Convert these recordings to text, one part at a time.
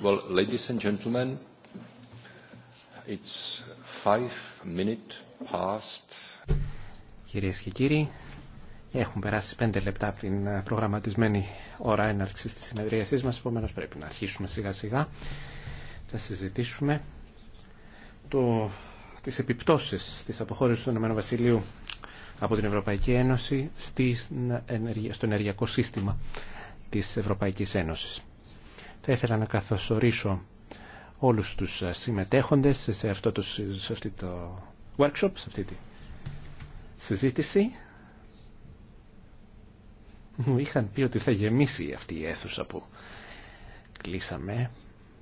Well, ladies and gentlemen, it's past. Κυρίες και κύριοι, έχουν περάσει πέντε λεπτά από την ε, προγραμματισμένη ώρα έναρξης της συνεδρίασής μας, επομένως πρέπει να αρχίσουμε σιγά σιγά. Θα συζητήσουμε το, τις επιπτώσεις της αποχώρησης του Ηνωμένου Βασιλείου από την Ευρωπαϊκή Ένωση στο ενεργειακό σύστημα της Ευρωπαϊκής Ένωσης. Θα ήθελα να καθοσορίσω όλους τους ε, συμμετέχοντες σε, αυτό το, σε αυτή το workshop, σε αυτή τη συζήτηση. Μου είχαν πει ότι θα γεμίσει αυτή η αίθουσα που κλείσαμε,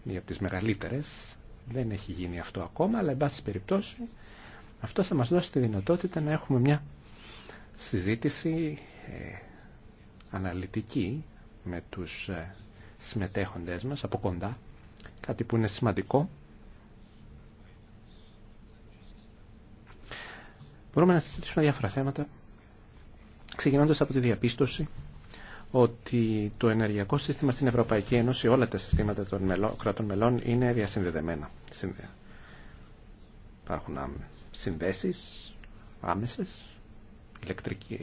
μία από τις μεγαλύτερες. Δεν έχει γίνει αυτό ακόμα, αλλά εν πάση περιπτώσει αυτό θα μας δώσει τη δυνατότητα να έχουμε μια συζήτηση ε, αναλυτική με τους ε, συμμετέχοντές μας από κοντά, κάτι που είναι σημαντικό. Μπορούμε να συζητήσουμε διάφορα θέματα, ξεκινώντας από τη διαπίστωση ότι το ενεργειακό σύστημα στην Ευρωπαϊκή Ένωση, όλα τα συστήματα των μελών, κρατών μελών είναι διασυνδεδεμένα. Υπάρχουν συνδέσεις άμεσες ηλεκτρική,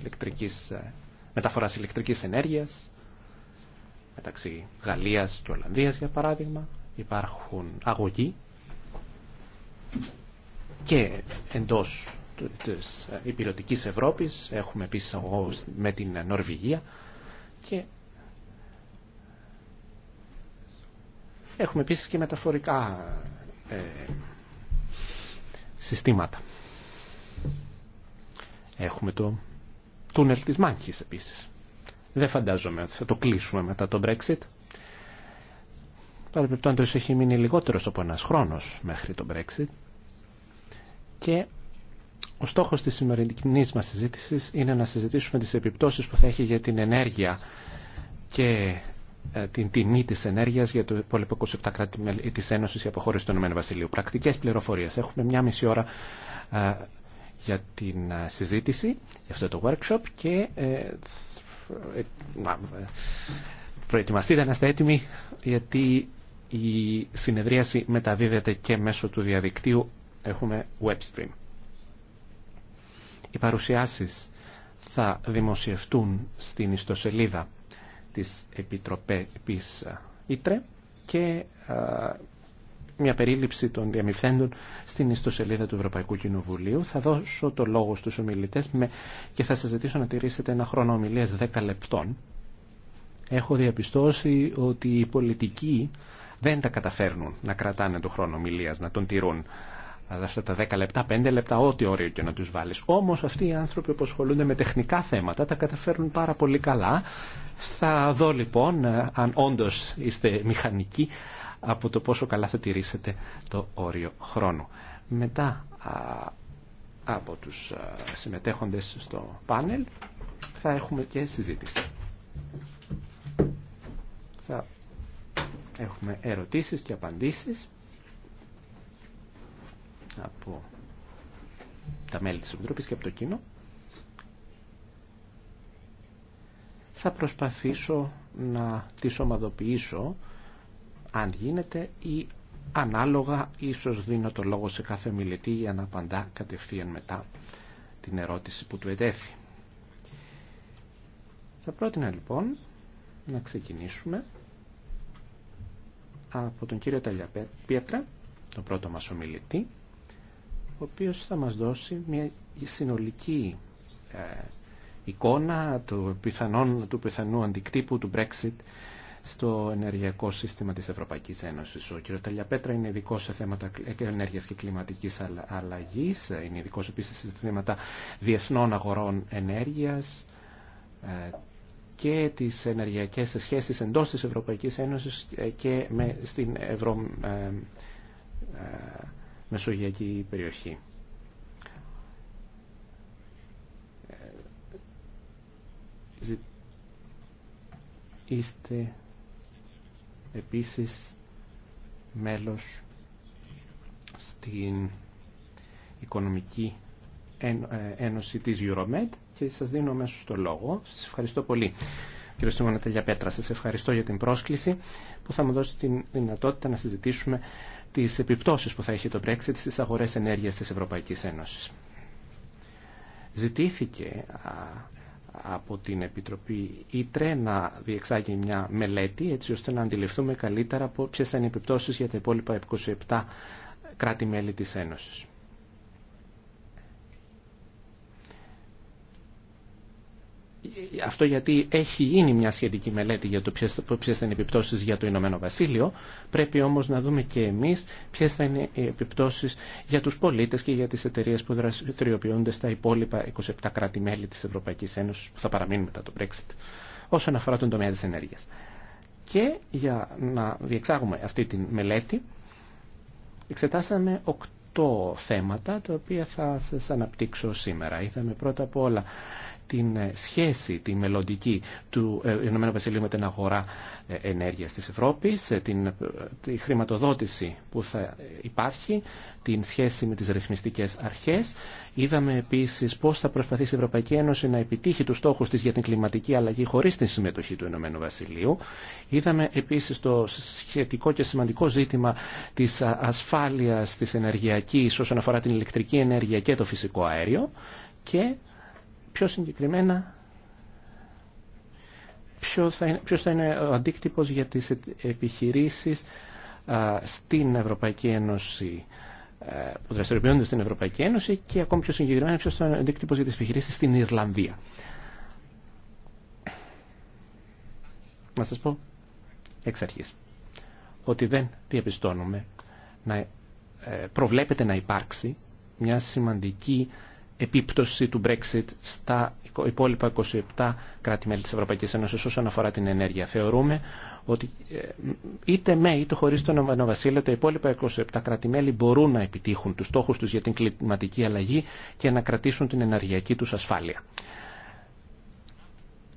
ε, ηλεκτρικής, ε, μεταφοράς ηλεκτρικής ενέργειας, μεταξύ Γαλλίας και Ολλανδίας για παράδειγμα υπάρχουν αγωγοί και εντός της ε, υπηρετικής Ευρώπης έχουμε επίσης αγωγούς με την Νορβηγία και έχουμε επίσης και μεταφορικά ε, συστήματα. Έχουμε το τούνελ της Μάνχης επίσης. Δεν φαντάζομαι ότι θα το κλείσουμε μετά το Brexit. Παρεπιπτόντως έχει μείνει λιγότερο από ένας χρόνος μέχρι το Brexit και ο στόχος της σημερινής μας συζήτησης είναι να συζητήσουμε τις επιπτώσεις που θα έχει για την ενέργεια και ε, την τιμή της ενέργειας για το υπόλοιπο 27 κράτη ε, της Ένωσης για αποχώρηση του ΕΒ. Βασιλείου. Πρακτικές πληροφορίες. Έχουμε μια μισή ώρα ε, για την συζήτηση, για αυτό το workshop και προετοιμαστείτε να είστε έτοιμοι γιατί η συνεδρίαση μεταδίδεται και μέσω του διαδικτύου έχουμε web stream. Οι παρουσιάσεις θα δημοσιευτούν στην ιστοσελίδα της Επιτροπής ε, Ήτρε και ε, μια περίληψη των διαμυθέντων στην ιστοσελίδα του Ευρωπαϊκού Κοινοβουλίου. Θα δώσω το λόγο στους ομιλητές με... και θα σας ζητήσω να τηρήσετε ένα χρόνο ομιλίας 10 λεπτών. Έχω διαπιστώσει ότι οι πολιτικοί δεν τα καταφέρνουν να κρατάνε το χρόνο ομιλίας, να τον τηρούν. Αυτά τα 10 λεπτά, 5 λεπτά, ό,τι όριο και να τους βάλεις. Όμως αυτοί οι άνθρωποι που ασχολούνται με τεχνικά θέματα τα καταφέρνουν πάρα πολύ καλά. Θα δω λοιπόν ε, αν όντως είστε μηχανικοί από το πόσο καλά θα τηρήσετε το όριο χρόνου. Μετά από τους συμμετέχοντες στο πάνελ θα έχουμε και συζήτηση. Θα έχουμε ερωτήσεις και απαντήσεις από τα μέλη της Επιτροπής και από το κοινό. Θα προσπαθήσω να τις ομαδοποιήσω αν γίνεται ή ανάλογα ίσως δίνω το λόγο σε κάθε μιλητή για να απαντά κατευθείαν μετά την ερώτηση που του ετέθη. Θα πρότεινα λοιπόν να ξεκινήσουμε από τον κύριο Ταλιαπέτρα, τον πρώτο μας ομιλητή, ο οποίος θα μας δώσει μια συνολική ε, εικόνα του, πιθανών, του πιθανού αντικτύπου του Brexit στο ενεργειακό σύστημα της Ευρωπαϊκής Ένωσης. Ο κ. Τελιαπέτρα είναι ειδικό σε θέματα ενέργειας και κλιματικής αλλαγής, είναι ειδικό επίσης σε θέματα διεθνών αγορών ενέργειας ε, και τις ενεργειακές σχέσεις εντός της Ευρωπαϊκής Ένωσης ε, και με, στην Ευρω... Ε, Μεσογειακή περιοχή. Είστε επίσης μέλος στην Οικονομική ε, Ένωση της Euromed και σας δίνω μέσω το λόγο. Σας ευχαριστώ πολύ. Κύριε Σίμωνα Τελιαπέτρα, σας ευχαριστώ για την πρόσκληση που θα μου δώσει την δυνατότητα να συζητήσουμε τις επιπτώσεις που θα έχει το Brexit στις αγορές ενέργειας της Ευρωπαϊκής Ένωσης. Ζητήθηκε από την Επιτροπή Ήτρε να διεξάγει μια μελέτη έτσι ώστε να αντιληφθούμε καλύτερα ποιες θα είναι οι επιπτώσεις για τα υπόλοιπα 27 κράτη-μέλη της Ένωσης. αυτό γιατί έχει γίνει μια σχετική μελέτη για το ποιες θα είναι οι επιπτώσεις για το Ηνωμένο Βασίλειο. Πρέπει όμως να δούμε και εμείς ποιες θα είναι οι επιπτώσεις για τους πολίτες και για τις εταιρείες που δραστηριοποιούνται στα υπόλοιπα 27 κράτη-μέλη της Ευρωπαϊκής Ένωσης που θα παραμείνουν μετά το Brexit όσον αφορά τον τομέα της ενέργειας. Και για να διεξάγουμε αυτή τη μελέτη εξετάσαμε οκτώ θέματα τα οποία θα σας αναπτύξω σήμερα. Είδαμε πρώτα απ' όλα την ε, σχέση, τη μελλοντική του ε, Ηνωμένου Βασιλείου με την αγορά ε, ενέργειας της Ευρώπης, την, τη χρηματοδότηση που θα υπάρχει, την σχέση με τις ρυθμιστικές αρχές. Είδαμε επίσης πώς θα προσπαθήσει η Ευρωπαϊκή Ένωση να επιτύχει τους στόχους της για την κλιματική αλλαγή χωρίς την συμμετοχή του Ηνωμένου Βασιλείου. Είδαμε επίσης το σχετικό και σημαντικό ζήτημα της ασφάλειας, της ενεργειακής όσον αφορά την ηλεκτρική ενέργεια και το φυσικό αέριο. Και πιο συγκεκριμένα ποιος θα είναι, ποιος θα είναι ο αντίκτυπος για τις επιχειρήσεις στην Ευρωπαϊκή Ένωση ε, που δραστηριοποιούνται στην Ευρωπαϊκή Ένωση και ακόμη πιο συγκεκριμένα ποιος θα είναι ο αντίκτυπος για τις επιχειρήσεις στην Ιρλανδία. Να σας πω εξ αρχής ότι δεν διαπιστώνουμε να ε, προβλέπεται να υπάρξει μια σημαντική επίπτωση του Brexit στα υπόλοιπα 27 κράτη-μέλη της Ευρωπαϊκής Ένωσης όσον αφορά την ενέργεια. Θεωρούμε ότι ε, είτε με είτε χωρίς τον νομονοβασίλειο τα υπόλοιπα 27 κράτη-μέλη μπορούν να επιτύχουν τους στόχους τους για την κλιματική αλλαγή και να κρατήσουν την ενεργειακή τους ασφάλεια.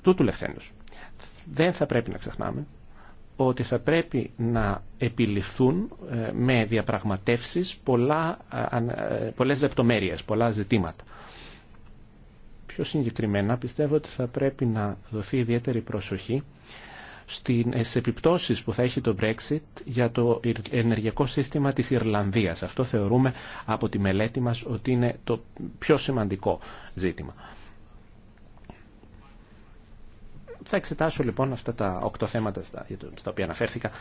Τούτου λεχθέντος. Δεν θα πρέπει να ξεχνάμε ότι θα πρέπει να επιληθούν ε, με διαπραγματεύσεις πολλά, ε, ε, πολλές λεπτομέρειες, πολλά ζητήματα. Πιο συγκεκριμένα πιστεύω ότι θα πρέπει να δοθεί ιδιαίτερη προσοχή στις επιπτώσεις που θα έχει το Brexit για το ενεργειακό σύστημα της Ιρλανδίας. Αυτό θεωρούμε από τη μελέτη μας ότι είναι το πιο σημαντικό ζήτημα. Θα εξετάσω λοιπόν αυτά τα οκτώ θέματα στα, οποία αναφέρθηκα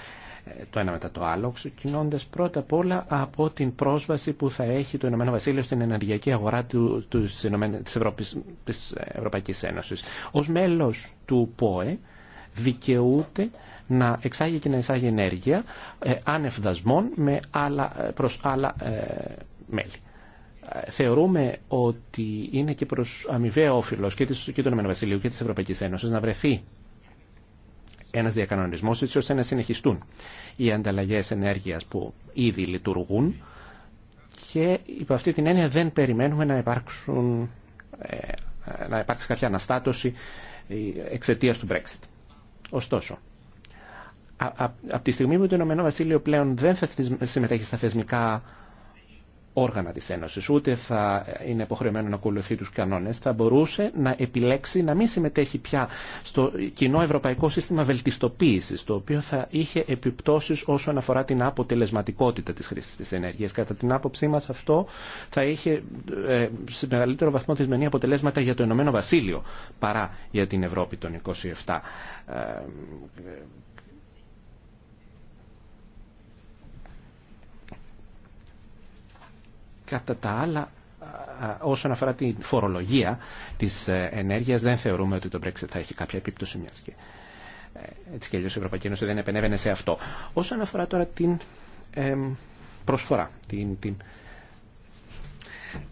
ε, το ένα μετά το άλλο, ξεκινώντα πρώτα απ' όλα από την πρόσβαση που θα έχει το Ηνωμένο Βασίλειο στην ενεργειακή αγορά του, Ευρωπαϊκή της, Ω της Ευρωπαϊκής Ένωσης. Ως μέλος του ΠΟΕ δικαιούται να εξάγει και να εισάγει ενέργεια ε, άνευ δασμών με άλλα, ε, προς άλλα ε, μέλη θεωρούμε ότι είναι και προς αμοιβαίο όφυλος και, του ΕΒ και της Ευρωπαϊκής Ένωσης να βρεθεί ένας διακανονισμός έτσι ώστε να συνεχιστούν οι ανταλλαγές ενέργειας που ήδη λειτουργούν και υπό αυτή την έννοια δεν περιμένουμε να, υπάρξουν, ε, να υπάρξει κάποια αναστάτωση ε, εξαιτία του Brexit. Ωστόσο, από τη στιγμή που το Ηνωμένο Βασίλειο πλέον δεν θα συμμετέχει στα θεσμικά όργανα της Ένωσης, ούτε θα είναι υποχρεωμένο να ακολουθεί τους κανόνες, θα μπορούσε να επιλέξει να μην συμμετέχει πια στο κοινό ευρωπαϊκό σύστημα βελτιστοποίησης, το οποίο θα είχε επιπτώσεις όσον αφορά την αποτελεσματικότητα της χρήσης της ενέργειας. Κατά την άποψή μας αυτό θα είχε ε, σε μεγαλύτερο βαθμό δυσμενή αποτελέσματα για το Ηνωμένο Βασίλειο παρά για την Ευρώπη των 27 Κατά τα άλλα, όσον αφορά την φορολογία της ε, ενέργειας, δεν θεωρούμε ότι το Brexit θα έχει κάποια επίπτωση μιας και ε, έτσι και η Ευρωπαϊκή Ένωση δεν επενέβαινε σε αυτό. Όσον αφορά τώρα την προσφορά, την, την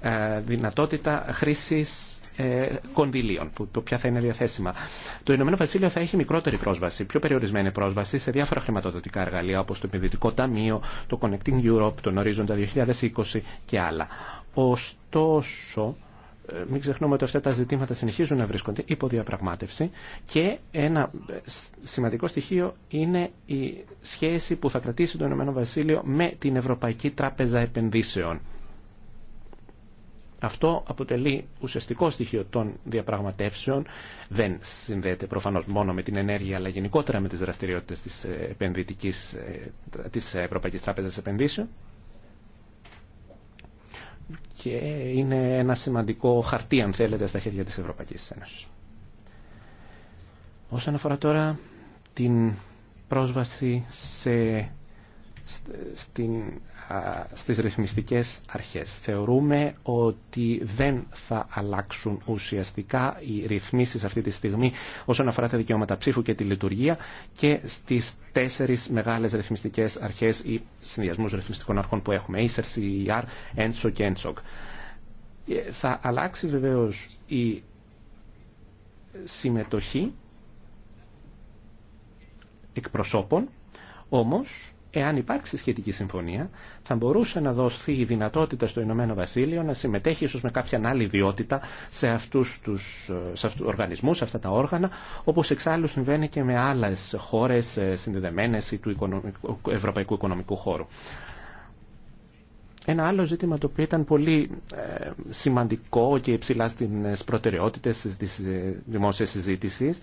ε, δυνατότητα χρήσης ε, κονδυλίων, που, ποια θα είναι διαθέσιμα. Το Ηνωμένο Βασίλειο θα έχει μικρότερη πρόσβαση, πιο περιορισμένη πρόσβαση σε διάφορα χρηματοδοτικά εργαλεία όπω το Επιδυτικό Ταμείο, το Connecting Europe, τον Ορίζοντα 2020 και άλλα. Ωστόσο, ε, μην ξεχνούμε ότι αυτά τα ζητήματα συνεχίζουν να βρίσκονται υπό διαπραγμάτευση και ένα ε, σημαντικό στοιχείο είναι η σχέση που θα κρατήσει το Ηνωμένο Βασίλειο με την Ευρωπαϊκή Τράπεζα Επενδύσεων. Αυτό αποτελεί ουσιαστικό στοιχείο των διαπραγματεύσεων. Δεν συνδέεται προφανώ μόνο με την ενέργεια, αλλά γενικότερα με τι δραστηριότητε τη Ευρωπαϊκή ε, Τράπεζα Ευρωπαϊκής Τράπεζας Επενδύσεων. Και είναι ένα σημαντικό χαρτί, αν θέλετε, στα χέρια τη Ευρωπαϊκή Ένωση. Όσον αφορά τώρα την πρόσβαση σε στην, στις ρυθμιστικές αρχές. Θεωρούμε ότι δεν θα αλλάξουν ουσιαστικά οι ρυθμίσεις αυτή τη στιγμή όσον αφορά τα δικαιώματα ψήφου και τη λειτουργία και στις τέσσερις μεγάλες ρυθμιστικές αρχές ή συνδυασμούς ρυθμιστικών αρχών που έχουμε, Acer, CER, ENSO και ENSOC. Ε, θα αλλάξει βεβαίως η συμμετοχή εκπροσώπων, όμως εάν υπάρξει σχετική συμφωνία, θα μπορούσε να δοθεί η δυνατότητα στο Ηνωμένο Βασίλειο να συμμετέχει ίσως με κάποια άλλη ιδιότητα σε αυτούς τους σε αυτούς, οργανισμούς, σε αυτά τα όργανα, όπως εξάλλου συμβαίνει και με άλλες χώρες ε, συνδεδεμένε ή του Ευρωπαϊκού Οικονομικού Χώρου. Ένα άλλο ζήτημα το οποίο ήταν πολύ ε, σημαντικό και υψηλά στις προτεραιότητες της ε, δημόσιας συζήτησης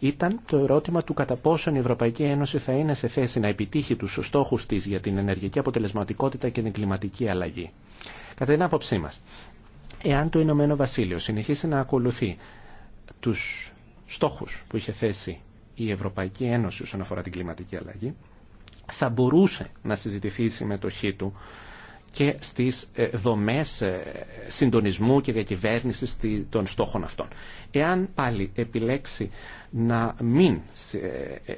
ήταν το ερώτημα του κατά πόσον η Ευρωπαϊκή Ένωση θα είναι σε θέση να επιτύχει τους στόχους της για την ενεργειακή αποτελεσματικότητα και την κλιματική αλλαγή. Κατά την άποψή μας, εάν το Ηνωμένο Βασίλειο συνεχίσει να ακολουθεί τους στόχους που είχε θέσει η Ευρωπαϊκή Ένωση όσον αφορά την κλιματική αλλαγή, θα μπορούσε να συζητηθεί η συμμετοχή του και στις ε, δομές ε, συντονισμού και διακυβέρνησης των στόχων αυτών. Εάν πάλι επιλέξει να μην ε, ε,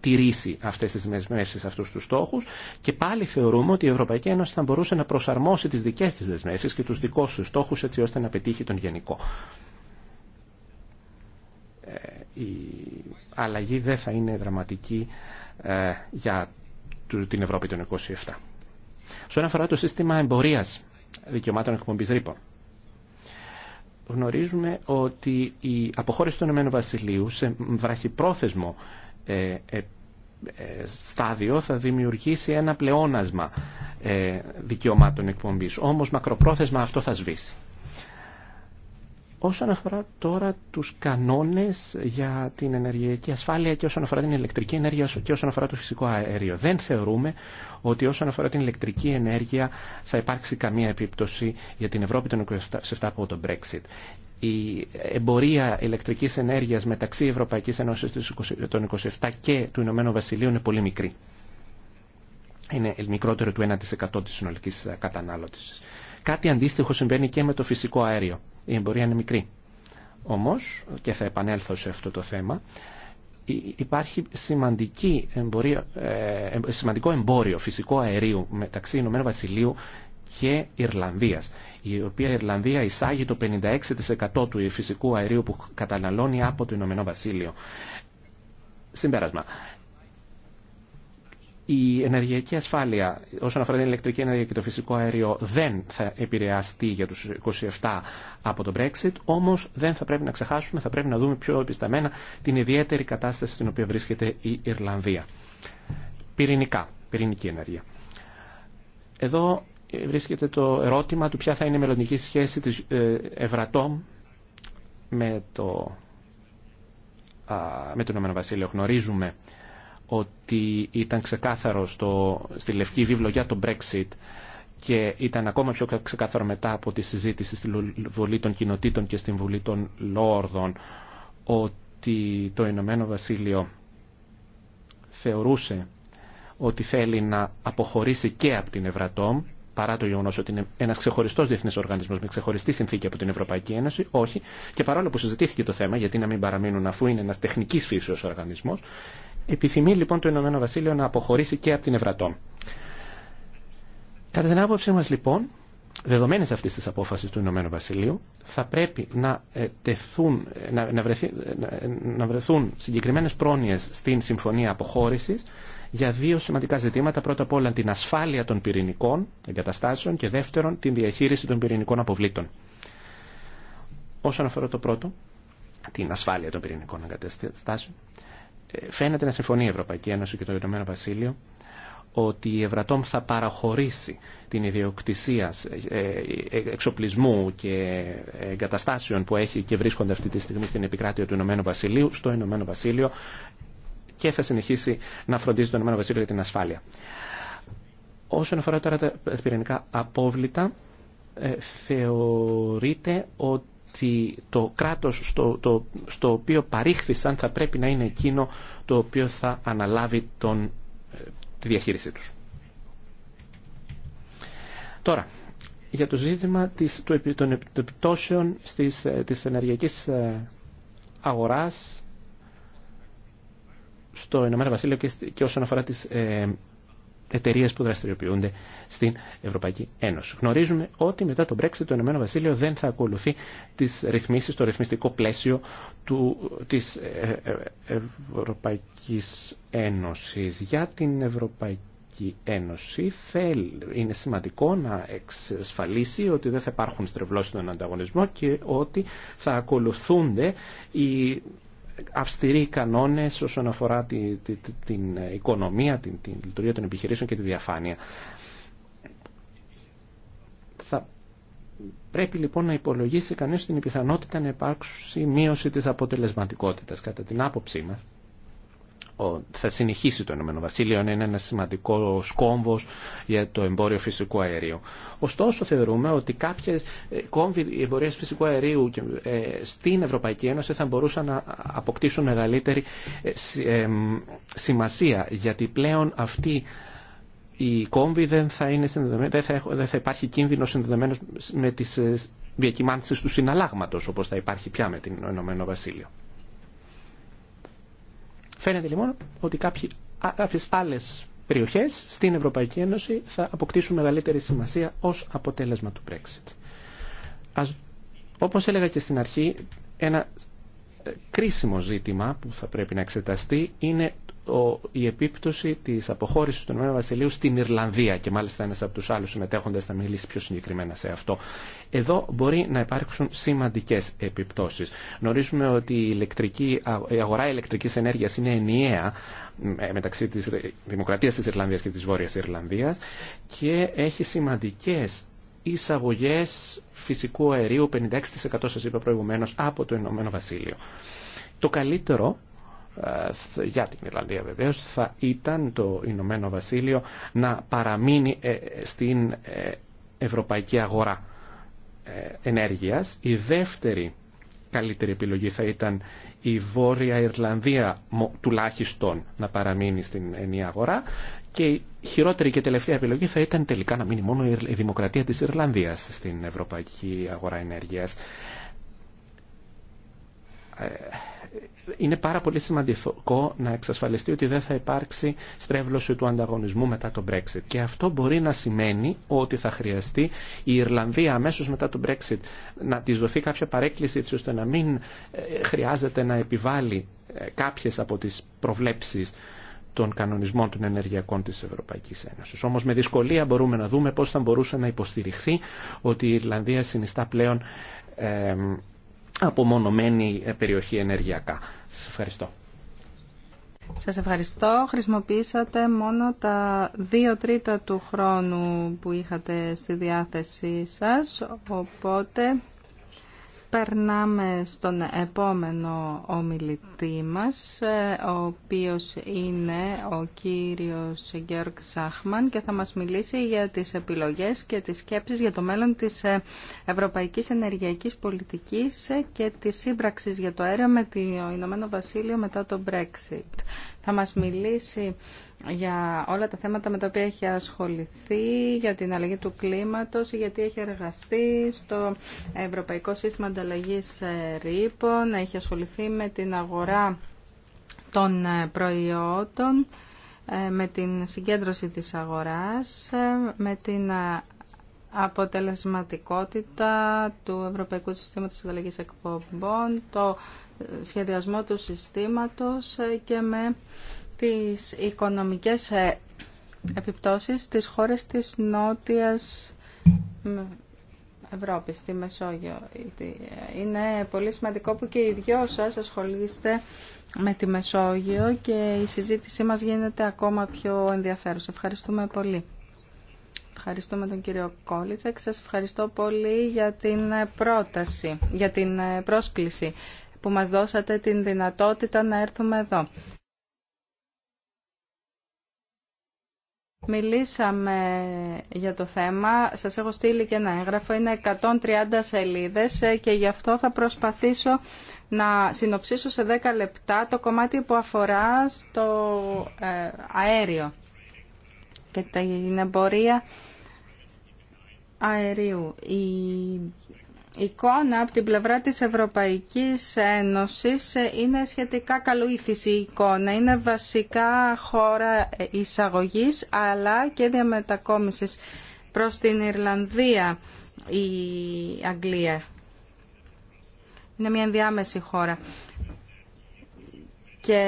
τηρήσει αυτέ τι δεσμεύσει, αυτού του στόχου. Και πάλι θεωρούμε ότι η Ευρωπαϊκή Ένωση θα μπορούσε να προσαρμόσει τι δικέ τη δεσμεύσει και του δικού του στόχου έτσι ώστε να πετύχει τον γενικό. Ε, η αλλαγή δεν θα είναι δραματική για την Ευρώπη των 27. Στον αφορά το σύστημα εμπορία δικαιωμάτων εκπομπή ρήπων γνωρίζουμε ότι η αποχώρηση του Ηνωμένου Βασιλείου σε βραχυπρόθεσμο ε, ε, ε, στάδιο θα δημιουργήσει ένα πλεόνασμα δικαιωμάτων εκπομπής. Όμως μακροπρόθεσμα αυτό θα σβήσει. Όσον αφορά τώρα τους κανόνες για την ενεργειακή ασφάλεια και όσον αφορά την ηλεκτρική ενέργεια και όσον αφορά το φυσικό αέριο, δεν θεωρούμε ότι όσον αφορά την ηλεκτρική ενέργεια θα υπάρξει καμία επίπτωση για την Ευρώπη των 27 από τον Brexit. Η εμπορία ηλεκτρικής ενέργειας μεταξύ Ευρωπαϊκής Ένωσης των 27 και του Ηνωμένου Βασιλείου είναι πολύ μικρή. Είναι μικρότερο του 1% της συνολικής κατανάλωσης. Κάτι αντίστοιχο συμβαίνει και με το φυσικό αέριο η εμπορία είναι μικρή. Όμως, και θα επανέλθω σε αυτό το θέμα, υπάρχει σημαντική εμπορία, ε, σημαντικό εμπόριο φυσικού αερίου μεταξύ Ηνωμένου Βασιλείου και Ιρλανδίας η οποία Ιρλανδία εισάγει το 56% του φυσικού αερίου που καταναλώνει από το Ηνωμένο Βασίλειο. Συμπέρασμα η ενεργειακή ασφάλεια όσον αφορά την ηλεκτρική ενέργεια και το φυσικό αέριο δεν θα επηρεαστεί για τους 27 από το Brexit, όμως δεν θα πρέπει να ξεχάσουμε, θα πρέπει να δούμε πιο επισταμένα την ιδιαίτερη κατάσταση στην οποία βρίσκεται η Ιρλανδία. Πυρηνικά, πυρηνική ενέργεια. Εδώ βρίσκεται το ερώτημα του ποια θα είναι η μελλοντική σχέση της ε, Ευρατόμ με το, με το Βασίλειο. Γνωρίζουμε ότι ήταν ξεκάθαρο στο, στη Λευκή Βίβλο για το Brexit και ήταν ακόμα πιο ξεκάθαρο μετά από τη συζήτηση στη Βουλή των Κοινοτήτων και στην Βουλή των Λόρδων ότι το Ηνωμένο Βασίλειο θεωρούσε ότι θέλει να αποχωρήσει και από την Ευρατόμ παρά το γεγονό ότι είναι ένα ξεχωριστό διεθνή οργανισμό με ξεχωριστή συνθήκη από την Ευρωπαϊκή Ένωση, όχι. Και παρόλο που συζητήθηκε το θέμα, γιατί να μην παραμείνουν αφού είναι ένα τεχνική φύσεω οργανισμό, Επιθυμεί λοιπόν το Ηνωμένο Βασίλειο να αποχωρήσει και από την Ευρατόμ. Κατά την άποψή μα, λοιπόν, δεδομένε αυτής της απόφαση του Ηνωμένου Βασιλείου, θα πρέπει να, ε, τεθούν, ε, να, να, βρεθεί, να ε, βρεθούν συγκεκριμένε πρόνοιε στην Συμφωνία αποχώρηση για δύο σημαντικά ζητήματα. Πρώτα απ' όλα την ασφάλεια των πυρηνικών εγκαταστάσεων και δεύτερον την διαχείριση των πυρηνικών αποβλήτων. Όσον αφορά το πρώτο, την ασφάλεια των πυρηνικών εγκαταστάσεων, φαίνεται να συμφωνεί η Ευρωπαϊκή Ένωση και το Ηνωμένο Βασίλειο ότι η Ευρατόμ θα παραχωρήσει την ιδιοκτησία ε, ε, εξοπλισμού και εγκαταστάσεων που έχει και βρίσκονται αυτή τη στιγμή στην επικράτεια του Ηνωμένου Βασιλείου στο Ηνωμένο Βασίλειο και θα συνεχίσει να φροντίζει το Ηνωμένο Βασίλειο για την ασφάλεια. Όσον αφορά τώρα τα πυρηνικά απόβλητα, ε, θεωρείται ότι ότι το κράτος στο, το, στο οποίο παρήχθησαν θα πρέπει να είναι εκείνο το οποίο θα αναλάβει τον, ε, τη διαχείρισή τους. Τώρα, για το ζήτημα της, των επιπτώσεων στις, ε, της ενεργειακής ε, αγοράς στο Ηνωμένο Βασίλειο και, όσον αφορά τις εταιρείε που δραστηριοποιούνται στην Ευρωπαϊκή Ένωση. Γνωρίζουμε ότι μετά τον Brexit το Ηνωμένο Βασίλειο δεν θα ακολουθεί τι ρυθμίσει, το ρυθμιστικό πλαίσιο τη ε, ε, Ευρωπαϊκή Ένωση. Για την Ευρωπαϊκή Ένωση είναι σημαντικό να εξασφαλίσει ότι δεν θα υπάρχουν στρεβλώσεις στον ανταγωνισμό και ότι θα ακολουθούνται οι αυστηροί κανόνες όσον αφορά την οικονομία, την, λειτουργία των επιχειρήσεων και τη διαφάνεια. Θα πρέπει λοιπόν να υπολογίσει κανείς την πιθανότητα να υπάρξει μείωση της αποτελεσματικότητας. Κατά την άποψή μας, θα συνεχίσει το Ηνωμένο Βασίλειο να είναι ένα σημαντικό κόμβο για το εμπόριο φυσικού αερίου. Ωστόσο, θεωρούμε ότι κάποιε ε, κόμβοι εμπορία φυσικού αερίου ε, στην Ευρωπαϊκή Ένωση θα μπορούσαν να αποκτήσουν μεγαλύτερη ε, σημασία, γιατί πλέον αυτοί οι κόμβοι δεν θα, είναι δεν θα υπάρχει κίνδυνο συνδεδεμένο με τι διακυμάνσει του συναλλάγματο, όπω θα υπάρχει πια με την Ηνωμένο Βασίλειο. Φαίνεται λοιπόν ότι κάποιε άλλε περιοχέ στην Ευρωπαϊκή Ένωση θα αποκτήσουν μεγαλύτερη σημασία ω αποτέλεσμα του Brexit. Όπω έλεγα και στην αρχή, ένα ε, κρίσιμο ζήτημα που θα πρέπει να εξεταστεί είναι η επίπτωση τη αποχώρηση του Ηνωμένου Βασιλείου στην Ιρλανδία και μάλιστα ένα από του άλλου συμμετέχοντε θα μιλήσει πιο συγκεκριμένα σε αυτό. Εδώ μπορεί να υπάρξουν σημαντικέ επιπτώσει. Γνωρίζουμε ότι η, ηλεκτρική, αγορά ηλεκτρική ενέργεια είναι ενιαία ε, μεταξύ τη δημοκρατία τη Ιρλανδίας και τη Βόρεια Ιρλανδίας και έχει σημαντικέ εισαγωγέ φυσικού αερίου 56% σα είπα προηγουμένω από το Ηνωμένο Βασίλειο. Το καλύτερο ε, για την Ιρλανδία βεβαίως, θα ήταν το Ηνωμένο Βασίλειο να παραμείνει ε, στην ε, ευρωπαϊκή αγορά ενέργειας. Η δεύτερη καλύτερη επιλογή θα ήταν η Βόρεια Ιρλανδία τουλάχιστον να παραμείνει στην ενιαία αγορά και η χειρότερη και τελευταία επιλογή θα ήταν τελικά να μείνει μόνο η δημοκρατία της Ιρλανδίας στην ευρωπαϊκή αγορά ενέργειας είναι πάρα πολύ σημαντικό να εξασφαλιστεί ότι δεν θα υπάρξει στρέβλωση του ανταγωνισμού μετά το Brexit. Και αυτό μπορεί να σημαίνει ότι θα χρειαστεί η Ιρλανδία αμέσως μετά το Brexit να της δοθεί κάποια παρέκκληση ώστε να μην ε, χρειάζεται να επιβάλλει ε, κάποιες από τις προβλέψεις των κανονισμών των ενεργειακών της Ευρωπαϊκής Ένωσης. Όμως με δυσκολία μπορούμε να δούμε πώς θα μπορούσε να υποστηριχθεί ότι η Ιρλανδία συνιστά πλέον ε, απομονωμένη ε, περιοχή ενεργειακά. Σας ευχαριστώ. Σας ευχαριστώ. Χρησιμοποιήσατε μόνο τα δύο τρίτα του χρόνου που είχατε στη διάθεσή σας, οπότε Περνάμε στον επόμενο ομιλητή μας, ε, ο οποίος είναι ο κύριος Γιώργ Σάχμαν και θα μας μιλήσει για τις επιλογές και τις σκέψεις για το μέλλον της ε, Ευρωπαϊκής Ενεργειακής Πολιτικής ε, και της σύμπραξης για το αέριο με το Ηνωμένο Βασίλειο μετά το Brexit. Θα μας μιλήσει για όλα τα θέματα με τα οποία έχει ασχοληθεί, για την αλλαγή του κλίματος, γιατί έχει εργαστεί στο Ευρωπαϊκό Σύστημα Ανταλλαγής ε, Ρήπων, έχει ασχοληθεί με την αγορά των ε, προϊόντων, ε, με την συγκέντρωση της αγοράς, με την αποτελεσματικότητα του Ευρωπαϊκού Συστήματος Ανταλλαγής Εκπομπών, το σχεδιασμό του συστήματος και με τις οικονομικές ε, επιπτώσεις στις χώρες της Νότιας Ευρώπης, στη Μεσόγειο. Ε, είναι πολύ σημαντικό που και οι δυο σας ασχολείστε με τη Μεσόγειο και η συζήτησή μας γίνεται ακόμα πιο ενδιαφέρουσα. Ευχαριστούμε πολύ. Ευχαριστούμε τον κύριο και Σας ευχαριστώ πολύ για την ε, πρόταση, για την πρόσκληση που μας δώσατε την δυνατότητα να έρθουμε εδώ. Μιλήσαμε για το θέμα. Σας έχω στείλει και ένα έγγραφο. Είναι 130 σελίδες και γι' αυτό θα προσπαθήσω να συνοψίσω σε 10 λεπτά το κομμάτι που αφορά στο ε, αέριο και την εμπορία αερίου εικόνα από την πλευρά της Ευρωπαϊκής Ένωσης ε, είναι σχετικά καλού η εικόνα. Είναι βασικά χώρα ε, εισαγωγής αλλά και διαμετακόμισης προς την Ιρλανδία η Αγγλία. Είναι μια ενδιάμεση χώρα. Και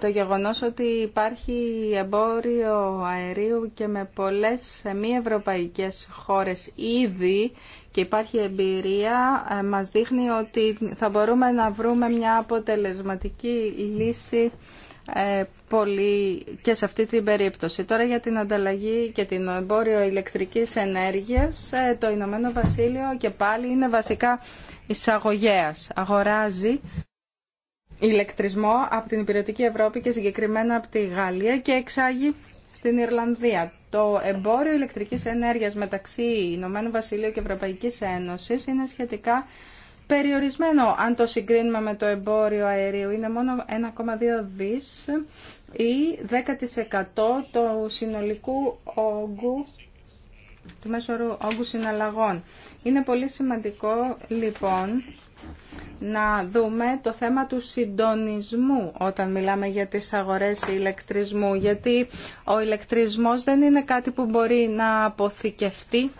το γεγονός ότι υπάρχει εμπόριο αερίου και με πολλές ε, μη ευρωπαϊκές χώρες ήδη και υπάρχει εμπειρία ε, μας δείχνει ότι θα μπορούμε να βρούμε μια αποτελεσματική λύση ε, πολύ και σε αυτή την περίπτωση. Τώρα για την ανταλλαγή και την εμπόριο ηλεκτρικής ενέργειας το Ηνωμένο Βασίλειο και πάλι είναι βασικά εισαγωγέας. Αγοράζει ηλεκτρισμό από την υπηρετική Ευρώπη και συγκεκριμένα από τη Γαλλία και εξάγει στην Ιρλανδία. Το εμπόριο ηλεκτρικής ενέργειας μεταξύ Ηνωμένου Βασιλείου και Ευρωπαϊκής Ένωσης είναι σχετικά περιορισμένο αν το συγκρίνουμε με το εμπόριο αερίου. Είναι μόνο 1,2 δις ή 10% του συνολικού όγκου του μέσου όγκου συναλλαγών. Είναι πολύ σημαντικό λοιπόν να δούμε το θέμα του συντονισμού όταν μιλάμε για τις αγορές ηλεκτρισμού, γιατί ο ηλεκτρισμός δεν είναι κάτι που μπορεί να αποθηκευτεί.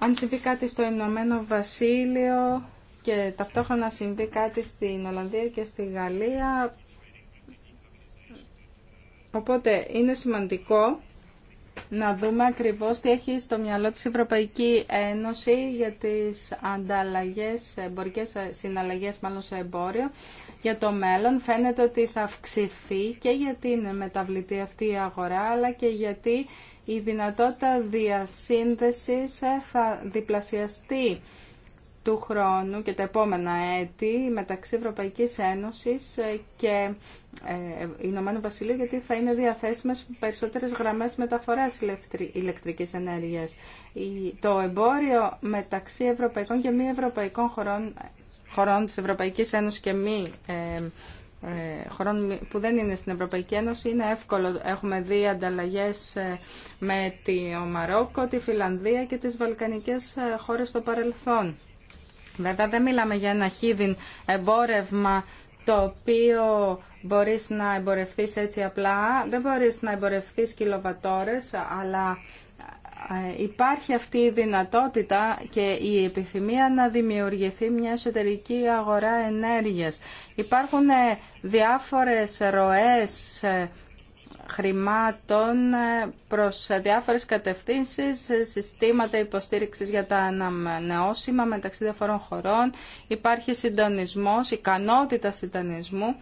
Αν συμβεί κάτι στο Ηνωμένο Βασίλειο και ταυτόχρονα συμβεί κάτι στην Ολλανδία και στη Γαλλία, οπότε είναι σημαντικό να δούμε ακριβώς τι έχει στο μυαλό της Ευρωπαϊκή Ένωση για τις ανταλλαγές, εμπορικές συναλλαγές μάλλον σε εμπόριο για το μέλλον. Φαίνεται ότι θα αυξηθεί και γιατί είναι μεταβλητή αυτή η αγορά, αλλά και γιατί η δυνατότητα διασύνδεσης θα διπλασιαστεί του χρόνου και τα επόμενα έτη μεταξύ Ευρωπαϊκής Ένωσης ε, και ε, Ηνωμένου Βασιλείου γιατί θα είναι διαθέσιμες περισσότερες γραμμές μεταφοράς ηλεκτρικής ενέργειας. Το εμπόριο μεταξύ Ευρωπαϊκών και μη Ευρωπαϊκών χωρών, χωρών της Ευρωπαϊκής Ένωσης και μη ε, ε χωρών που δεν είναι στην Ευρωπαϊκή Ένωση είναι εύκολο. Έχουμε δει ανταλλαγές με τη Μαρόκο, τη Φιλανδία και τις Βαλκανικές χώρες στο παρελθόν. Βέβαια δεν μιλάμε για ένα χίδιν εμπόρευμα το οποίο μπορείς να εμπορευθείς έτσι απλά, δεν μπορείς να εμπορευθείς κιλοβατόρες, αλλά ε, υπάρχει αυτή η δυνατότητα και η επιθυμία να δημιουργηθεί μια εσωτερική αγορά ενέργειας. Υπάρχουν ε, διάφορες ροές ε, χρημάτων ε, προς διάφορες κατευθύνσεις, ε, συστήματα υποστήριξης για τα ανανεώσιμα μεταξύ διαφορών χωρών. Υπάρχει συντονισμός, ικανότητα συντονισμού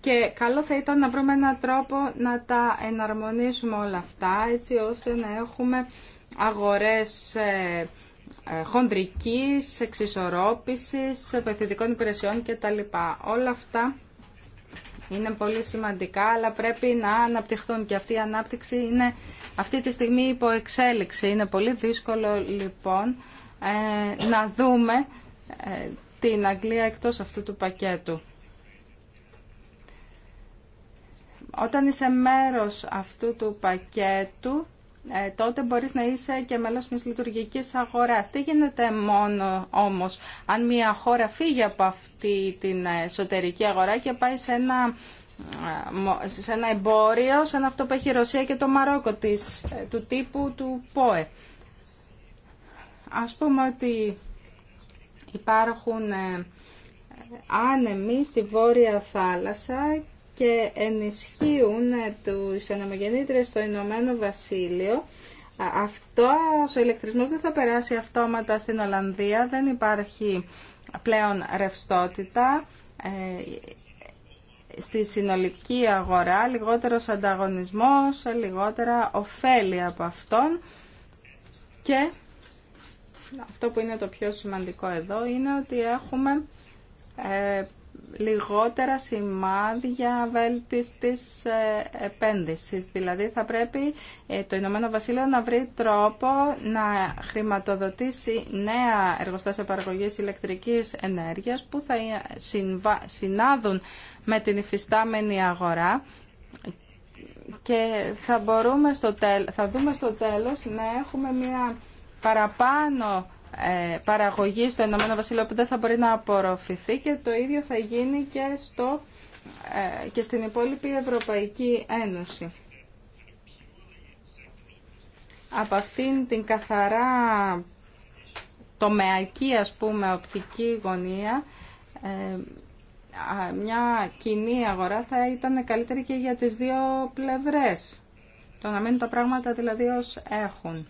και καλό θα ήταν να βρούμε έναν τρόπο να τα εναρμονίσουμε όλα αυτά έτσι ώστε να έχουμε αγορές ε, χοντρικής, εξισορρόπησης, επενδυτικών υπηρεσιών κτλ. Όλα αυτά είναι πολύ σημαντικά, αλλά πρέπει να αναπτυχθούν και αυτή η ανάπτυξη είναι αυτή τη στιγμή υπό εξέλιξη. Είναι πολύ δύσκολο λοιπόν ε, να δούμε ε, την Αγγλία εκτός αυτού του πακέτου. Όταν είσαι μέρος αυτού του πακέτου, ε, τότε μπορείς να είσαι και μέλος μια λειτουργικής αγοράς. Τι γίνεται μόνο όμως αν μια χώρα φύγει από αυτή την εσωτερική αγορά και πάει σε ένα, ε, σε ένα εμπόριο σαν αυτό που έχει η Ρωσία και το Μαρόκο της, ε, του τύπου του ΠΟΕ. Ας πούμε ότι υπάρχουν άνεμοι στη Βόρεια Θάλασσα και ενισχύουν τους αναμογεννήτρες στο Ηνωμένο Βασίλειο. Αυτό, ο ηλεκτρισμός δεν θα περάσει αυτόματα στην Ολλανδία, δεν υπάρχει πλέον ρευστότητα ε, στη συνολική αγορά, λιγότερος ανταγωνισμός, λιγότερα ωφέλη από αυτόν και αυτό που είναι το πιο σημαντικό εδώ είναι ότι έχουμε ε, λιγότερα σημάδια βέλτιστης ε, επένδυσης. Δηλαδή θα πρέπει ε, το Ηνωμένο Βασίλειο να βρει τρόπο να χρηματοδοτήσει νέα εργοστάσια παραγωγής ηλεκτρικής ενέργειας που θα συνάδουν με την υφιστάμενη αγορά και θα, μπορούμε στο τέλ, θα δούμε στο τέλος να έχουμε μια παραπάνω ε, παραγωγή στο Ηνωμένο Βασίλειο που δεν θα μπορεί να απορροφηθεί και το ίδιο θα γίνει και, στο, ε, και στην υπόλοιπη Ευρωπαϊκή Ένωση. Από αυτήν την καθαρά τομεακή ας πούμε οπτική γωνία ε, μια κοινή αγορά θα ήταν καλύτερη και για τις δύο πλευρές. Το να μείνουν τα πράγματα δηλαδή ως έχουν.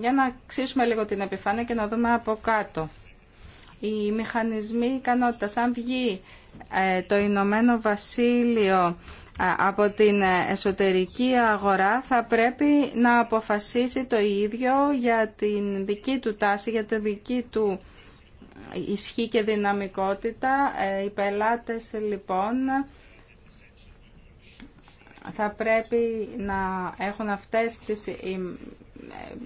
Για να ξύσουμε λίγο την επιφάνεια και να δούμε από κάτω. Οι μηχανισμοί ικανότητα. αν βγει ε, το Ηνωμένο Βασίλειο ε, από την εσωτερική αγορά θα πρέπει να αποφασίσει το ίδιο για την δική του τάση, για τη δική του ισχύ και δυναμικότητα. Ε, οι πελάτες λοιπόν θα πρέπει να έχουν αυτές τις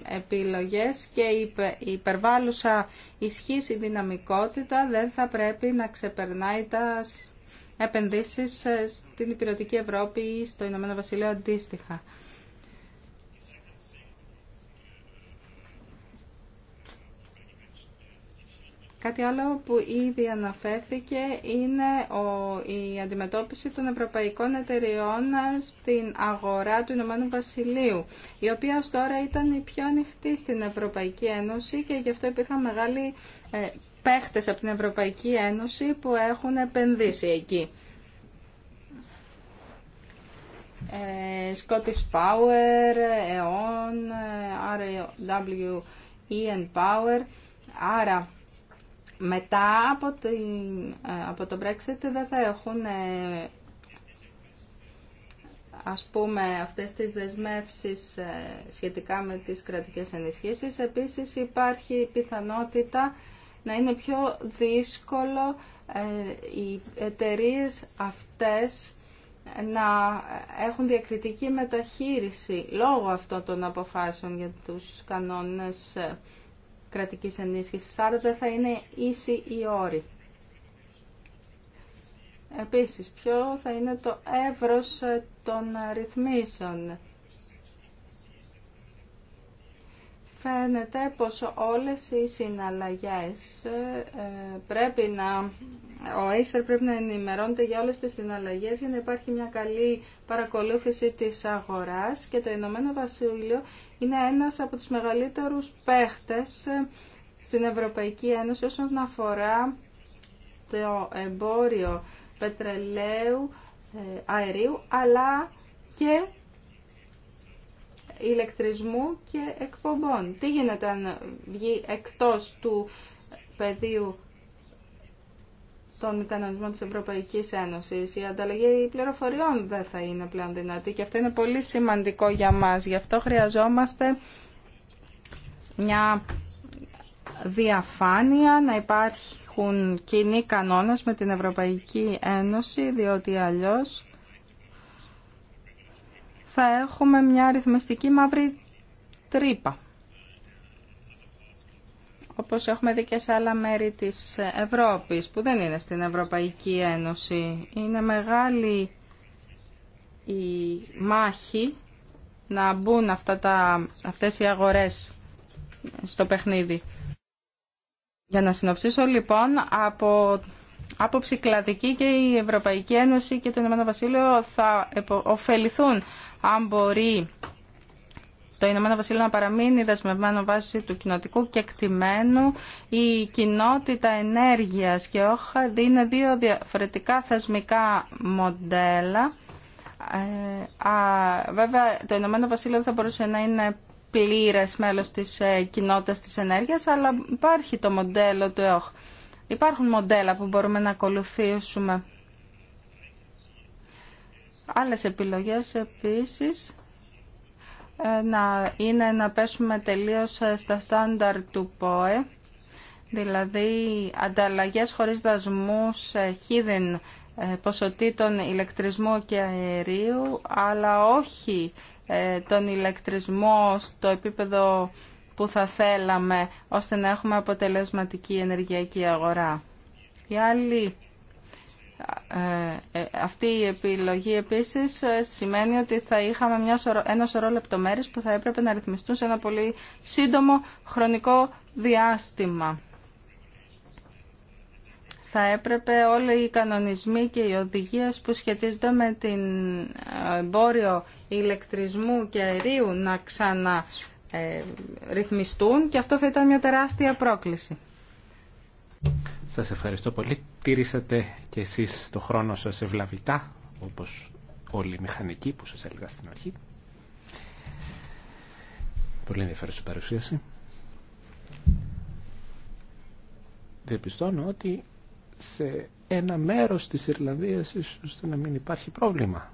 επιλογές και η υπερβάλλουσα ισχύς η δυναμικότητα δεν θα πρέπει να ξεπερνάει τα επενδύσεις ε, στην υπηρετική Ευρώπη ή στο Ηνωμένο Βασιλείο αντίστοιχα. Κάτι άλλο που ήδη αναφέρθηκε είναι ο, η αντιμετώπιση των ευρωπαϊκών εταιριών στην αγορά του Ηνωμένου Βασιλείου, η οποία ως τώρα ήταν η πιο ανοιχτή στην Ευρωπαϊκή Ένωση και γι' αυτό υπήρχαν μεγάλοι ε, παίχτες από την Ευρωπαϊκή Ένωση που έχουν επενδύσει εκεί. Ε, Scottish Power, E.ON, RWE Power. Άρα μετά από, την, ε, από το Brexit δεν θα έχουν ε, ας πούμε αυτές τις δεσμεύσεις ε, σχετικά με τις κρατικές ενισχύσεις. Επίσης υπάρχει η πιθανότητα να είναι πιο δύσκολο οι εταιρείε αυτές να έχουν διακριτική μεταχείριση λόγω αυτών των αποφάσεων για τους κανόνες κρατικής ενίσχυσης, άρα δεν θα είναι ίση η όρη. Επίσης, ποιο θα είναι το εύρος των ρυθμίσεων φαίνεται πως όλες οι συναλλαγές ε, πρέπει να... Ο Acer πρέπει να ενημερώνεται για όλες τις συναλλαγές για να υπάρχει μια καλή παρακολούθηση της αγοράς και το Ηνωμένο Βασίλειο είναι ένας από τους μεγαλύτερους παίχτες ε, στην Ευρωπαϊκή Ένωση όσον αφορά το εμπόριο πετρελαίου, ε, αερίου, αλλά και ηλεκτρισμού και εκπομπών. Τι γίνεται αν βγει εκτός του πεδίου των κανονισμών της Ευρωπαϊκής Ένωσης. Η ανταλλαγή πληροφοριών δεν θα είναι πλέον δυνατή και αυτό είναι πολύ σημαντικό για μας. Γι' αυτό χρειαζόμαστε μια διαφάνεια, να υπάρχουν κοινοί κανόνες με την Ευρωπαϊκή Ένωση, διότι αλλιώς θα έχουμε μια ρυθμιστική μαύρη τρύπα. Όπως έχουμε δει και σε άλλα μέρη της Ευρώπης, που δεν είναι στην Ευρωπαϊκή Ένωση. Είναι μεγάλη η μάχη να μπουν αυτά τα, αυτές οι αγορές στο παιχνίδι. Για να συνοψίσω λοιπόν, από άποψη κλαδική και η Ευρωπαϊκή Ένωση και το Ηνωμένο Βασίλειο θα ωφεληθούν αν μπορεί το Ηνωμένο Βασίλειο να παραμείνει δεσμευμένο βάσει του κοινοτικού και εκτιμένου. Η κοινότητα ενέργειας και όχα είναι δύο διαφορετικά θεσμικά μοντέλα. Ε, βέβαια, το Ηνωμένο Βασίλειο δεν θα μπορούσε να είναι πλήρες μέλος της ε, κοινότητας της ενέργειας, αλλά υπάρχει το μοντέλο του ΕΟΧ. Υπάρχουν μοντέλα που μπορούμε να ακολουθήσουμε. Άλλες επιλογές επίσης ε, να είναι να πέσουμε τελείως στα στάνταρ του ΠΟΕ, δηλαδή ανταλλαγές χωρίς δασμούς ε, hidden ε, ποσοτήτων ηλεκτρισμού και αερίου, αλλά όχι τον ηλεκτρισμό στο επίπεδο που θα θέλαμε ώστε να έχουμε αποτελεσματική ενεργειακή αγορά. Η άλλη, ε, ε, αυτή η επιλογή επίσης ε, σημαίνει ότι θα είχαμε μια ένα σωρό λεπτομέρειες που θα έπρεπε να ρυθμιστούν σε ένα πολύ σύντομο χρονικό διάστημα. Θα έπρεπε όλοι οι κανονισμοί και οι οδηγίες που σχετίζονται με την εμπόριο ηλεκτρισμού και αερίου να ξανά ε, ρυθμιστούν και αυτό θα ήταν μια τεράστια πρόκληση. Σας ευχαριστώ πολύ. Τήρησατε και εσείς το χρόνο σας ευλαβητά, όπως όλοι οι μηχανικοί που σας έλεγα στην αρχή. Πολύ ενδιαφέρουσα παρουσίαση. Διαπιστώνω ότι σε ένα μέρος της Ιρλανδίας ίσως να μην υπάρχει πρόβλημα.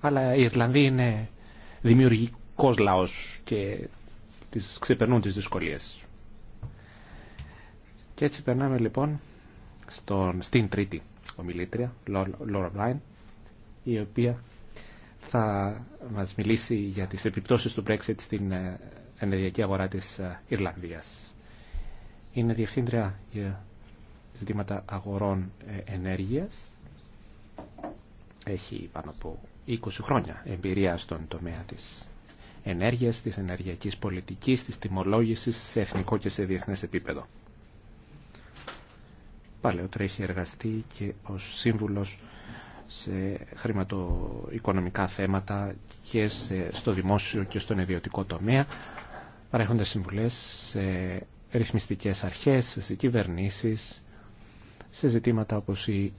Αλλά η Ιρλανδία είναι δημιουργική ελληνικό και τι ξεπερνούν τι δυσκολίε. Και έτσι περνάμε λοιπόν στον, στην τρίτη ομιλήτρια, Λόρα η οποία θα μας μιλήσει για τις επιπτώσεις του Brexit στην ε, ενεργειακή αγορά της ε, Ιρλανδίας. Είναι διευθύντρια για ζητήματα αγορών ε, ενέργεια. Έχει πάνω από 20 χρόνια εμπειρία στον τομέα της ενέργειας, της ενεργειακής πολιτικής, της τιμολόγησης σε εθνικό και σε διεθνές επίπεδο. Παλαιότερα έχει εργαστεί και ως σύμβουλος σε χρηματοοικονομικά θέματα και στο δημόσιο και στον ιδιωτικό τομέα, παρέχοντα συμβουλές σε ρυθμιστικές αρχές, σε κυβερνήσεις, σε ζητήματα όπως η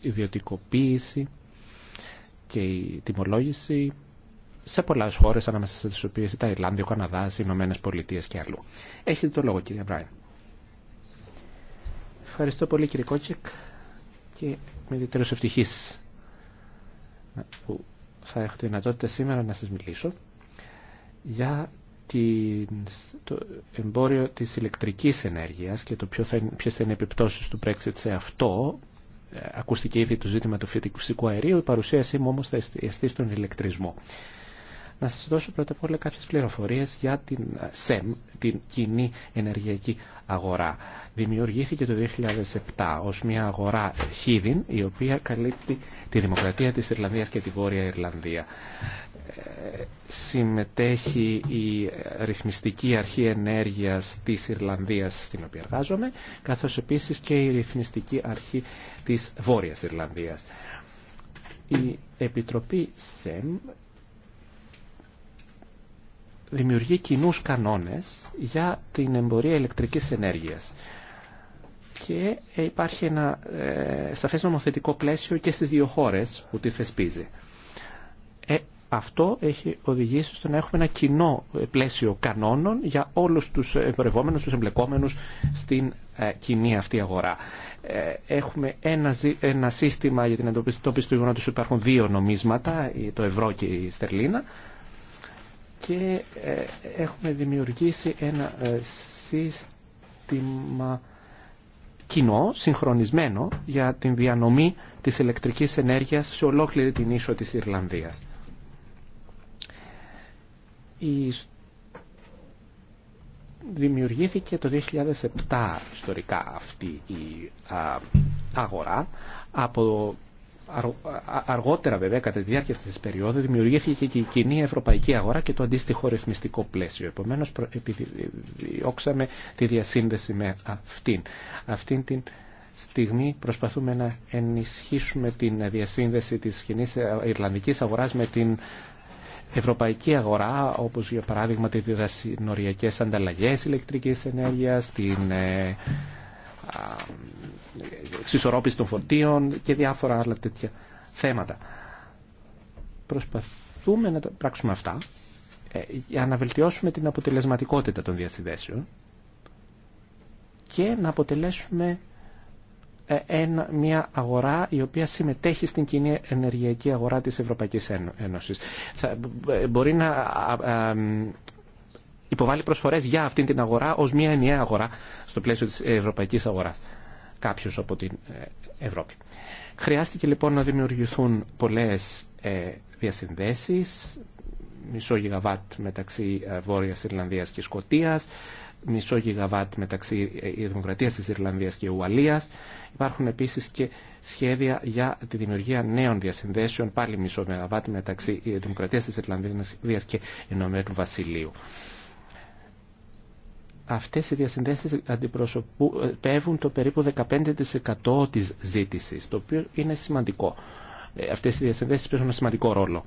ιδιωτικοποίηση και η τιμολόγηση, σε πολλέ χώρε ανάμεσα στις οποίες η Ταϊλάνδη, ο Καναδά, οι Ηνωμένε Πολιτείε και αλλού. Έχετε το λόγο κύριε Μπράιν. Ευχαριστώ πολύ κύριε Κότσεκ και με ιδιαίτερο ευτυχή που θα έχω τη δυνατότητα σήμερα να σας μιλήσω για το εμπόριο της ηλεκτρικής ενέργειας και το ποιο θα είναι, ποιες θα είναι οι επιπτώσεις του Brexit σε αυτό. Ε, ακούστηκε ήδη το ζήτημα του φυσικού αερίου, η παρουσίασή μου όμως θα εστί στον ηλεκτρισμό. Να σας δώσω πρώτα απ' όλα κάποιες πληροφορίες για την ε, ΣΕΜ, την Κοινή Ενεργειακή Αγορά. Δημιουργήθηκε το 2007 ως μια αγορά χίδιν, η οποία καλύπτει τη Δημοκρατία της Ιρλανδίας και τη Βόρεια Ιρλανδία. Ε, συμμετέχει η Ρυθμιστική Αρχή Ενέργειας της Ιρλανδίας, στην οποία εργάζομαι, καθώς επίσης και η Ρυθμιστική Αρχή της Βόρειας Ιρλανδίας. Η Επιτροπή ΣΕΜ δημιουργεί κοινού κανόνες για την εμπορία ηλεκτρικής ενέργειας. Και ε, υπάρχει ένα ε, σαφές νομοθετικό πλαίσιο και στις δύο χώρες που τη θεσπίζει. Ε, αυτό έχει οδηγήσει στο να έχουμε ένα κοινό ε, πλαίσιο κανόνων για όλους τους εμπορευόμενους, τους εμπλεκόμενους στην κοινή αυτή αγορά. Έχουμε ένα, ένα σύστημα για την αντιμετώπιση του γεγονότος ότι υπάρχουν δύο νομίσματα, το ευρώ και η στερλίνα, και ε, έχουμε δημιουργήσει ένα ε, σύστημα κοινό, συγχρονισμένο, για την διανομή της ηλεκτρικής ενέργειας σε ολόκληρη την ίσο της Ιρλανδίας. Η... Δημιουργήθηκε το 2007 ιστορικά αυτή η αγορά από Αργότερα βέβαια κατά τη διάρκεια αυτής της περίοδου δημιουργήθηκε και η κοινή ευρωπαϊκή αγορά και το αντίστοιχο ρυθμιστικό πλαίσιο. Επομένως επιδιώξαμε τη διασύνδεση με αυτήν. Αυτήν την στιγμή προσπαθούμε να ενισχύσουμε την διασύνδεση της κοινή ε, Ιρλανδικής αγοράς με την ευρωπαϊκή αγορά, όπως για παράδειγμα τις διδασυνοριακές ανταλλαγές ηλεκτρικής ενέργειας, την ε, εξισορρόπηση των φορτίων και διάφορα άλλα τέτοια θέματα. Προσπαθούμε να τα πράξουμε αυτά ε, για να βελτιώσουμε την αποτελεσματικότητα των διασυνδέσεων και να αποτελέσουμε ένα, ε, μια αγορά η οποία συμμετέχει στην κοινή ενεργειακή αγορά της Ευρωπαϊκής Ένωσης. Θα, ε, μπορεί να υποβάλει προσφορές για αυτήν την αγορά ως μια ενιαία αγορά στο πλαίσιο της ευρωπαϊκής αγοράς κάποιους από την ε, Ευρώπη. Χρειάστηκε λοιπόν να δημιουργηθούν πολλές ε, διασυνδέσεις, μισό γιγαβάτ μεταξύ ε, Βόρειας Ιρλανδίας και Σκοτίας, μισό γιγαβάτ μεταξύ Δημοκρατίας της Ιρλανδίας και Ουαλίας. Υπάρχουν επίσης και σχέδια για τη δημιουργία νέων διασυνδέσεων, πάλι μισό γιγαβάτ μεταξύ Δημοκρατίας της Ιρλανδίας και Ηνωμένου Βασιλείου αυτές οι διασυνδέσεις αντιπροσωπεύουν το περίπου 15% της ζήτησης, το οποίο είναι σημαντικό. Ε, αυτές οι διασυνδέσεις παίζουν ένα σημαντικό ρόλο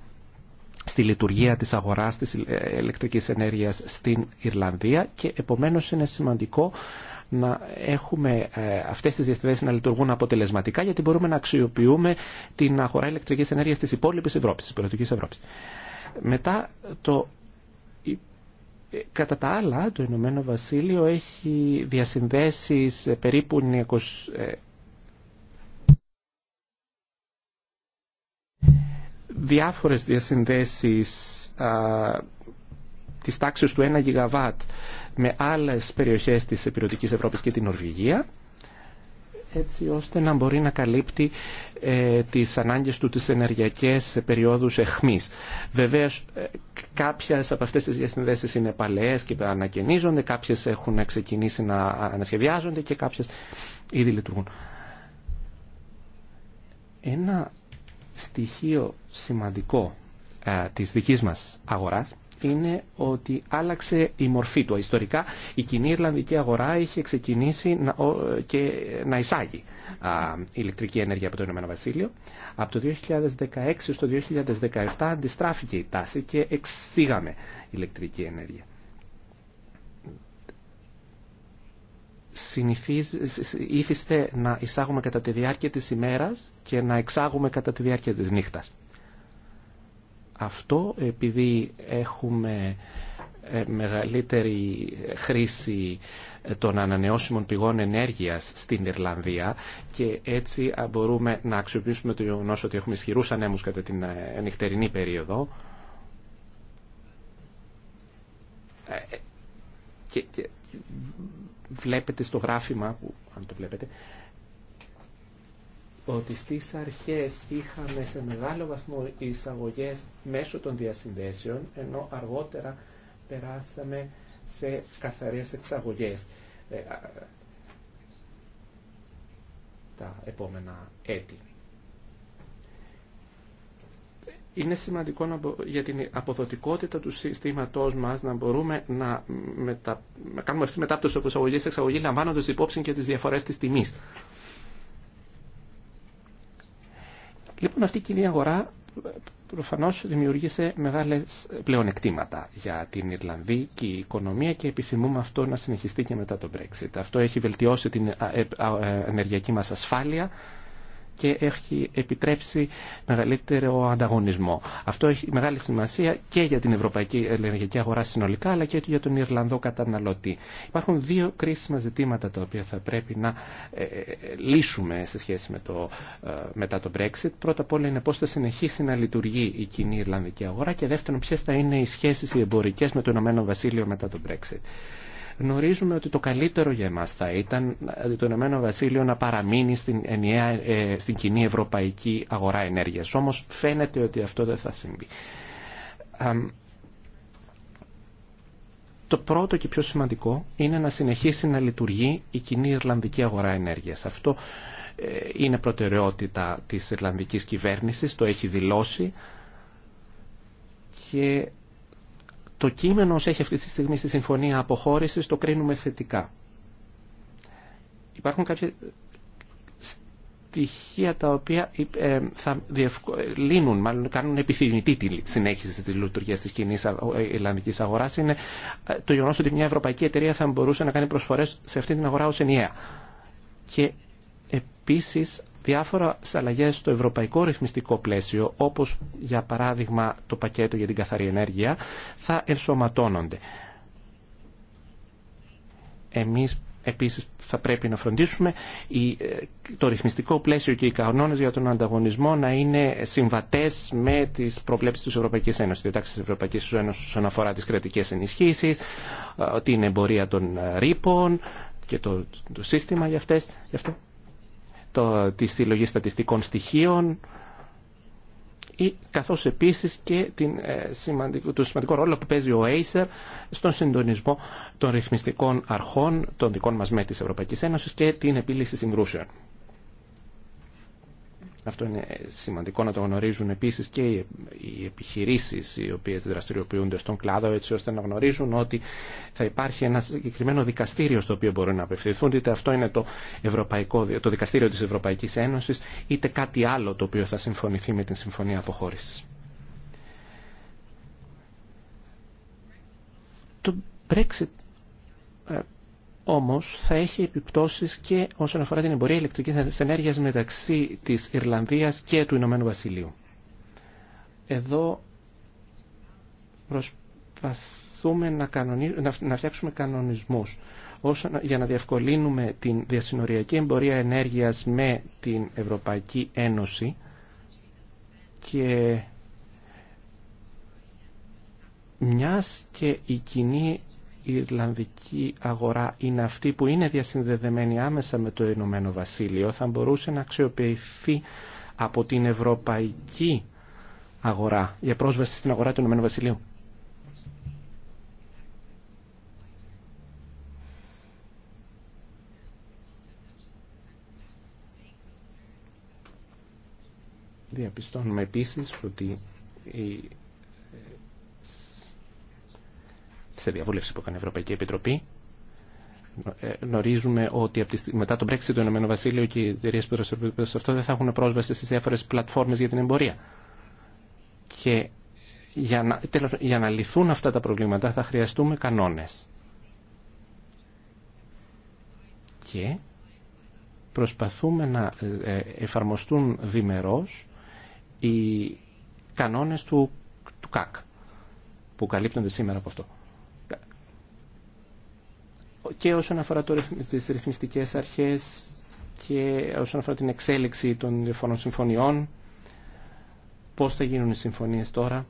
στη λειτουργία της αγοράς της ε, ηλεκτρικής ενέργειας στην Ιρλανδία και επομένως είναι σημαντικό να έχουμε ε, αυτές τις διασυνδέσεις να λειτουργούν αποτελεσματικά γιατί μπορούμε να αξιοποιούμε την αγορά ηλεκτρικής ενέργειας της υπόλοιπης Ευρώπης, της Ευρώπης. Μετά το Κατά τα άλλα, το Ηνωμένο Βασίλειο έχει διασυνδέσεις περίπου 900... Ε, διάφορες διασυνδέσεις α, της τάξης του 1 γιγαβάτ με άλλες περιοχές της επιρωτική Ευρώπης και την Νορβηγία έτσι ώστε να μπορεί να καλύπτει ε, τις ανάγκες του τις ενεργειακές σε περιόδους εχμής. Βεβαίως ε, κάποιες από αυτές τις διασυνδέσεις είναι παλαιές και ανακαινίζονται, κάποιες έχουν ξεκινήσει να ανασχεδιάζονται και κάποιες ήδη λειτουργούν. Ένα στοιχείο σημαντικό ε, της δικής μας αγοράς είναι ότι άλλαξε η μορφή του. Ιστορικά η κοινή Ιρλανδική αγορά είχε ξεκινήσει και να εισάγει ηλεκτρική ενέργεια από το Ηνωμένο Βασίλειο. Από το 2016 στο 2017 αντιστράφηκε η τάση και εξήγαμε ηλεκτρική ενέργεια. Ήθιστε να εισάγουμε κατά τη διάρκεια της ημέρας και να εξάγουμε κατά τη διάρκεια της νύχτας. Αυτό επειδή έχουμε ε, μεγαλύτερη χρήση των ανανεώσιμων πηγών ενέργειας στην Ιρλανδία και έτσι μπορούμε να αξιοποιήσουμε το γεγονό ότι έχουμε ισχυρού ανέμους κατά την ε, νυχτερινή περίοδο ε, ε, και, βλέπετε στο γράφημα, που, αν το βλέπετε, ότι στις αρχές είχαμε σε μεγάλο βαθμό εισαγωγές μέσω των διασυνδέσεων, ενώ αργότερα περάσαμε σε καθαρές εξαγωγές ε, τα επόμενα έτη. Είναι σημαντικό να για την αποδοτικότητα του συστήματός μας να μπορούμε να, μετα... κάνουμε αυτή μετάπτωση από εισαγωγή σε εξαγωγή λαμβάνοντας υπόψη και τις διαφορές της τιμής. Λοιπόν, αυτή η κοινή αγορά Προφανώ δημιούργησε μεγάλες πλεονεκτήματα για την και η οικονομία και επιθυμούμε αυτό να συνεχιστεί και μετά το Brexit. Αυτό έχει βελτιώσει την ε, ε, ε, ενεργειακή μας ασφάλεια και έχει επιτρέψει μεγαλύτερο ανταγωνισμό. Αυτό έχει μεγάλη σημασία και για την ευρωπαϊκή ενεργειακή αγορά συνολικά, αλλά και για τον Ιρλανδό καταναλωτή. Υπάρχουν δύο κρίσιμα ζητήματα τα οποία θα πρέπει να ε, ε, λύσουμε σε σχέση με το, ε, μετά το Brexit. Πρώτα απ' όλα είναι πώς θα συνεχίσει να λειτουργεί η κοινή Ιρλανδική αγορά και δεύτερον ποιε θα είναι οι σχέσει οι εμπορικέ με το Ηνωμένο Βασίλειο μετά το Brexit. Γνωρίζουμε ότι το καλύτερο για εμάς θα ήταν ε, το Ηνωμένο Βασίλειο να παραμείνει στην, ενιαία, ε, στην κοινή ευρωπαϊκή αγορά ενέργειας. Όμως φαίνεται ότι αυτό δεν θα συμβεί. Το πρώτο και πιο σημαντικό είναι να συνεχίσει να λειτουργεί η κοινή Ιρλανδική αγορά ενέργειας. Αυτό ε, είναι προτεραιότητα της Ιρλανδικής κυβέρνησης, το έχει δηλώσει και το κείμενο όσο έχει αυτή τη στιγμή στη Συμφωνία Αποχώρησης το κρίνουμε θετικά. Υπάρχουν κάποια στοιχεία τα οποία ε, ε, θα διευκολύνουν, ε, μάλλον κάνουν επιθυμητή τη συνέχιση της λειτουργία της κοινή ελληνικής αγοράς είναι το γεγονός ότι μια ευρωπαϊκή εταιρεία θα μπορούσε να κάνει προσφορές σε αυτή την αγορά ως ενιαία. Και επίσης διάφορα αλλαγέ στο ευρωπαϊκό ρυθμιστικό πλαίσιο, όπως για παράδειγμα το πακέτο για την καθαρή ενέργεια, θα ενσωματώνονται. Εμείς επίσης θα πρέπει να φροντίσουμε ε, το ρυθμιστικό πλαίσιο και οι κανόνες για τον ανταγωνισμό να είναι συμβατές με τις προβλέψεις της Ευρωπαϊκής Ένωσης, διατάξεις της Ευρωπαϊκής Ένωση όσον αφορά τις κρατικές ε, την εμπορία των ρήπων και το, το σύστημα για, αυτές, το, της συλλογής στατιστικών στοιχείων ή καθώς επίσης και την, ε, σημαντικό, το σημαντικό ρόλο που παίζει ο Acer στον συντονισμό των ρυθμιστικών αρχών των δικών μας με της Ευρωπαϊκής Ένωσης και την επίλυση συγκρούσεων. Αυτό είναι σημαντικό να το γνωρίζουν επίσης και οι επιχειρήσεις οι οποίες δραστηριοποιούνται στον κλάδο έτσι ώστε να γνωρίζουν ότι θα υπάρχει ένα συγκεκριμένο δικαστήριο στο οποίο μπορούν να απευθυνθούν είτε αυτό είναι το, Ευρωπαϊκό, το δικαστήριο της Ευρωπαϊκής Ένωσης είτε κάτι άλλο το οποίο θα συμφωνηθεί με την Συμφωνία Αποχώρησης. Το Brexit ε, όμως θα έχει επιπτώσεις και όσον αφορά την εμπορία ηλεκτρικής ενέργειας μεταξύ της Ιρλανδίας και του Ηνωμένου Βασιλείου. Εδώ προσπαθούμε να, να φτιάξουμε κανονισμούς για να διευκολύνουμε την διασυνοριακή εμπορία ενέργειας με την Ευρωπαϊκή Ένωση και μιας και η κοινή η Ιρλανδική αγορά είναι αυτή που είναι διασυνδεδεμένη άμεσα με το Ηνωμένο Βασίλειο θα μπορούσε να αξιοποιηθεί από την ευρωπαϊκή αγορά για πρόσβαση στην αγορά του Ηνωμένου Βασιλείου. Διαπιστώνουμε επίσης ότι η σε διαβούλευση που έκανε η Ευρωπαϊκή Επιτροπή. Ε, γνωρίζουμε ότι μετά τον Brexit το Ηνωμένο Βασίλειο και οι εταιρείε που δραστηριοποιούνται σε αυτό δεν θα έχουν πρόσβαση στι διάφορε πλατφόρμε για την εμπορία. Και για να, για να λυθούν αυτά τα προβλήματα θα χρειαστούμε κανόνες. Και προσπαθούμε να ε, εφαρμοστούν διμερώς οι κανόνες του, του ΚΑΚ που καλύπτονται σήμερα από αυτό και όσον αφορά τι τις ρυθμιστικές αρχές και όσον αφορά την εξέλιξη των διαφόρων συμφωνιών, πώς θα γίνουν οι συμφωνίες τώρα.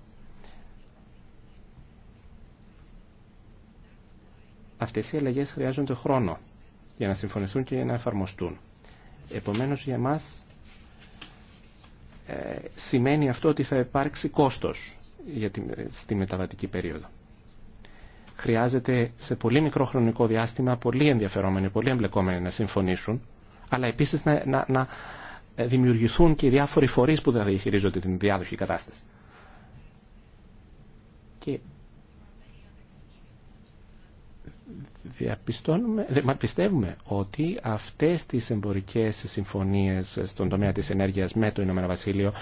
Αυτές οι αλλαγές χρειάζονται χρόνο για να συμφωνηθούν και για να εφαρμοστούν. Επομένως για μας ε, σημαίνει αυτό ότι θα υπάρξει κόστος για τη, στη μεταβατική περίοδο χρειάζεται σε πολύ μικρό χρονικό διάστημα πολύ ενδιαφερόμενοι, πολύ εμπλεκόμενοι να συμφωνήσουν, αλλά επίσης να, να, να δημιουργηθούν και οι διάφοροι φορεί που θα διαχειρίζονται την διάδοχη κατάσταση. Και διαπιστώνουμε, πιστεύουμε ότι αυτές τις εμπορικές συμφωνίες στον τομέα της ενέργειας με το Ηνωμένο Βασίλειο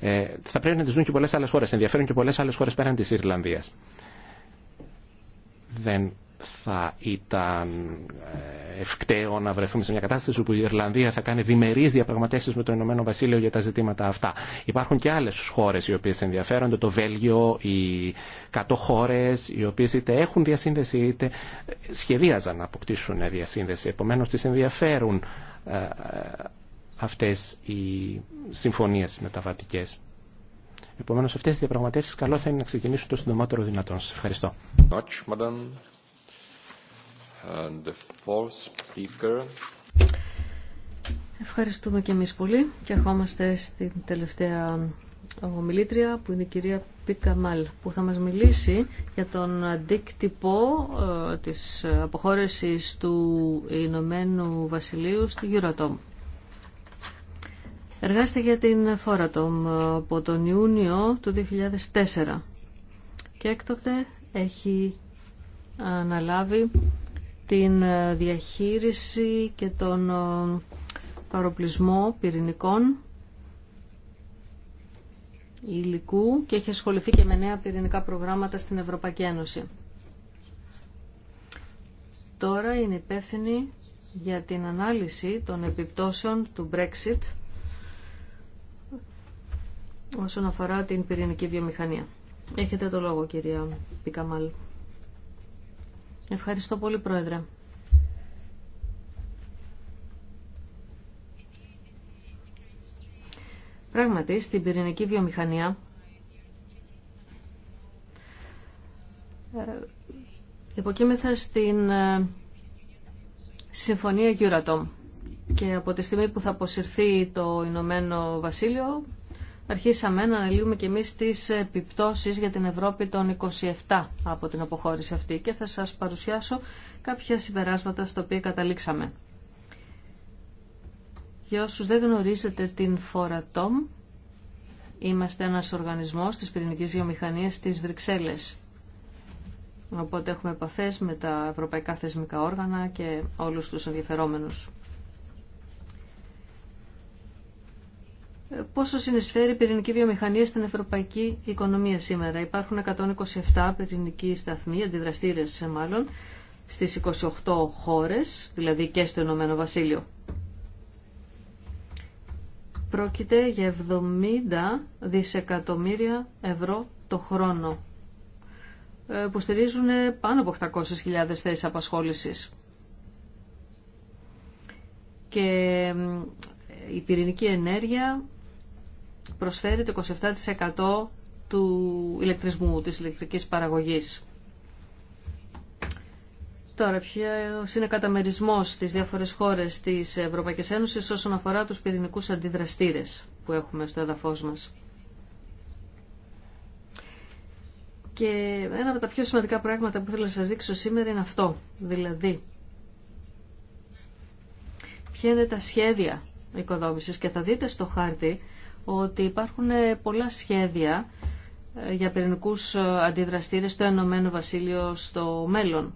ε, θα πρέπει να τις δουν και πολλές άλλες χώρες, ενδιαφέρουν και πολλές άλλες χώρες πέραν της Ιρλανδίας δεν θα ήταν ε, ευκταίο να βρεθούμε σε μια κατάσταση όπου η Ιρλανδία θα κάνει διμερεί διαπραγματεύσει με το Ηνωμένο Βασίλειο για τα ζητήματα αυτά. Υπάρχουν και άλλε χώρε οι οποίε ενδιαφέρονται, το Βέλγιο, οι κάτω χώρε, οι οποίε είτε έχουν διασύνδεση είτε ε, σχεδίαζαν να αποκτήσουν διασύνδεση. Επομένω, τι ενδιαφέρουν ε, αυτέ οι συμφωνίε μεταβατικέ. Επομένως αυτές οι διαπραγματεύσεις καλό θα είναι να ξεκινήσουν το συντομότερο δυνατόν. Σας ευχαριστώ. Ευχαριστούμε και εμείς πολύ και ερχόμαστε στην τελευταία ομιλήτρια που είναι η κυρία Μάλ, που θα μας μιλήσει για τον αντίκτυπο ε, της αποχώρησης του Ηνωμένου Βασιλείου στη Euratom. Εργάστηκε για την Φόρατομ από τον Ιούνιο του 2004 και έκτοτε έχει αναλάβει την διαχείριση και τον παροπλισμό πυρηνικών υλικού και έχει ασχοληθεί και με νέα πυρηνικά προγράμματα στην Ευρωπαϊκή Ένωση. Τώρα είναι υπεύθυνη για την ανάλυση των επιπτώσεων του Brexit όσον αφορά την πυρηνική βιομηχανία. Έχετε το λόγο κυρία Πικαμάλ. Ευχαριστώ πολύ Πρόεδρε. Πράγματι, στην πυρηνική βιομηχανία ε, υποκείμεθα στην ε, Συμφωνία Euratom και από τη στιγμή που θα αποσυρθεί το Ηνωμένο Βασίλειο αρχίσαμε να αναλύουμε και εμείς τις επιπτώσεις για την Ευρώπη των 27 από την αποχώρηση αυτή και θα σας παρουσιάσω κάποια συμπεράσματα στο οποία καταλήξαμε. Για όσους δεν γνωρίζετε την ΦΟΡΑΤΟΜ, είμαστε ένας οργανισμός της πυρηνικής βιομηχανίας της Βρυξέλλες. Οπότε έχουμε επαφές με τα ευρωπαϊκά θεσμικά όργανα και όλους τους ενδιαφερόμενους. πόσο συνεισφέρει η πυρηνική βιομηχανία στην ευρωπαϊκή οικονομία σήμερα. Υπάρχουν 127 πυρηνικοί σταθμοί, αντιδραστήρες μάλλον, στις 28 χώρε, δηλαδή και στο Ηνωμένο Βασίλειο. Πρόκειται για 70 δισεκατομμύρια ευρώ το χρόνο ε, που στηρίζουν πάνω από 800.000 θέσεις απασχόλησης. Και η πυρηνική ενέργεια προσφέρει το 27% του ηλεκτρισμού, της ηλεκτρικής παραγωγής. Τώρα, ποιο είναι καταμερισμό στι διάφορε χώρε τη Ευρωπαϊκή Ένωση όσον αφορά του πυρηνικού αντιδραστήρε που έχουμε στο έδαφο μα. Και ένα από τα πιο σημαντικά πράγματα που θέλω να σα δείξω σήμερα είναι αυτό. Δηλαδή, ποια είναι τα σχέδια οικοδόμηση. Και θα δείτε στο χάρτη ότι υπάρχουν πολλά σχέδια ε, για πυρηνικούς ε, αντιδραστήρες στο Ενωμένο Βασίλειο στο μέλλον.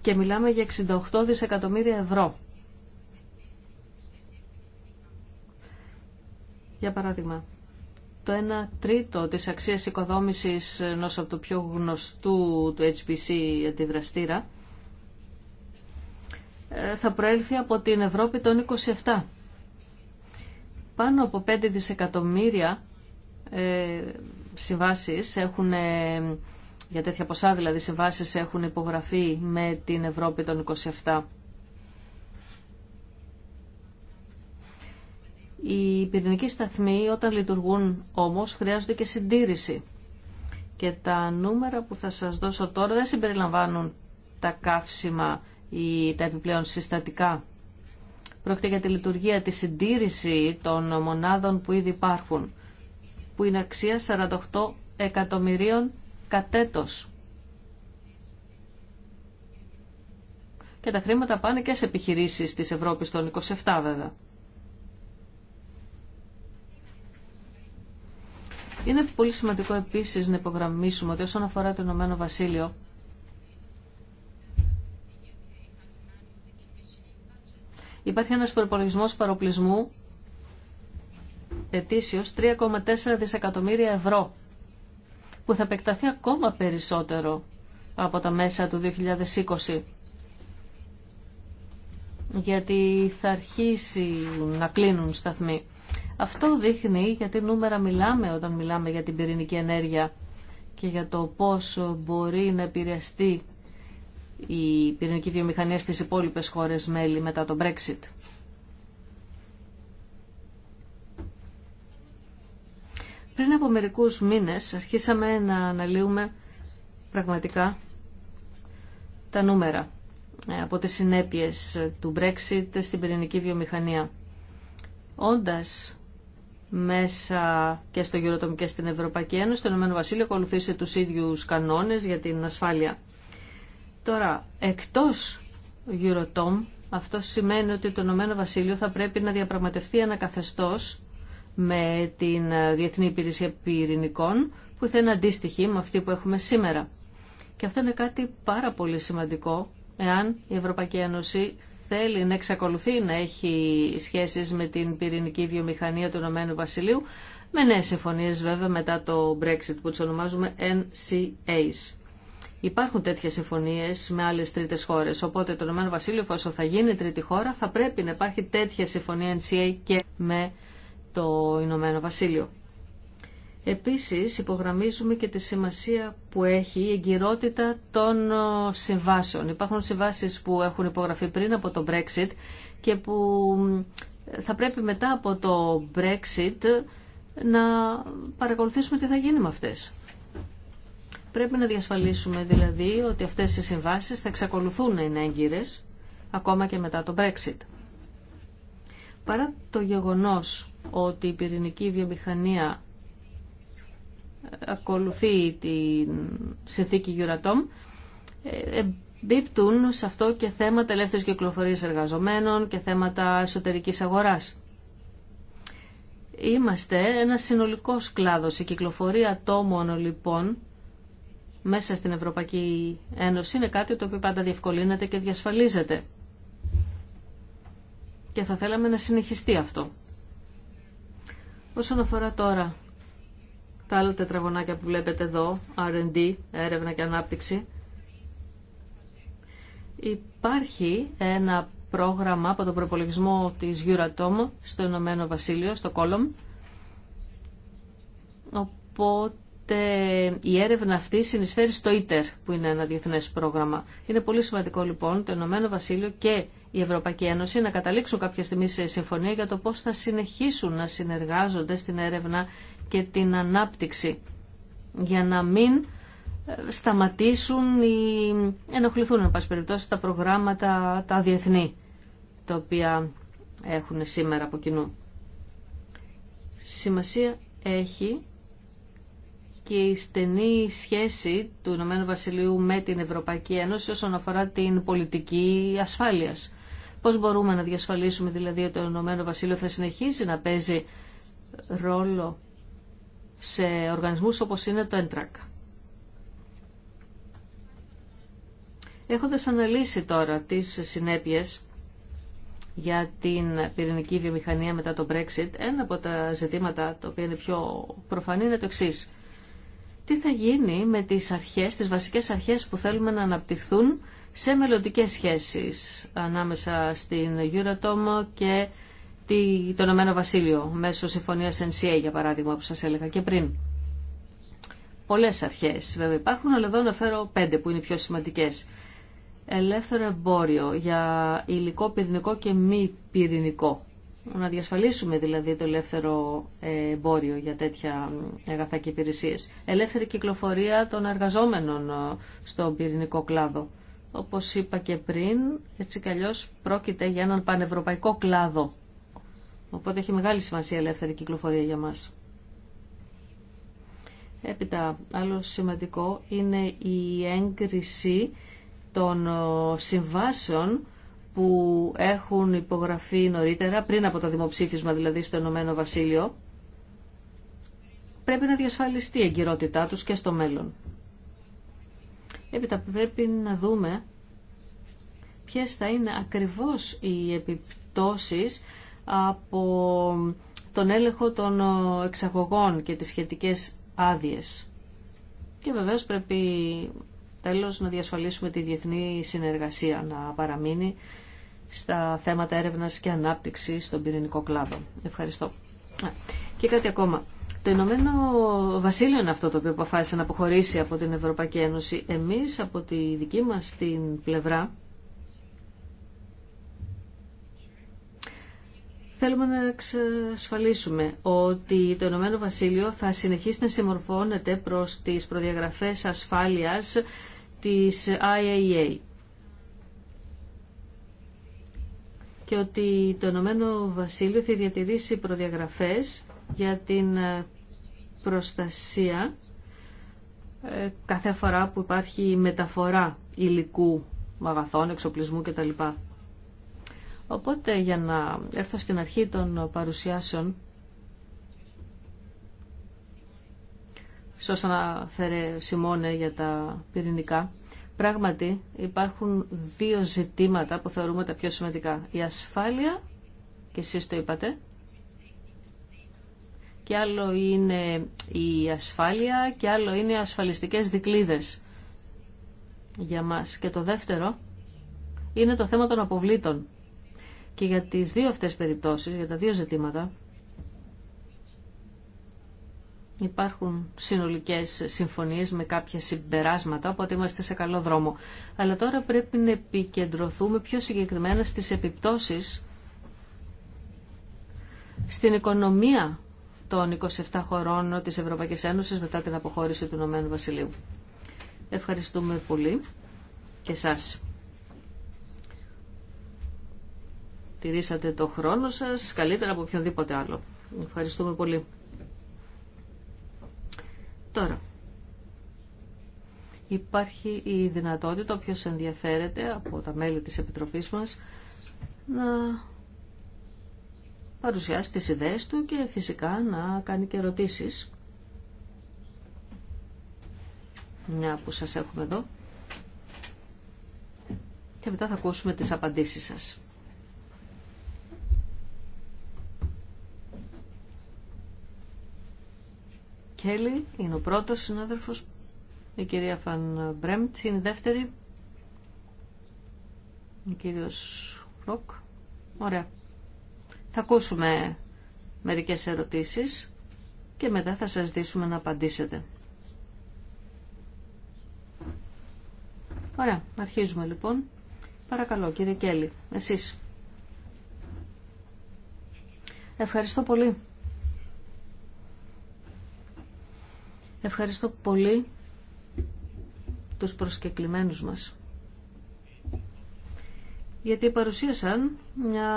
Και μιλάμε για 68 δισεκατομμύρια ευρώ. Για παράδειγμα, το 1 τρίτο της αξίας οικοδόμησης ενός από το πιο γνωστού του HPC αντιδραστήρα ε, θα προέλθει από την Ευρώπη των 27. Πάνω από 5 δισεκατομμύρια ε, συμβάσεις έχουν, ε, για τέτοια ποσά δηλαδή συμβάσεις έχουν υπογραφεί με την Ευρώπη των 27. Οι πυρηνικοί σταθμοί όταν λειτουργούν όμως χρειάζονται και συντήρηση. Και τα νούμερα που θα σας δώσω τώρα δεν συμπεριλαμβάνουν τα καύσιμα ή τα επιπλέον συστατικά Πρόκειται για τη λειτουργία, τη συντήρηση των μονάδων που ήδη υπάρχουν, που είναι αξία 48 εκατομμυρίων κατέτος. Και τα χρήματα πάνε και σε επιχειρήσεις της Ευρώπης των 27 βέβαια. Είναι πολύ σημαντικό επίσης να υπογραμμίσουμε ότι όσον αφορά το Ηνωμένο Βασίλειο, Υπάρχει ένας προπολογισμός παροπλισμού ετήσιος 3,4 δισεκατομμύρια ευρώ που θα επεκταθεί ακόμα περισσότερο από τα μέσα του 2020 γιατί θα αρχίσει να κλείνουν σταθμοί. Αυτό δείχνει γιατί νούμερα μιλάμε όταν μιλάμε για την πυρηνική ενέργεια και για το πόσο μπορεί να επηρεαστεί η πυρηνική βιομηχανία στις υπόλοιπες χώρες μέλη μετά το Brexit. Πριν από μερικούς μήνες αρχίσαμε να αναλύουμε πραγματικά τα νούμερα ε, από τις συνέπειες του Brexit στην πυρηνική βιομηχανία. Όντας μέσα και στο γεωροτομικό και στην Ευρωπαϊκή Ένωση, το Ηνωμένο Βασίλειο ακολουθήσε τους ίδιους κανόνες για την ασφάλεια. Τώρα, εκτός EuroTOM, αυτό σημαίνει ότι το Ηνωμένο Βασίλειο θα πρέπει να διαπραγματευτεί ένα καθεστώς με την ε, Διεθνή Υπηρεσία Πυρηνικών που θα είναι αντίστοιχη με αυτή που έχουμε σήμερα. Και αυτό είναι κάτι πάρα πολύ σημαντικό εάν η Ευρωπαϊκή Ένωση θέλει να εξακολουθεί να έχει σχέσεις με την πυρηνική βιομηχανία του Ηνωμένου Βασιλείου με νέες συμφωνίες βέβαια μετά το Brexit που τους ονομάζουμε NCAs. Υπάρχουν τέτοιε συμφωνίες με άλλες τρίτες χώρες, οπότε το Ηνωμένο Βασίλειο, εφόσον θα γίνει τρίτη χώρα, θα πρέπει να υπάρχει τέτοια συμφωνία NCA και με το Ηνωμένο Βασίλειο. Επίσης υπογραμμίζουμε και τη σημασία που έχει η εγκυρότητα των ε, συμβάσεων. Υπάρχουν συμβάσει που έχουν υπογραφεί πριν από το Brexit και που ε, θα πρέπει μετά από το Brexit να παρακολουθήσουμε τι θα γίνει με αυτές. Πρέπει να διασφαλίσουμε δηλαδή ότι αυτές οι συμβάσεις θα εξακολουθούν να είναι έγκυρες ακόμα και μετά το Brexit. Παρά το γεγονός ότι η πυρηνική βιομηχανία ε, ακολουθεί τη συνθήκη Euratom, ε, εμπίπτουν σε αυτό και θέματα ελεύθερης κυκλοφορίας εργαζομένων και θέματα εσωτερικής αγοράς. Είμαστε ένα συνολικός κλάδος. Η κυκλοφορία ατόμων λοιπόν μέσα στην Ευρωπαϊκή Ένωση είναι κάτι το οποίο πάντα διευκολύνεται και διασφαλίζεται. Και θα θέλαμε να συνεχιστεί αυτό. Όσον αφορά τώρα τα άλλα τετραγωνάκια που βλέπετε εδώ, R&D, έρευνα και ανάπτυξη, υπάρχει ένα πρόγραμμα από τον προπολογισμό της Euratom στο Ηνωμένο Βασίλειο, στο Κόλομ, οπότε Οπότε η έρευνα αυτή συνεισφέρει στο ΙΤΕΡ που είναι ένα διεθνέ πρόγραμμα. Είναι πολύ σημαντικό λοιπόν το Ηνωμένο Βασίλειο και η Ευρωπαϊκή Ένωση να καταλήξουν κάποια στιγμή σε συμφωνία για το πώ θα συνεχίσουν να συνεργάζονται στην έρευνα και την ανάπτυξη. Για να μην ε, σταματήσουν ή ενοχληθούν, εν πάση περιπτώσει, τα προγράμματα τα διεθνή, τα οποία έχουν σήμερα από κοινού. Σημασία έχει και η στενή σχέση του Ηνωμένου Βασιλείου με την Ευρωπαϊκή Ένωση όσον αφορά την πολιτική ασφάλειας. Πώς μπορούμε να διασφαλίσουμε δηλαδή ότι το Ηνωμένο Βασίλειο θα συνεχίσει να παίζει ρόλο σε οργανισμούς όπως είναι το ΕΝΤΡΑΚ. Έχοντας αναλύσει τώρα τις συνέπειες για την πυρηνική βιομηχανία μετά το Brexit, ένα από τα ζητήματα τα οποία είναι πιο προφανή είναι το εξή τι θα γίνει με τις αρχές, τις βασικές αρχές που θέλουμε να αναπτυχθούν σε μελλοντικές σχέσεις ανάμεσα στην Euratom και το Ηνωμένο Βασίλειο μέσω συμφωνίας NCA για παράδειγμα που σας έλεγα και πριν. Πολλές αρχές βέβαια υπάρχουν, αλλά εδώ αναφέρω πέντε που είναι οι πιο σημαντικές. Ελεύθερο εμπόριο για υλικό πυρηνικό και μη πυρηνικό να διασφαλίσουμε δηλαδή το ελεύθερο ε, εμπόριο για τέτοια αγαθά και υπηρεσίε. Ελεύθερη κυκλοφορία των εργαζόμενων ε, στον πυρηνικό κλάδο. Όπως είπα και πριν, έτσι κι πρόκειται για έναν πανευρωπαϊκό κλάδο. Οπότε έχει μεγάλη σημασία η ελεύθερη κυκλοφορία για μας. Έπειτα, άλλο σημαντικό είναι η έγκριση των ε, συμβάσεων που έχουν υπογραφεί νωρίτερα, πριν από το δημοψήφισμα δηλαδή στο Ηνωμένο Βασίλειο, πρέπει να διασφαλιστεί η εγκυρότητά τους και στο μέλλον. Έπειτα πρέπει να δούμε ποιες θα είναι ακριβώς οι επιπτώσεις από τον έλεγχο των εξαγωγών και τις σχετικές άδειες. Και βεβαίως πρέπει τέλος να διασφαλίσουμε τη διεθνή συνεργασία να παραμείνει στα θέματα έρευνας και ανάπτυξης στον πυρηνικό κλάδο. Ευχαριστώ. Και κάτι ακόμα. Το Ηνωμένο Βασίλειο είναι αυτό το οποίο αποφάσισε να αποχωρήσει από την Ευρωπαϊκή Ένωση. Εμείς από τη δική μας την πλευρά θέλουμε να εξασφαλίσουμε ότι το Ηνωμένο Βασίλειο θα συνεχίσει να συμμορφώνεται προς τις προδιαγραφές ασφάλειας της IAEA. και ότι το Ηνωμένο Βασίλειο θα διατηρήσει προδιαγραφές για την ε, προστασία ε, κάθε φορά που υπάρχει μεταφορά υλικού, μαγαθών, εξοπλισμού κτλ. Οπότε για να έρθω στην αρχή των παρουσιάσεων σώσα να φέρε Σιμώνε για τα πυρηνικά Πράγματι υπάρχουν δύο ζητήματα που θεωρούμε τα πιο σημαντικά. Η ασφάλεια, και εσείς το είπατε, και άλλο είναι η ασφάλεια και άλλο είναι οι ασφαλιστικές δικλίδες για μας. Και το δεύτερο είναι το θέμα των αποβλήτων. Και για τις δύο αυτές περιπτώσεις, για τα δύο ζητήματα, Υπάρχουν συνολικές συμφωνίες με κάποια συμπεράσματα, οπότε είμαστε σε καλό δρόμο. Αλλά τώρα πρέπει να επικεντρωθούμε πιο συγκεκριμένα στις επιπτώσεις στην οικονομία των 27 χωρών της Ευρωπαϊκής Ένωσης μετά την αποχώρηση του Ηνωμένου Βασιλείου. Ευχαριστούμε πολύ και σας. Τηρήσατε το χρόνο σας καλύτερα από οποιονδήποτε άλλο. Ευχαριστούμε πολύ. Τώρα, υπάρχει η δυνατότητα, όποιος ενδιαφέρεται από τα μέλη της Επιτροπής μας, να παρουσιάσει τις ιδέες του και φυσικά να κάνει και ερωτήσεις. Μια που σας έχουμε εδώ. Και μετά θα ακούσουμε τις απαντήσεις σας. Κέλλη είναι ο πρώτος συνάδελφος, η κυρία Φαν Μπρέμπτ είναι η δεύτερη, ο κύριος Φλοκ. Ωραία. Θα ακούσουμε μερικές ερωτήσεις και μετά θα σας δείσουμε να απαντήσετε. Ωραία, αρχίζουμε λοιπόν. Παρακαλώ κύριε Κέλλη, εσείς. Ευχαριστώ πολύ. Ευχαριστώ πολύ τους προσκεκλημένους μας. Γιατί παρουσίασαν μια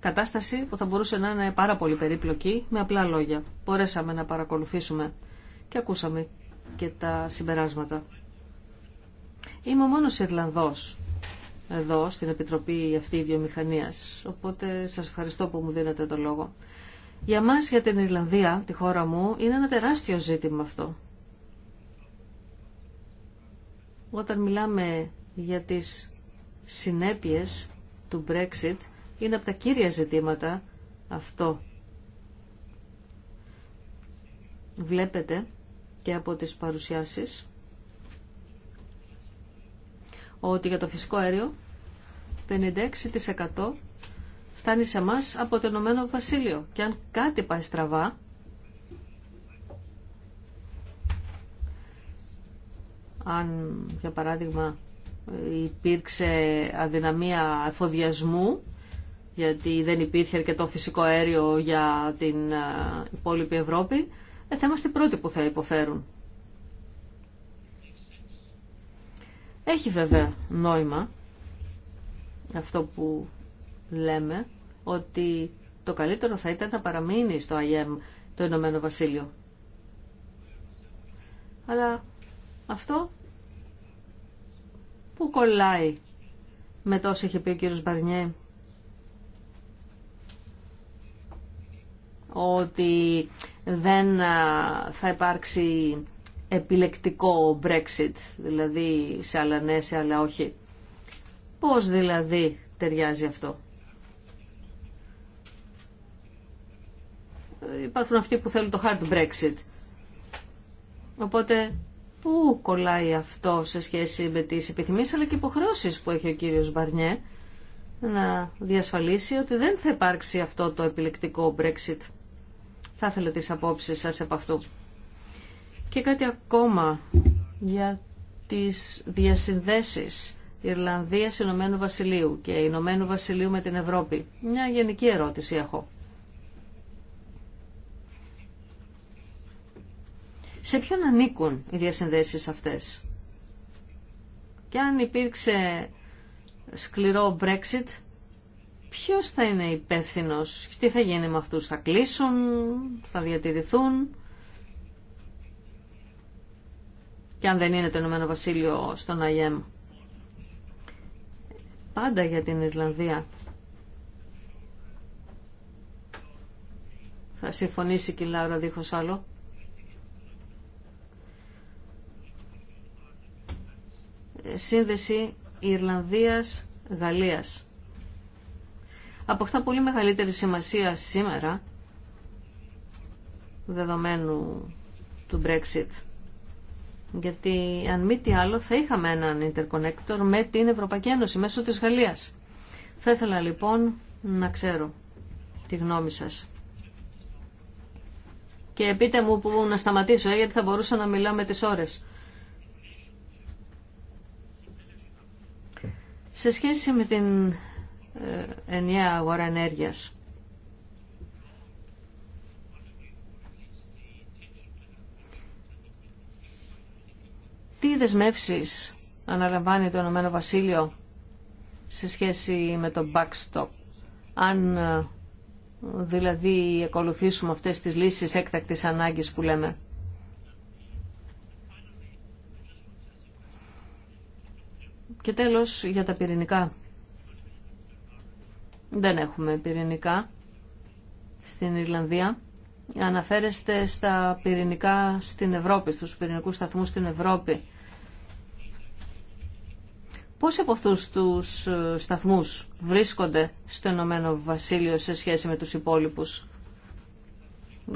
κατάσταση που θα μπορούσε να είναι πάρα πολύ περίπλοκη, με απλά λόγια. Μπορέσαμε να παρακολουθήσουμε και ακούσαμε και τα συμπεράσματα. Είμαι ο μόνος Ιρλανδός εδώ στην Επιτροπή αυτή βιομηχανία. οπότε σας ευχαριστώ που μου δίνετε το λόγο. Για μας, για την Ιρλανδία, τη χώρα μου, είναι ένα τεράστιο ζήτημα αυτό. Όταν μιλάμε για τις συνέπειες του Brexit, είναι από τα κύρια ζητήματα αυτό. Βλέπετε και από τις παρουσιάσεις ότι για το φυσικό αέριο 56% φτάνει σε εμά από το Ηνωμένο Βασίλειο. Και αν κάτι πάει στραβά, αν για παράδειγμα υπήρξε αδυναμία εφοδιασμού, γιατί δεν υπήρχε αρκετό φυσικό αέριο για την υπόλοιπη Ευρώπη, ε, θα είμαστε οι πρώτοι που θα υποφέρουν. Έχει βέβαια νόημα αυτό που λέμε ότι το καλύτερο θα ήταν να παραμείνει στο ΑΙΕΜ το Ηνωμένο Βασίλειο. Αλλά αυτό που κολλάει με τόσο είχε πει ο κύριος Μπαρνιέ ότι δεν θα υπάρξει επιλεκτικό Brexit, δηλαδή σε άλλα ναι, σε άλλα όχι. Πώς δηλαδή ταιριάζει αυτό. υπάρχουν αυτοί που θέλουν το hard Brexit. Οπότε πού κολλάει αυτό σε σχέση με τις επιθυμίες αλλά και υποχρεώσεις που έχει ο κύριος Μπαρνιέ να διασφαλίσει ότι δεν θα υπάρξει αυτό το επιλεκτικό Brexit. Θα ήθελα τις απόψεις σας από αυτού. Και κάτι ακόμα για τις διασυνδέσεις Ιρλανδίας, Ηνωμένου Βασιλείου και Ηνωμένου Βασιλείου με την Ευρώπη. Μια γενική ερώτηση έχω. Σε ποιον ανήκουν οι διασυνδέσεις αυτές. Και αν υπήρξε σκληρό Brexit, ποιος θα είναι υπεύθυνο, τι θα γίνει με αυτούς, θα κλείσουν, θα διατηρηθούν. Και αν δεν είναι το Ηνωμένο Βασίλειο στον ΑΙΕΜ. Πάντα για την Ιρλανδία. Θα συμφωνήσει και η Λάουρα δίχως άλλο. σύνδεση Ιρλανδίας-Γαλλίας. Αποκτά πολύ μεγαλύτερη σημασία σήμερα δεδομένου του Brexit. Γιατί αν μη τι άλλο θα είχαμε έναν interconnector με την Ευρωπαϊκή Ένωση μέσω της Γαλλίας. Θα ήθελα λοιπόν να ξέρω τη γνώμη σας. Και πείτε μου που να σταματήσω, ε, γιατί θα μπορούσα να μιλάω με τις ώρες. Σε σχέση με την ε, ενιαία αγορά ενέργειας, τι δεσμεύσεις αναλαμβάνει το Ηνωμένο Βασίλειο σε σχέση με το backstop, αν ε, δηλαδή ακολουθήσουμε αυτές τις λύσεις έκτακτης ανάγκης που λέμε. Και τέλος για τα πυρηνικά. Δεν έχουμε πυρηνικά στην Ιρλανδία. Αναφέρεστε στα πυρηνικά στην Ευρώπη, στους πυρηνικούς σταθμούς στην Ευρώπη. Πόσοι από αυτούς τους ε, σταθμούς βρίσκονται στο Ενωμένο Βασίλειο σε σχέση με τους υπόλοιπους.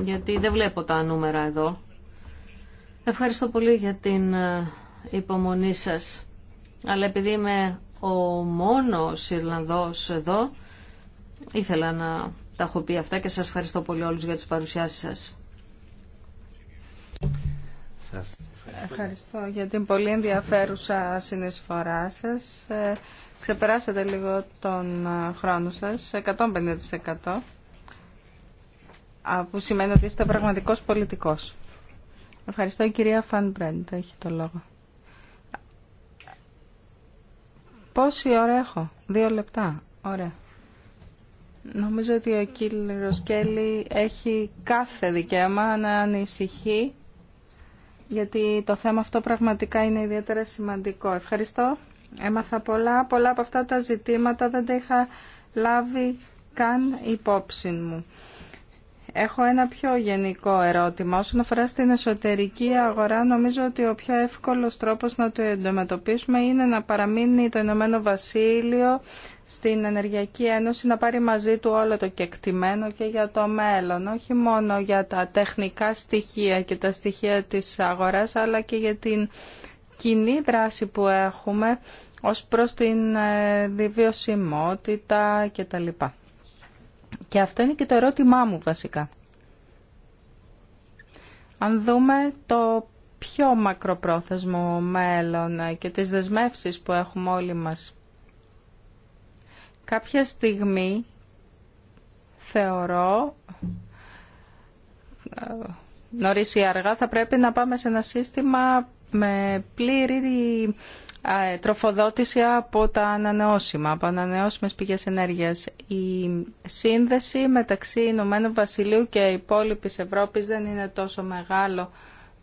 Γιατί δεν βλέπω τα νούμερα εδώ. Ευχαριστώ πολύ για την ε, υπομονή σας αλλά επειδή είμαι ο μόνος Ιρλανδός εδώ, ήθελα να τα έχω πει αυτά και σας ευχαριστώ πολύ όλους για τις παρουσιάσεις σας. Σας ευχαριστώ για την πολύ ενδιαφέρουσα συνεισφορά σας. Ε, ξεπεράσατε λίγο τον ε, χρόνο σας, 150% που σημαίνει ότι είστε πραγματικός πολιτικός. Ευχαριστώ η κυρία Φαν Μπρέντ, έχει το λόγο. Πόση ώρα έχω. Δύο λεπτά. Ωραία. Νομίζω ότι ο κύριο Κέλλη έχει κάθε δικαίωμα να ανησυχεί γιατί το θέμα αυτό πραγματικά είναι ιδιαίτερα σημαντικό. Ευχαριστώ. Έμαθα πολλά. Πολλά από αυτά τα ζητήματα δεν τα είχα λάβει καν υπόψη μου. Έχω ένα πιο γενικό ερώτημα. Όσον αφορά στην εσωτερική αγορά, νομίζω ότι ο πιο εύκολος τρόπος να το εντομετωπίσουμε είναι να παραμείνει το Ηνωμένο Βασίλειο στην Ενεργειακή Ένωση, να πάρει μαζί του όλο το κεκτημένο και για το μέλλον, όχι μόνο για τα τεχνικά στοιχεία και τα στοιχεία της αγοράς, αλλά και για την κοινή δράση που έχουμε ως προς την ε, βιωσιμότητα κτλ. Και αυτό είναι και το ερώτημά μου βασικά. Αν δούμε το πιο μακροπρόθεσμο μέλλον και τις δεσμεύσεις που έχουμε όλοι μας. Κάποια στιγμή θεωρώ ε, νωρίς ή αργά θα πρέπει να πάμε σε ένα σύστημα με πλήρη ε, τροφοδότηση από τα ανανεώσιμα, από ανανεώσιμες πηγές ενέργειας. Η σύνδεση μεταξύ Ηνωμένου Βασιλείου και υπόλοιπη Ευρώπης δεν είναι τόσο μεγάλο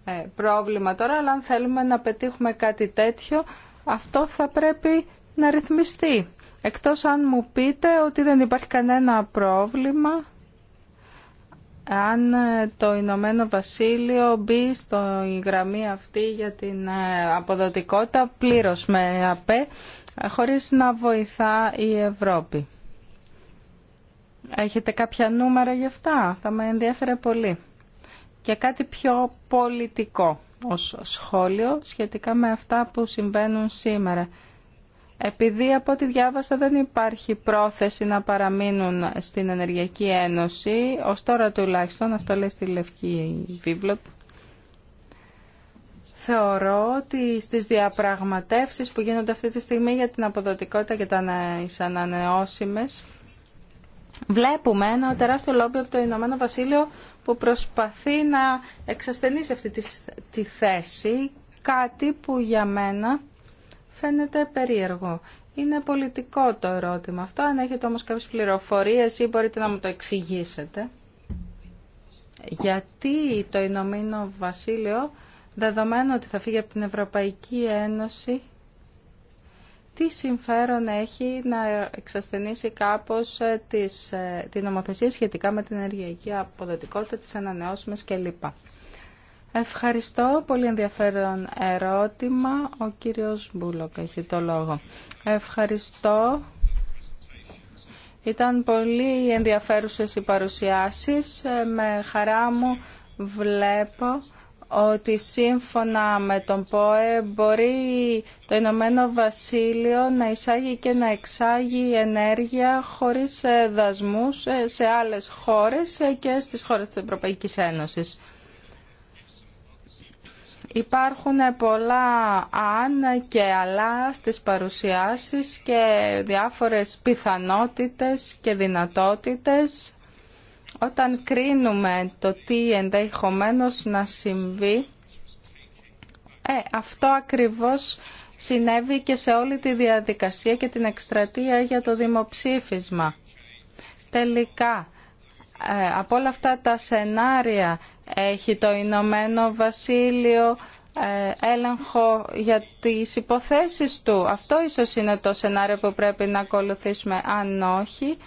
ε, πρόβλημα τώρα, αλλά αν θέλουμε να πετύχουμε κάτι τέτοιο, αυτό θα πρέπει να ρυθμιστεί. Εκτός αν μου πείτε ότι δεν υπάρχει κανένα πρόβλημα αν ε, το Ηνωμένο Βασίλειο μπει στο η γραμμή αυτή για την ε, αποδοτικότητα πλήρως με ΑΠΕ ε, χωρίς να βοηθά η Ευρώπη. Έχετε κάποια νούμερα γι' αυτά, θα με ενδιαφέρε πολύ. Και κάτι πιο πολιτικό ως σχόλιο σχετικά με αυτά που συμβαίνουν σήμερα. Επειδή από ό,τι διάβασα δεν υπάρχει πρόθεση να παραμείνουν στην Ενεργειακή Ένωση, ως τώρα τουλάχιστον, αυτό λέει στη Λευκή Βίβλο, θεωρώ ότι στις διαπραγματεύσεις που γίνονται αυτή τη στιγμή για την αποδοτικότητα και τα ανανεώσιμες, βλέπουμε ένα τεράστιο λόμπι από το Ηνωμένο Βασίλειο που προσπαθεί να εξασθενήσει αυτή τη θέση, κάτι που για μένα φαίνεται περίεργο. Είναι πολιτικό το ερώτημα αυτό, αν έχετε όμως κάποιες πληροφορίες ή μπορείτε να μου το εξηγήσετε. Γιατί το Ηνωμένο Βασίλειο, δεδομένου ότι θα φύγει από την Ευρωπαϊκή Ένωση, τι συμφέρον έχει να εξασθενήσει κάπως ε, τις, ε, την νομοθεσία σχετικά με την ενεργειακή αποδοτικότητα, τις ανανεώσιμες κλπ. Ευχαριστώ. Πολύ ενδιαφέρον ερώτημα. Ο κύριος Μπούλοκ έχει το λόγο. Ευχαριστώ. Ήταν πολύ ενδιαφέρουσες οι παρουσιάσεις. Ε, με χαρά μου βλέπω ότι σύμφωνα με τον ΠΟΕ μπορεί το Ηνωμένο Βασίλειο να εισάγει και να εξάγει ενέργεια χωρίς ε, δασμούς ε, σε άλλες χώρες και στις χώρες της Ευρωπαϊκής Ένωσης. Υπάρχουν πολλά αν και αλλά στις παρουσιάσεις και διάφορες πιθανότητες και δυνατότητες όταν κρίνουμε το τι ενδεχομένως να συμβεί. Ε, αυτό ακριβώς συνέβη και σε όλη τη διαδικασία και την εκστρατεία για το δημοψήφισμα. Τελικά, ε, από όλα αυτά τα σενάρια έχει το Ηνωμένο Βασίλειο ε, έλεγχο για τις υποθέσεις του. Αυτό ίσως είναι το σενάριο που πρέπει να ακολουθήσουμε. Αν όχι,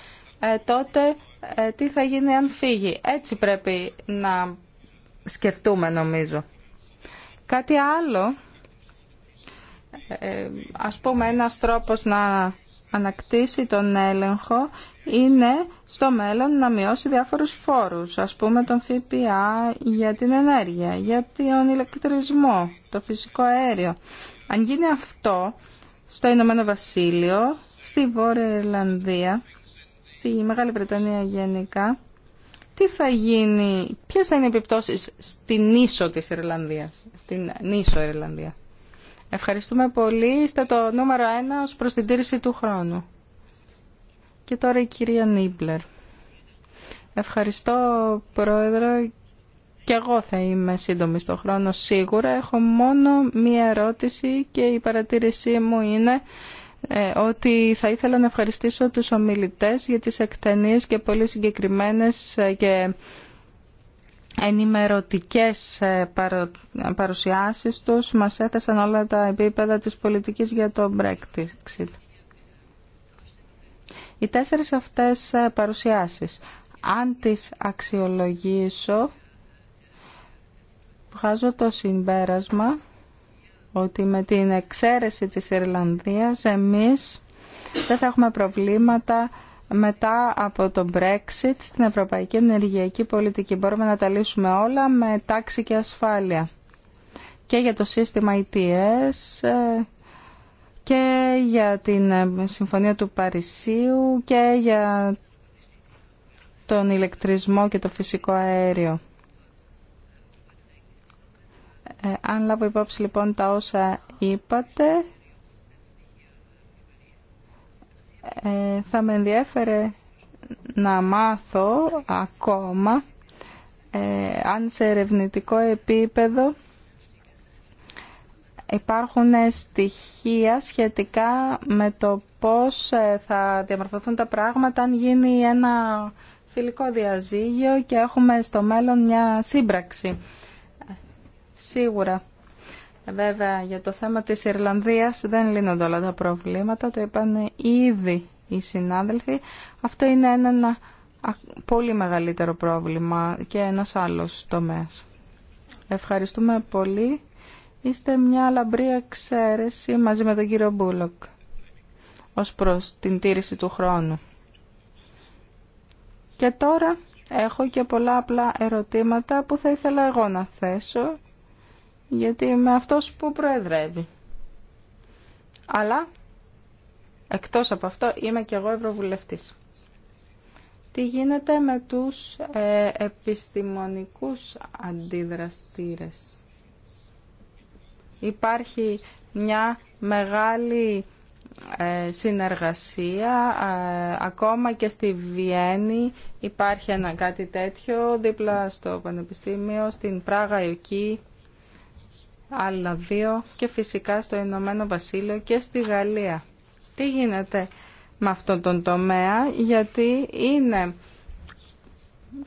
ε, τότε ε, τι θα γίνει αν φύγει. Έτσι πρέπει να σκεφτούμε νομίζω. Κάτι άλλο, ας πούμε ένας τρόπος να ανακτήσει τον έλεγχο είναι στο μέλλον να μειώσει διάφορους φόρους, ας πούμε τον ΦΠΑ για την ενέργεια, για τον ηλεκτρισμό, το φυσικό αέριο. Αν γίνει αυτό στο Ηνωμένο Βασίλειο, στη Βόρεια Ιρλανδία, στη Μεγάλη Βρετανία γενικά, τι θα γίνει, ποιες θα είναι οι επιπτώσεις στην νήσο της Ιρλανδίας, στην νήσο Ιρλανδία. Ευχαριστούμε πολύ. Είστε το νούμερο ένα ως προς την τήρηση του χρόνου. Και τώρα η κυρία Νίμπλερ. Ευχαριστώ, Πρόεδρο. Και εγώ θα είμαι σύντομη στο χρόνο σίγουρα. Έχω μόνο μία ερώτηση και η παρατήρησή μου είναι ε, ότι θα ήθελα να ευχαριστήσω τους ομιλητές για τις εκτενείς και πολύ συγκεκριμένες ε, και ενημερωτικές ε, παρουσιάσεις τους μας έθεσαν όλα τα επίπεδα της πολιτικής για το Brexit. Οι τέσσερις αυτές ε, παρουσιάσεις, αν τις αξιολογήσω, βγάζω το συμπέρασμα ότι με την εξαίρεση της Ιρλανδίας εμείς δεν θα έχουμε προβλήματα μετά από το Brexit στην Ευρωπαϊκή Ενεργειακή Πολιτική. Μπορούμε να τα λύσουμε όλα με τάξη και ασφάλεια. Και για το σύστημα ETS ε, και για την ε, Συμφωνία του Παρισίου και για τον ηλεκτρισμό και το φυσικό αέριο. Ε, αν λάβω υπόψη λοιπόν τα όσα είπατε, Ε, θα με ενδιέφερε να μάθω ακόμα ε, αν σε ερευνητικό επίπεδο υπάρχουν στοιχεία σχετικά με το πώς ε, θα διαμορφωθούν τα πράγματα αν γίνει ένα φιλικό διαζύγιο και έχουμε στο μέλλον μια σύμπραξη. Σίγουρα Βέβαια, για το θέμα της Ιρλανδίας δεν λύνονται όλα τα προβλήματα, το είπαν ήδη οι συνάδελφοι. Αυτό είναι ένα πολύ μεγαλύτερο πρόβλημα και ένας άλλος τομέας. Ευχαριστούμε πολύ. Είστε μια λαμπρή εξαίρεση μαζί με τον κύριο Μπούλοκ ως προς την τήρηση του χρόνου. Και τώρα έχω και πολλά απλά ερωτήματα που θα ήθελα εγώ να θέσω γιατί είμαι αυτός που προεδρεύει. Αλλά, εκτός από αυτό, είμαι και εγώ ευρωβουλευτής. Τι γίνεται με τους ε, επιστημονικούς αντιδραστήρες. Υπάρχει μια μεγάλη ε, συνεργασία, ε, ακόμα και στη Βιέννη υπάρχει ένα κάτι τέτοιο δίπλα στο Πανεπιστήμιο, στην Πράγα εκεί άλλα δύο και φυσικά στο Ηνωμένο Βασίλειο και στη Γαλλία. Τι γίνεται με αυτόν τον τομέα γιατί είναι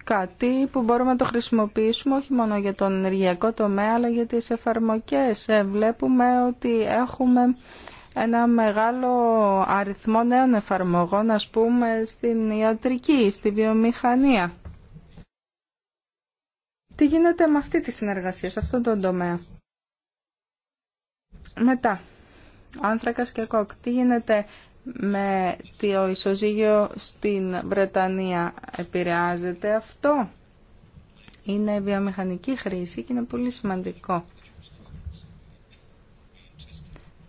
κάτι που μπορούμε να το χρησιμοποιήσουμε όχι μόνο για τον ενεργειακό τομέα αλλά για τις εφαρμοκές. Ε, βλέπουμε ότι έχουμε ένα μεγάλο αριθμό νέων εφαρμογών, ας πούμε, στην ιατρική, στη βιομηχανία. Τι γίνεται με αυτή τη συνεργασία, σε αυτόν τον τομέα. Μετά, άνθρακας και κόκ. Τι γίνεται με το ισοζύγιο στην Βρετανία επηρεάζεται αυτό. Είναι βιομηχανική χρήση και είναι πολύ σημαντικό.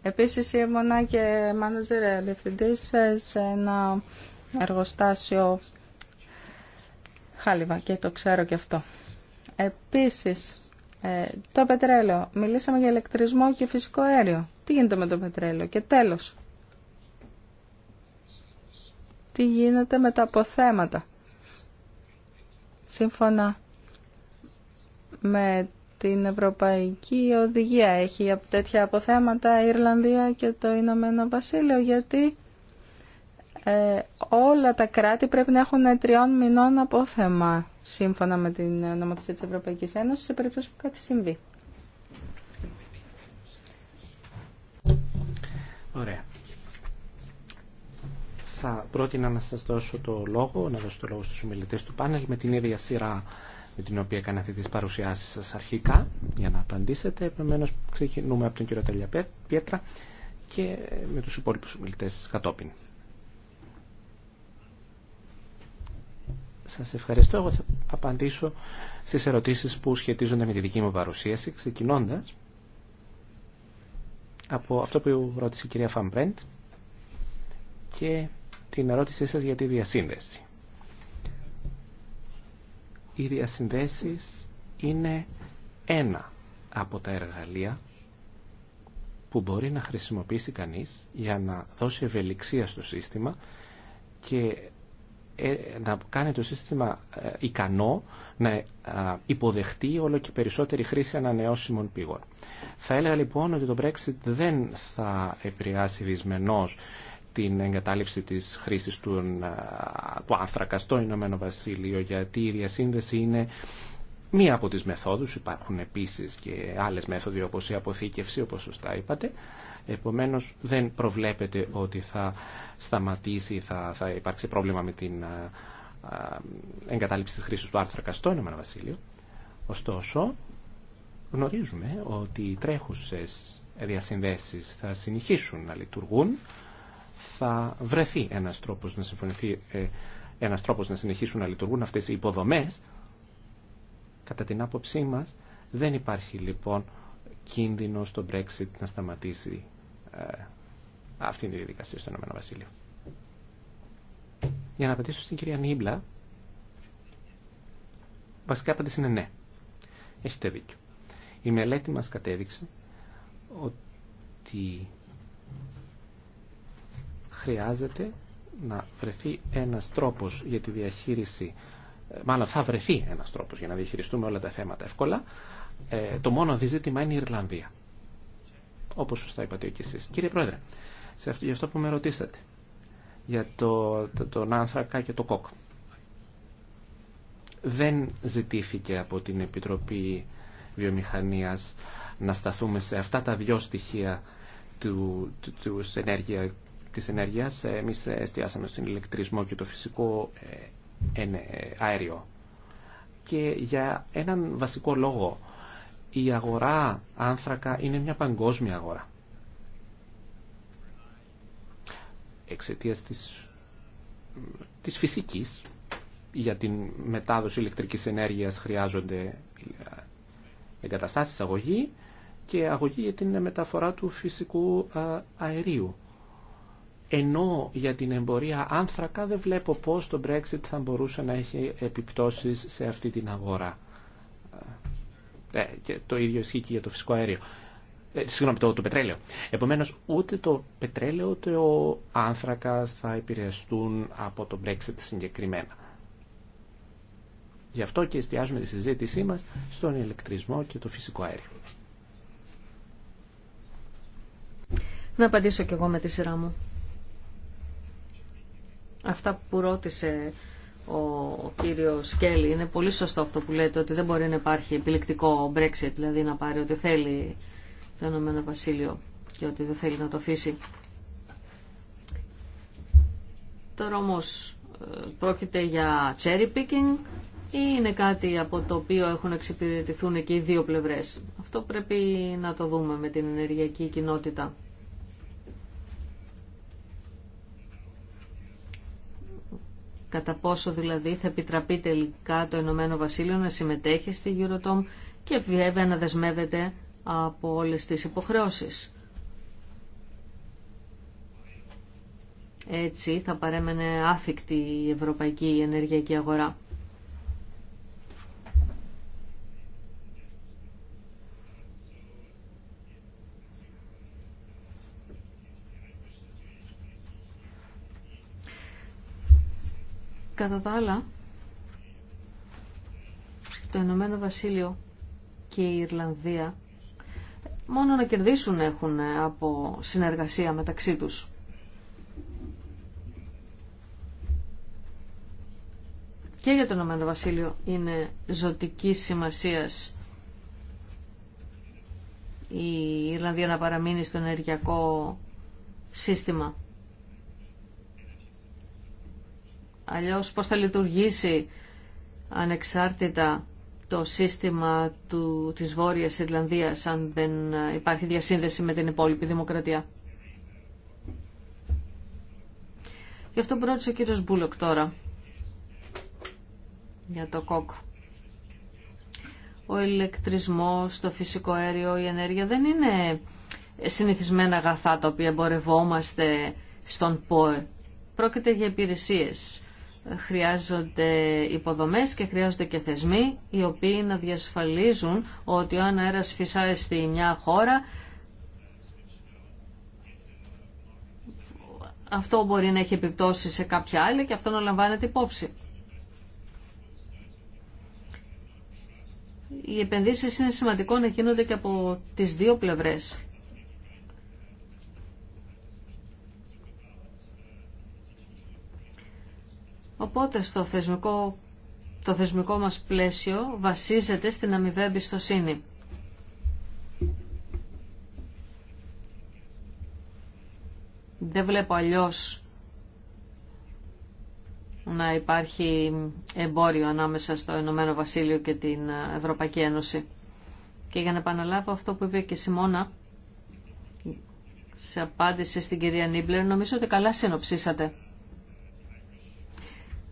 Επίσης Εμονά και μάνατζερ ε, διευθυντής ε, σε ένα εργοστάσιο χάλιβα και το ξέρω και αυτό. Επίσης ε, το πετρέλαιο. Μιλήσαμε για ηλεκτρισμό και φυσικό αέριο. Τι γίνεται με το πετρέλαιο. Και τέλος. Τι γίνεται με τα αποθέματα. Σύμφωνα με την Ευρωπαϊκή Οδηγία έχει τέτοια αποθέματα η Ιρλανδία και το Ηνωμένο Βασίλειο γιατί ε, όλα τα κράτη πρέπει να έχουν τριών μηνών απόθεμα σύμφωνα με την νομοθεσία της Ευρωπαϊκής Ένωσης σε περίπτωση που κάτι συμβεί. Ωραία. Θα πρότεινα να σας δώσω το λόγο, να δώσω το λόγο στους ομιλητές του πάνελ με την ίδια σειρά με την οποία κάνατε τις παρουσιάσεις σας αρχικά για να απαντήσετε. Επομένω ξεκινούμε από τον κύριο Τελιαπέτρα και με τους υπόλοιπους ομιλητές κατόπιν. Σας ευχαριστώ. Εγώ θα απαντήσω στις ερωτήσεις που σχετίζονται με τη δική μου παρουσίαση, ξεκινώντας από αυτό που ρώτησε η κυρία Φαμπρέντ και την ερώτησή σας για τη διασύνδεση. Οι διασυνδέσεις είναι ένα από τα εργαλεία που μπορεί να χρησιμοποιήσει κανείς για να δώσει ευελιξία στο σύστημα και ε, να κάνει το σύστημα ε, ικανό να υποδεχτεί όλο και περισσότερη χρήση ανανεώσιμων πηγών. Θα έλεγα λοιπόν ότι το Brexit δεν θα επηρεάσει δυσμενώς την εγκατάλειψη της χρήσης του, του άνθρακα στο Ηνωμένο Βασίλειο γιατί η διασύνδεση είναι μία από τις μεθόδους, υπάρχουν επίσης και άλλες μέθοδοι όπως η αποθήκευση όπως σωστά είπατε, επομένως δεν προβλέπεται ότι θα σταματήσει, θα, θα υπάρξει πρόβλημα με την ε, ε, εγκατάλειψη της χρήσης του άρθρου στο Ηνωμένο Βασίλειο. Ωστόσο, γνωρίζουμε ότι οι τρέχουσες διασυνδέσεις θα συνεχίσουν να λειτουργούν, θα βρεθεί ένας τρόπος να συμφωνηθεί, ε, ένας τρόπος να συνεχίσουν να λειτουργούν αυτές οι υποδομές. Κατά την άποψή μας, δεν υπάρχει λοιπόν κίνδυνο στο Brexit να σταματήσει αυτή είναι η διαδικασία στο Ηνωμένο Βασίλειο. Για να απαντήσω στην κυρία Νίμπλα, βασικά απάντηση είναι ναι. Έχετε δίκιο. Η μελέτη μας κατέδειξε ότι χρειάζεται να βρεθεί ένας τρόπος για τη διαχείριση, μάλλον θα βρεθεί ένας τρόπος για να διαχειριστούμε όλα τα θέματα εύκολα. Ε, το μόνο διζήτημα είναι η Ιρλανδία. Όπως σωστά είπατε και εσείς. Κύριε Πρόεδρε, σε αυτό, για αυτό που με ρωτήσατε για το, τον άνθρακα και το κόκ. Δεν ζητήθηκε από την Επιτροπή Βιομηχανίας να σταθούμε σε αυτά τα δυο στοιχεία του, του, του ενέργεια, της ενέργειας. Εμείς εστιάσαμε στον ηλεκτρισμό και το φυσικό ε, ε, αέριο. Και για έναν βασικό λόγο, η αγορά άνθρακα είναι μια παγκόσμια αγορά. Εξαιτία της, της φυσικής για την μετάδοση ηλεκτρικής ενέργειας χρειάζονται ε, εγκαταστάσεις αγωγή και αγωγή για την μεταφορά του φυσικού ε, αερίου. Ενώ για την εμπορία άνθρακα δεν βλέπω πώς το Brexit θα μπορούσε να έχει επιπτώσεις σε αυτή την αγορά. Ε, και το ίδιο ισχύει και για το φυσικό αέριο. Ε, συγγνώμη, το, το πετρέλαιο. Επομένως, ούτε το πετρέλαιο ούτε ο άνθρακας θα επηρεαστούν από το Brexit συγκεκριμένα. Γι' αυτό και εστιάζουμε τη συζήτησή μας στον ηλεκτρισμό και το φυσικό αέριο. Να απαντήσω κι εγώ με τη σειρά μου. Αυτά που ρώτησε ο κύριο Σκέλη, είναι πολύ σωστό αυτό που λέτε, ότι δεν μπορεί να υπάρχει επιλεκτικό Brexit, δηλαδή να πάρει ό,τι θέλει το Ηνωμένο Βασίλειο και ότι δεν θέλει να το αφήσει. Τώρα όμω ε, πρόκειται για cherry picking ή είναι κάτι από το οποίο έχουν εξυπηρετηθούν και οι δύο πλευρές. Αυτό πρέπει να το δούμε με την ενεργειακή κοινότητα. Κατά πόσο δηλαδή θα επιτραπεί τελικά το Ηνωμένο Βασίλειο να συμμετέχει στη Eurotom και βέβαια να δεσμεύεται από όλες τις υποχρεώσεις. Έτσι θα παρέμενε άθικτη η ευρωπαϊκή ενεργειακή αγορά. Κατά τα άλλα, το Ηνωμένο Βασίλειο και η Ιρλανδία μόνο να κερδίσουν έχουν ε, από συνεργασία μεταξύ τους. Και για το Ηνωμένο Βασίλειο είναι ζωτική σημασίας η Ιρλανδία να παραμείνει στο ενεργειακό σύστημα. Αλλιώς πώς θα λειτουργήσει ανεξάρτητα το σύστημα του, της Βόρειας Ιρλανδίας αν δεν υπάρχει διασύνδεση με την υπόλοιπη δημοκρατία. Γι' αυτό ρώτησε ο κύριος Μπούλοκ τώρα για το κόκ. Ο ηλεκτρισμός, το φυσικό αέριο, η ενέργεια δεν είναι συνηθισμένα αγαθά τα οποία εμπορευόμαστε στον ΠΟΕ. Πρόκειται για υπηρεσίες χρειάζονται υποδομές και χρειάζονται και θεσμοί οι οποίοι να διασφαλίζουν ότι ο αέρας φυσάει στη μια χώρα αυτό μπορεί να έχει επιπτώσει σε κάποια άλλη και αυτό να λαμβάνεται υπόψη. Οι επενδύσεις είναι σημαντικό να γίνονται και από τις δύο πλευρές. Οπότε στο θεσμικό, το θεσμικό μας πλαίσιο βασίζεται στην αμοιβαία εμπιστοσύνη. Δεν βλέπω αλλιώς να υπάρχει εμπόριο ανάμεσα στο Ηνωμένο Βασίλειο και την Ευρωπαϊκή Ένωση. Και για να επαναλάβω αυτό που είπε και η Σιμώνα, σε απάντηση στην κυρία Νίμπλερ, νομίζω ότι καλά συνοψίσατε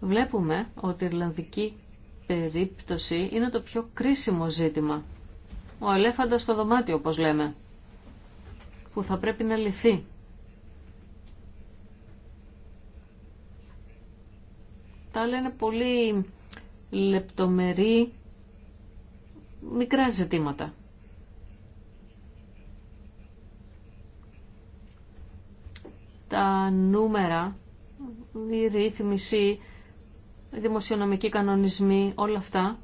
βλέπουμε ότι η Ιρλανδική περίπτωση είναι το πιο κρίσιμο ζήτημα. Ο ελέφαντας στο δωμάτιο, όπως λέμε, που θα πρέπει να λυθεί. Τα άλλα είναι πολύ λεπτομερή, μικρά ζητήματα. Τα νούμερα, η ρύθμιση, δημοσιονομικοί κανονισμοί, όλα αυτά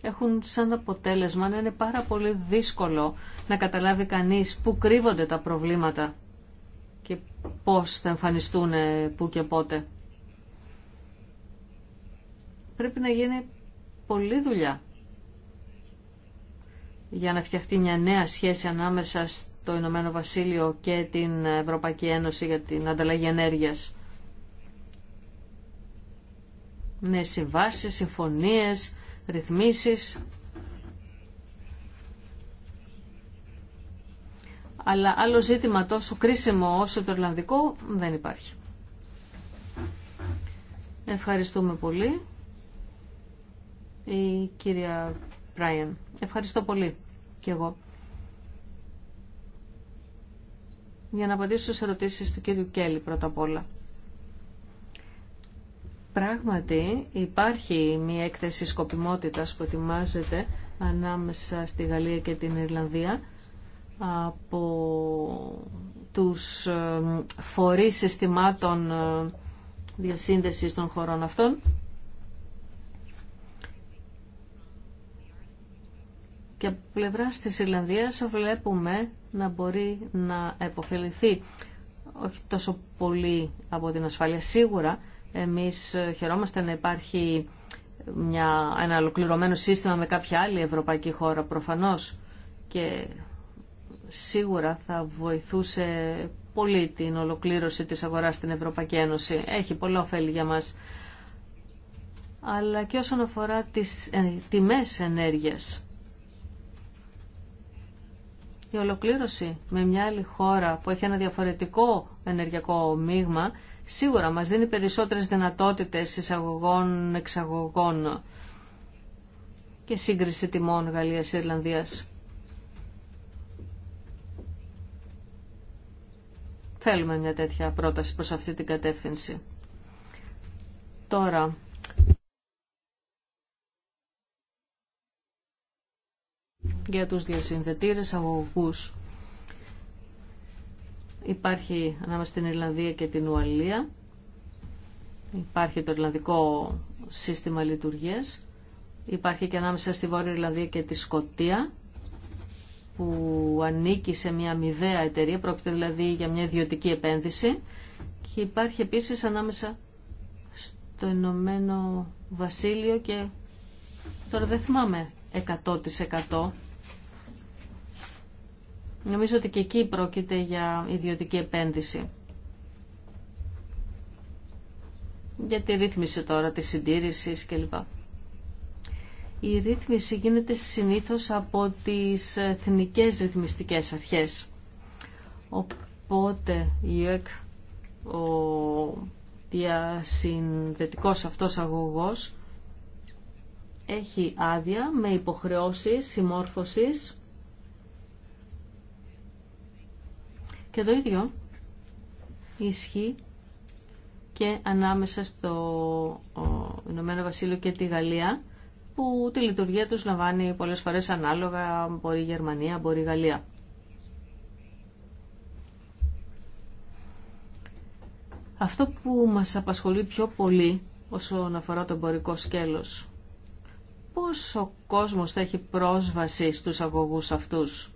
έχουν σαν αποτέλεσμα να είναι πάρα πολύ δύσκολο να καταλάβει κανείς πού κρύβονται τα προβλήματα και πώς θα εμφανιστούν ε, πού και πότε. Πρέπει να γίνει πολλή δουλειά για να φτιαχτεί μια νέα σχέση ανάμεσα στο Ηνωμένο Βασίλειο και την Ευρωπαϊκή Ένωση για την ανταλλαγή ενέργειας με ναι, συμβάσεις, συμφωνίες, ρυθμίσεις. Αλλά άλλο ζήτημα τόσο κρίσιμο όσο το Ιρλανδικό δεν υπάρχει. Ευχαριστούμε πολύ. Η κυρία Πράιεν. Ευχαριστώ πολύ και εγώ. Για να απαντήσω σε ερωτήσεις του κύριου Κέλλη πρώτα απ' όλα. Πράγματι υπάρχει μια έκθεση σκοπιμότητας που ετοιμάζεται ανάμεσα στη Γαλλία και την Ιρλανδία από τους φορείς συστημάτων διασύνδεσης των χωρών αυτών. Και από πλευρά της Ιρλανδίας βλέπουμε να μπορεί να επωφεληθεί όχι τόσο πολύ από την ασφάλεια σίγουρα, εμείς χαιρόμαστε να υπάρχει μια, ένα ολοκληρωμένο σύστημα με κάποια άλλη ευρωπαϊκή χώρα προφανώς και σίγουρα θα βοηθούσε πολύ την ολοκλήρωση της αγοράς στην Ευρωπαϊκή Ένωση. Έχει πολλά ωφέλη για μας. Αλλά και όσον αφορά τις ε, τιμές ενέργειας. Η ολοκλήρωση με μια άλλη χώρα που έχει ένα διαφορετικό ενεργειακό μείγμα σίγουρα μας δίνει περισσότερες δυνατότητες εισαγωγών-εξαγωγών και σύγκριση τιμών Γαλλίας-Ιρλανδίας. Θέλουμε μια τέτοια πρόταση προς αυτή την κατεύθυνση. Τώρα, για τους διασυνδετήρες αγωγούς. Υπάρχει ανάμεσα στην Ιρλανδία και την Ουαλία. Υπάρχει το Ιρλανδικό σύστημα λειτουργίας. Υπάρχει και ανάμεσα στη Βόρεια Ιρλανδία και τη Σκοτία που ανήκει σε μια μηδέα εταιρεία, πρόκειται δηλαδή για μια ιδιωτική επένδυση και υπάρχει επίσης ανάμεσα στο Ηνωμένο Βασίλειο και τώρα δεν θυμάμαι 100% Νομίζω ότι και εκεί πρόκειται για ιδιωτική επένδυση. Για τη ρύθμιση τώρα, τη συντήρηση κλπ. Η ρύθμιση γίνεται συνήθως από τις εθνικές ρυθμιστικές αρχές. Οπότε η ΕΚ, ο διασυνδετικός αυτός αγωγός, έχει άδεια με υποχρεώσεις συμμόρφωσης Και το ίδιο ισχύει και ανάμεσα στο Ηνωμένο Βασίλειο και τη Γαλλία, που τη λειτουργία τους λαμβάνει πολλές φορές ανάλογα, μπορεί η Γερμανία, μπορεί η Γαλλία. Αυτό που μας απασχολεί πιο πολύ όσον αφορά το εμπορικό σκέλος, πώς ο κόσμος θα έχει πρόσβαση στους αγωγούς αυτούς.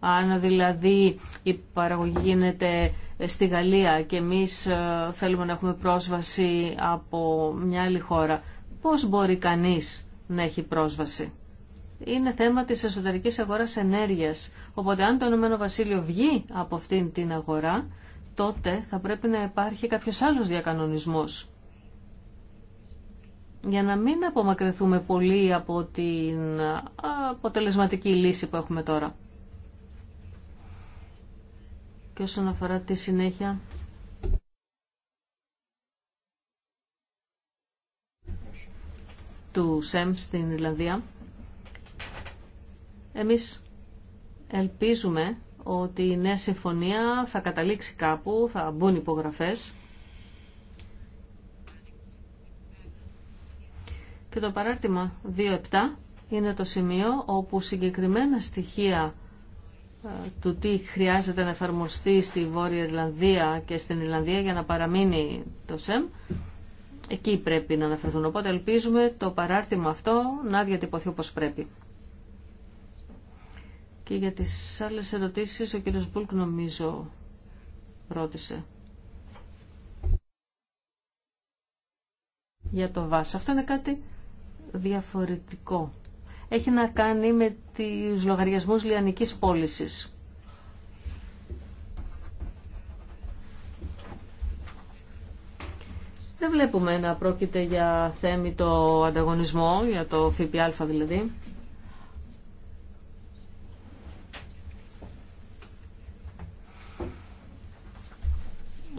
Αν δηλαδή η παραγωγή γίνεται στη Γαλλία και εμείς ε, θέλουμε να έχουμε πρόσβαση από μια άλλη χώρα, πώς μπορεί κανείς να έχει πρόσβαση. Είναι θέμα της εσωτερικής αγοράς ενέργειας. Οπότε αν το Ηνωμένο Βασίλειο βγει από αυτήν την αγορά, τότε θα πρέπει να υπάρχει κάποιος άλλος διακανονισμός. Για να μην απομακρυνθούμε πολύ από την αποτελεσματική λύση που έχουμε τώρα. Και όσον αφορά τη συνέχεια... του ΣΕΜ στην Ιρλανδία. Εμείς ελπίζουμε ότι η νέα συμφωνία θα καταλήξει κάπου, θα μπουν υπογραφές. Και το παράρτημα 2.7 είναι το σημείο όπου συγκεκριμένα στοιχεία του τι χρειάζεται να εφαρμοστεί στη Βόρεια Ιρλανδία και στην Ιρλανδία για να παραμείνει το ΣΕΜ. Εκεί πρέπει να αναφερθούν. Οπότε ελπίζουμε το παράρτημα αυτό να διατυπωθεί όπως πρέπει. Και για τις άλλες ερωτήσεις ο κύριος Μπούλκ νομίζω ρώτησε. Για το ΒΑΣ. Αυτό είναι κάτι διαφορετικό έχει να κάνει με τους λογαριασμούς λιανικής πώλησης. Δεν βλέπουμε να πρόκειται για θέμη το ανταγωνισμό, για το ΦΠΑ δηλαδή.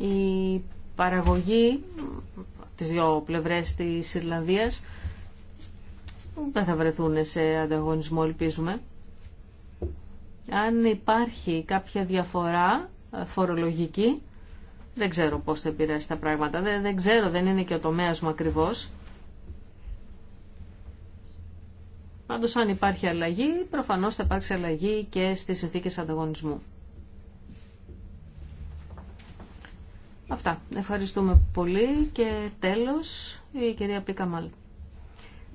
Η παραγωγή τις δύο πλευρές της Ιρλανδίας δεν θα βρεθούν σε ανταγωνισμό, ελπίζουμε. Αν υπάρχει κάποια διαφορά ε, φορολογική, δεν ξέρω πώς θα επηρεάσει τα πράγματα. Δεν, ξέρω, δεν είναι και ο τομέας μου ακριβώς. Πάντως αν υπάρχει αλλαγή, προφανώς θα υπάρξει αλλαγή και στις συνθήκες ανταγωνισμού. Αυτά. Ευχαριστούμε πολύ και τέλος η κυρία Πίκα Μάλ.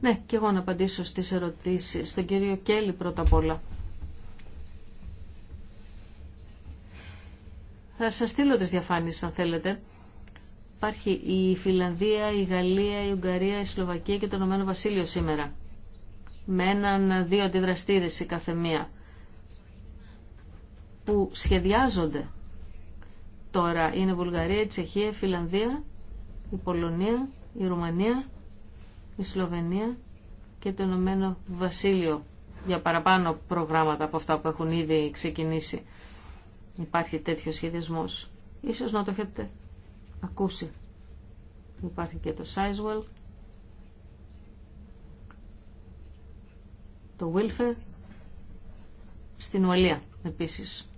Ναι, και εγώ να απαντήσω στις ερωτήσεις. Στον κύριο Κέλλη πρώτα απ' όλα. Θα σας στείλω τις διαφάνειες αν θέλετε. Υπάρχει η Φιλανδία, η Γαλλία, η Ουγγαρία, η Σλοβακία και το Ηνωμένο Βασίλειο σήμερα. Με έναν δύο αντιδραστήρες η καθεμία που σχεδιάζονται τώρα. Είναι Βουλγαρία, η Τσεχία, η Φιλανδία, η Πολωνία, η Ρουμανία η Σλοβενία και το Ηνωμένο Βασίλειο για παραπάνω προγράμματα από αυτά που έχουν ήδη ξεκινήσει. Υπάρχει τέτοιο σχεδιασμό. Ίσως να το έχετε ακούσει. Υπάρχει και το Sizewell, το Wilfer, στην Ουαλία επίσης.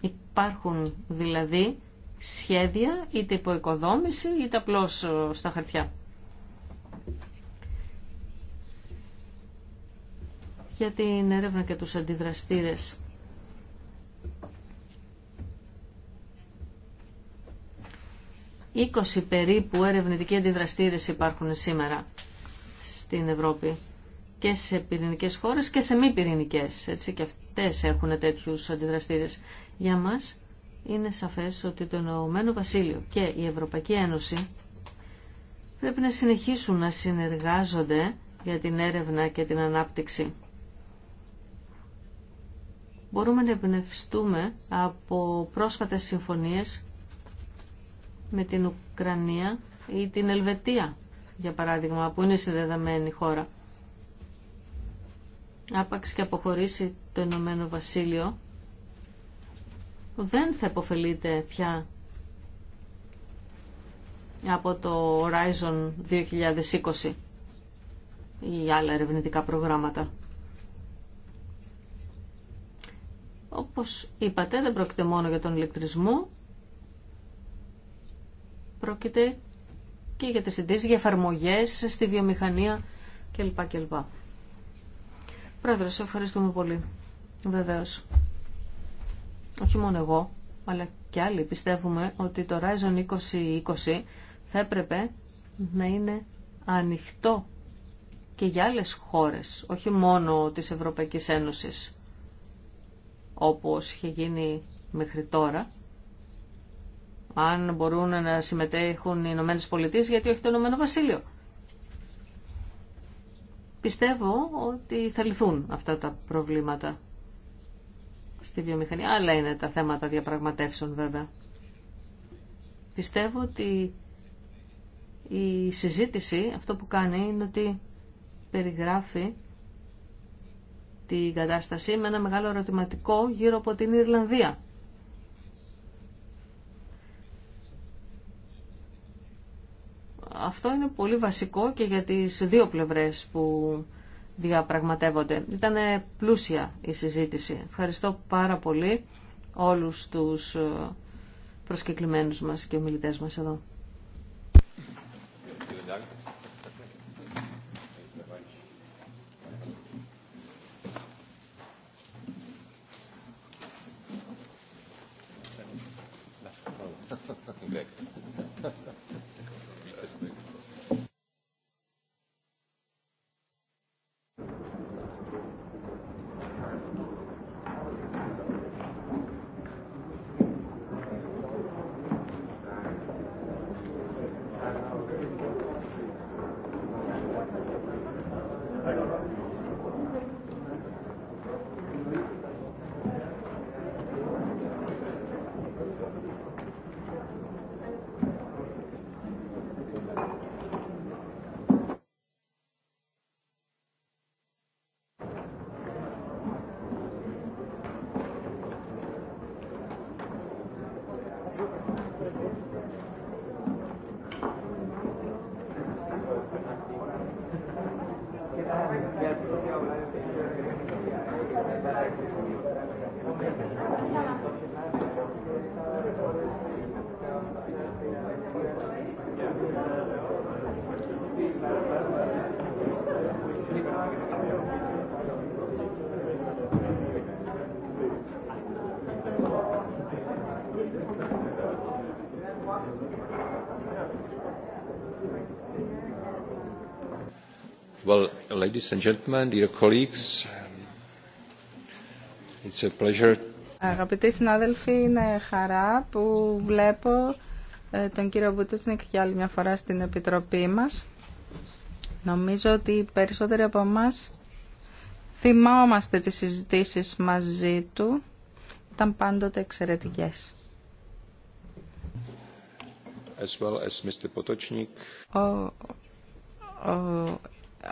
Υπάρχουν δηλαδή σχέδια, είτε υπό οικοδόμηση, είτε απλώ ε, στα χαρτιά. Για την έρευνα και τους αντιδραστήρες. Είκοσι περίπου ερευνητικοί αντιδραστήρες υπάρχουν σήμερα στην Ευρώπη και σε πυρηνικές χώρες και σε μη πυρηνικέ. Έτσι και αυτές έχουν τέτοιους αντιδραστήρες. Για μας είναι σαφές ότι το Ηνωμένο Βασίλειο και η Ευρωπαϊκή Ένωση πρέπει να συνεχίσουν να συνεργάζονται για την έρευνα και την ανάπτυξη. Μπορούμε να εμπνευστούμε από πρόσφατες συμφωνίες με την Ουκρανία ή την Ελβετία, για παράδειγμα, που είναι συνδεδεμένη χώρα. Άπαξ και αποχωρήσει το Ηνωμένο Βασίλειο, δεν θα υποφελείται πια από το Horizon 2020 ή άλλα ερευνητικά προγράμματα. Όπως είπατε, δεν πρόκειται μόνο για τον ηλεκτρισμό, πρόκειται και για τις συντήσεις, για εφαρμογές στη βιομηχανία κλπ. κλπ. ευχαριστούμε πολύ. Βεβαίως όχι μόνο εγώ, αλλά και άλλοι πιστεύουμε ότι το Horizon 2020 θα έπρεπε να είναι ανοιχτό και για άλλες χώρες, όχι μόνο της Ευρωπαϊκής Ένωσης, όπως είχε γίνει μέχρι τώρα, αν μπορούν να συμμετέχουν οι Ηνωμένε Πολιτείε, γιατί όχι το Ηνωμένο Βασίλειο. Πιστεύω ότι θα λυθούν αυτά τα προβλήματα στη βιομηχανία. Άλλα είναι τα θέματα διαπραγματεύσεων βέβαια. Πιστεύω ότι η συζήτηση αυτό που κάνει είναι ότι περιγράφει την κατάσταση με ένα μεγάλο ερωτηματικό γύρω από την Ιρλανδία. Αυτό είναι πολύ βασικό και για τις δύο πλευρές που διαπραγματεύονται. Ήταν πλούσια η συζήτηση. Ευχαριστώ πάρα πολύ όλους τους ε, προσκεκλημένους μας και ομιλητές μας εδώ. ladies and gentlemen, Αγαπητοί συνάδελφοι, είναι χαρά που βλέπω ε, τον κύριο Μπουτούσνικ για άλλη μια φορά στην Επιτροπή μας. Νομίζω ότι οι περισσότεροι από εμά θυμάμαστε τις συζητήσεις μαζί του. Ήταν πάντοτε εξαιρετικές. As well as Mr. Ο, ο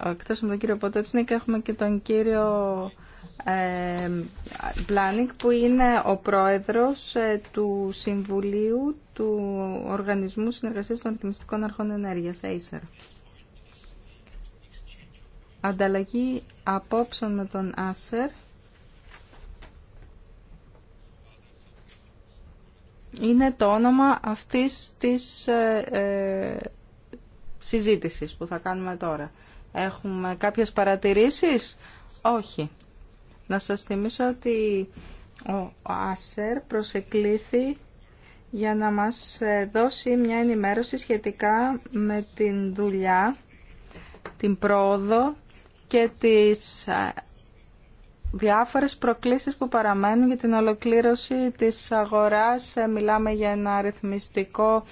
εκτός από τον κύριο Ποτότσνικ έχουμε και τον κύριο ε, που είναι ο πρόεδρος ε, του Συμβουλίου του Οργανισμού Συνεργασίας των Ρυθμιστικών Αρχών Ενέργειας, ACER. Ανταλλαγή απόψεων με τον Άσερ είναι το όνομα αυτής της ε, ε συζήτησης που θα κάνουμε τώρα. Έχουμε κάποιες παρατηρήσεις? Όχι. Να σας θυμίσω ότι ο Άσερ προσεκλήθη για να μας δώσει μια ενημέρωση σχετικά με την δουλειά, την πρόοδο και τις ε, διάφορες προκλήσεις που παραμένουν για την ολοκλήρωση της αγοράς. Ε, μιλάμε για ένα αριθμιστικό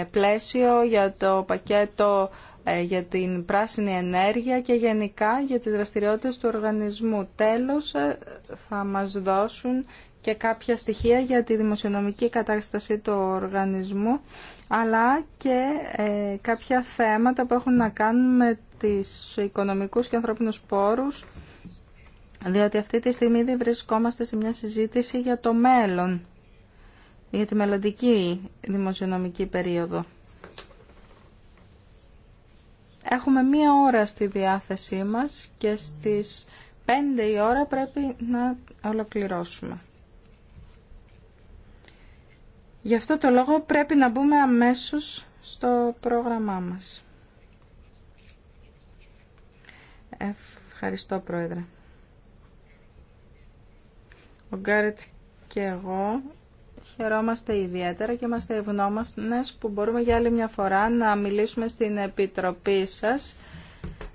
ε, πλαίσιο, για το πακέτο ε, για την πράσινη ενέργεια και γενικά για τις δραστηριότητες του οργανισμού. Τέλος, ε, θα μας δώσουν και κάποια στοιχεία για τη δημοσιονομική κατάσταση του οργανισμού, αλλά και ε, κάποια θέματα που έχουν να κάνουν με τις οικονομικούς και ανθρώπινους πόρους, διότι αυτή τη στιγμή δεν βρισκόμαστε σε μια συζήτηση για το μέλλον, για τη μελλοντική δημοσιονομική περίοδο. Έχουμε μία ώρα στη διάθεσή μας και στις 5 η ώρα πρέπει να ολοκληρώσουμε. Γι' αυτό το λόγο πρέπει να μπούμε αμέσως στο πρόγραμμά μας. Ευχαριστώ, Πρόεδρε. Ο Γκάρετ και εγώ Χαιρόμαστε ιδιαίτερα και είμαστε ευγνώμονες που μπορούμε για άλλη μια φορά να μιλήσουμε στην Επιτροπή σας.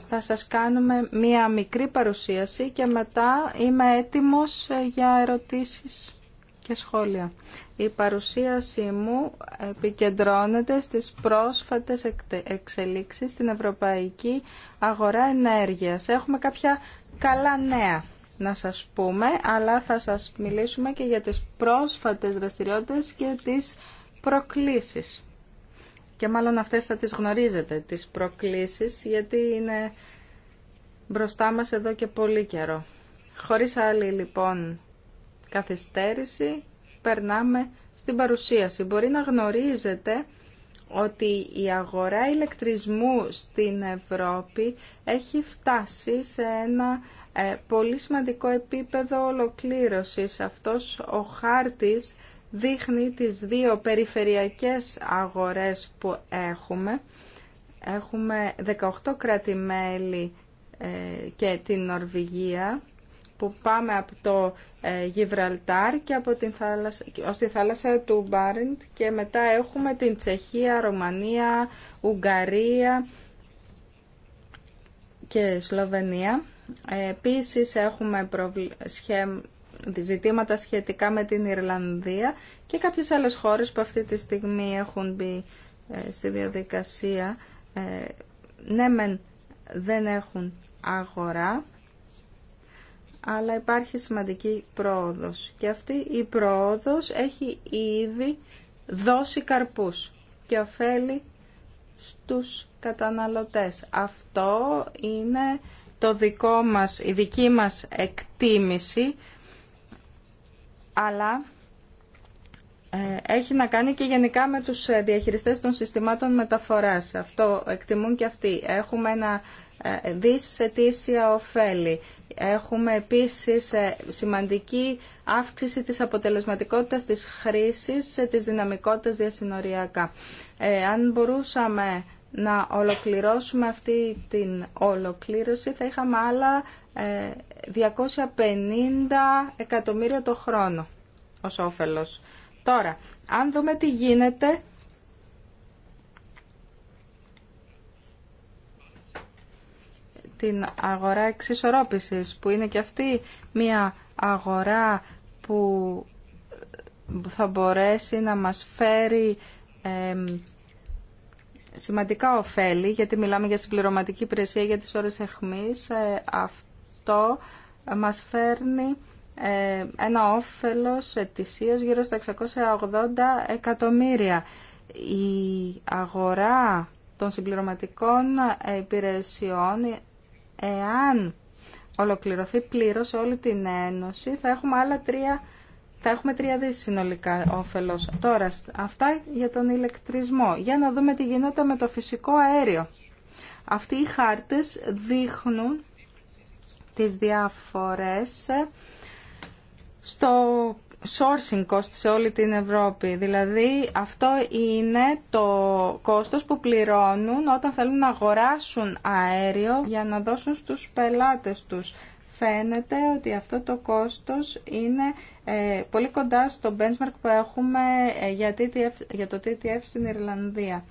Θα σας κάνουμε μια μικρή παρουσίαση και μετά είμαι έτοιμος για ερωτήσεις και σχόλια. Η παρουσίαση μου επικεντρώνεται στις πρόσφατες εξελίξεις στην ευρωπαϊκή αγορά ενέργειας. Έχουμε κάποια καλά νέα να σας πούμε, αλλά θα σας μιλήσουμε και για τις πρόσφατες δραστηριότητες και τις προκλήσεις. Και μάλλον αυτές θα τις γνωρίζετε, τις προκλήσεις, γιατί είναι μπροστά μας εδώ και πολύ καιρό. Χωρίς άλλη λοιπόν καθυστέρηση, περνάμε στην παρουσίαση. Μπορεί να γνωρίζετε ότι η αγορά ηλεκτρισμού στην Ευρώπη έχει φτάσει σε ένα ε, πολύ σημαντικό επίπεδο ολοκλήρωσης. Αυτός ο χάρτης δείχνει τις δύο περιφερειακές αγορές που έχουμε. Έχουμε 18 κράτη-μέλη ε, και την Νορβηγία που πάμε από το ε, Γιβραλτάρ και από την θάλασσα, ως τη θάλασσα του Μπάρντ και μετά έχουμε την Τσεχία, Ρωμανία, Ουγγαρία και Σλοβενία. Επίσης έχουμε ζητήματα σχετικά με την Ιρλανδία και κάποιες άλλες χώρες που αυτή τη στιγμή έχουν μπει ε, στη διαδικασία. Ε, ναι, δεν έχουν αγορά, αλλά υπάρχει σημαντική πρόοδος. Και αυτή η πρόοδος έχει ήδη δώσει καρπούς και ωφέλει στους καταναλωτές. Αυτό είναι το δικό μας, η δική μας εκτίμηση, αλλά ε, έχει να κάνει και γενικά με τους ε, διαχειριστές των συστημάτων μεταφοράς. Αυτό εκτιμούν και αυτοί. Έχουμε ένα ε, δις ετήσια ωφέλη. Έχουμε επίσης σημαντική αύξηση της αποτελεσματικότητας της χρήσης, της δυναμικότητας διασυνοριακά. αν μπορούσαμε να ολοκληρώσουμε αυτή την ολοκλήρωση θα είχαμε άλλα 250 ε, εκατομμύρια το χρόνο ως όφελος. Τώρα, αν δούμε τι γίνεται την αγορά εξισορρόπησης που είναι και αυτή μια αγορά που θα μπορέσει να μας φέρει σημαντικά ωφέλη, γιατί μιλάμε για συμπληρωματική υπηρεσία για τις ώρες εχμής. Ε, αυτό μας φέρνει ε, ένα όφελος ετησίως γύρω στα 680 εκατομμύρια. Η αγορά των συμπληρωματικών υπηρεσιών, εάν ολοκληρωθεί πλήρως όλη την Ένωση, θα έχουμε άλλα τρία θα έχουμε τρία δις συνολικά όφελος. Τώρα, αυτά για τον ηλεκτρισμό. Για να δούμε τι γίνεται με το φυσικό αέριο. Αυτοί οι χάρτες δείχνουν τις διαφορές ε, στο sourcing cost σε όλη την Ευρώπη. Δηλαδή αυτό είναι το κόστος που πληρώνουν όταν θέλουν να αγοράσουν αέριο για να δώσουν στους πελάτες τους φαίνεται ότι αυτό το κόστος είναι ε, πολύ κοντά στο benchmark που έχουμε ε, για το TTF στην Ιρλανδία.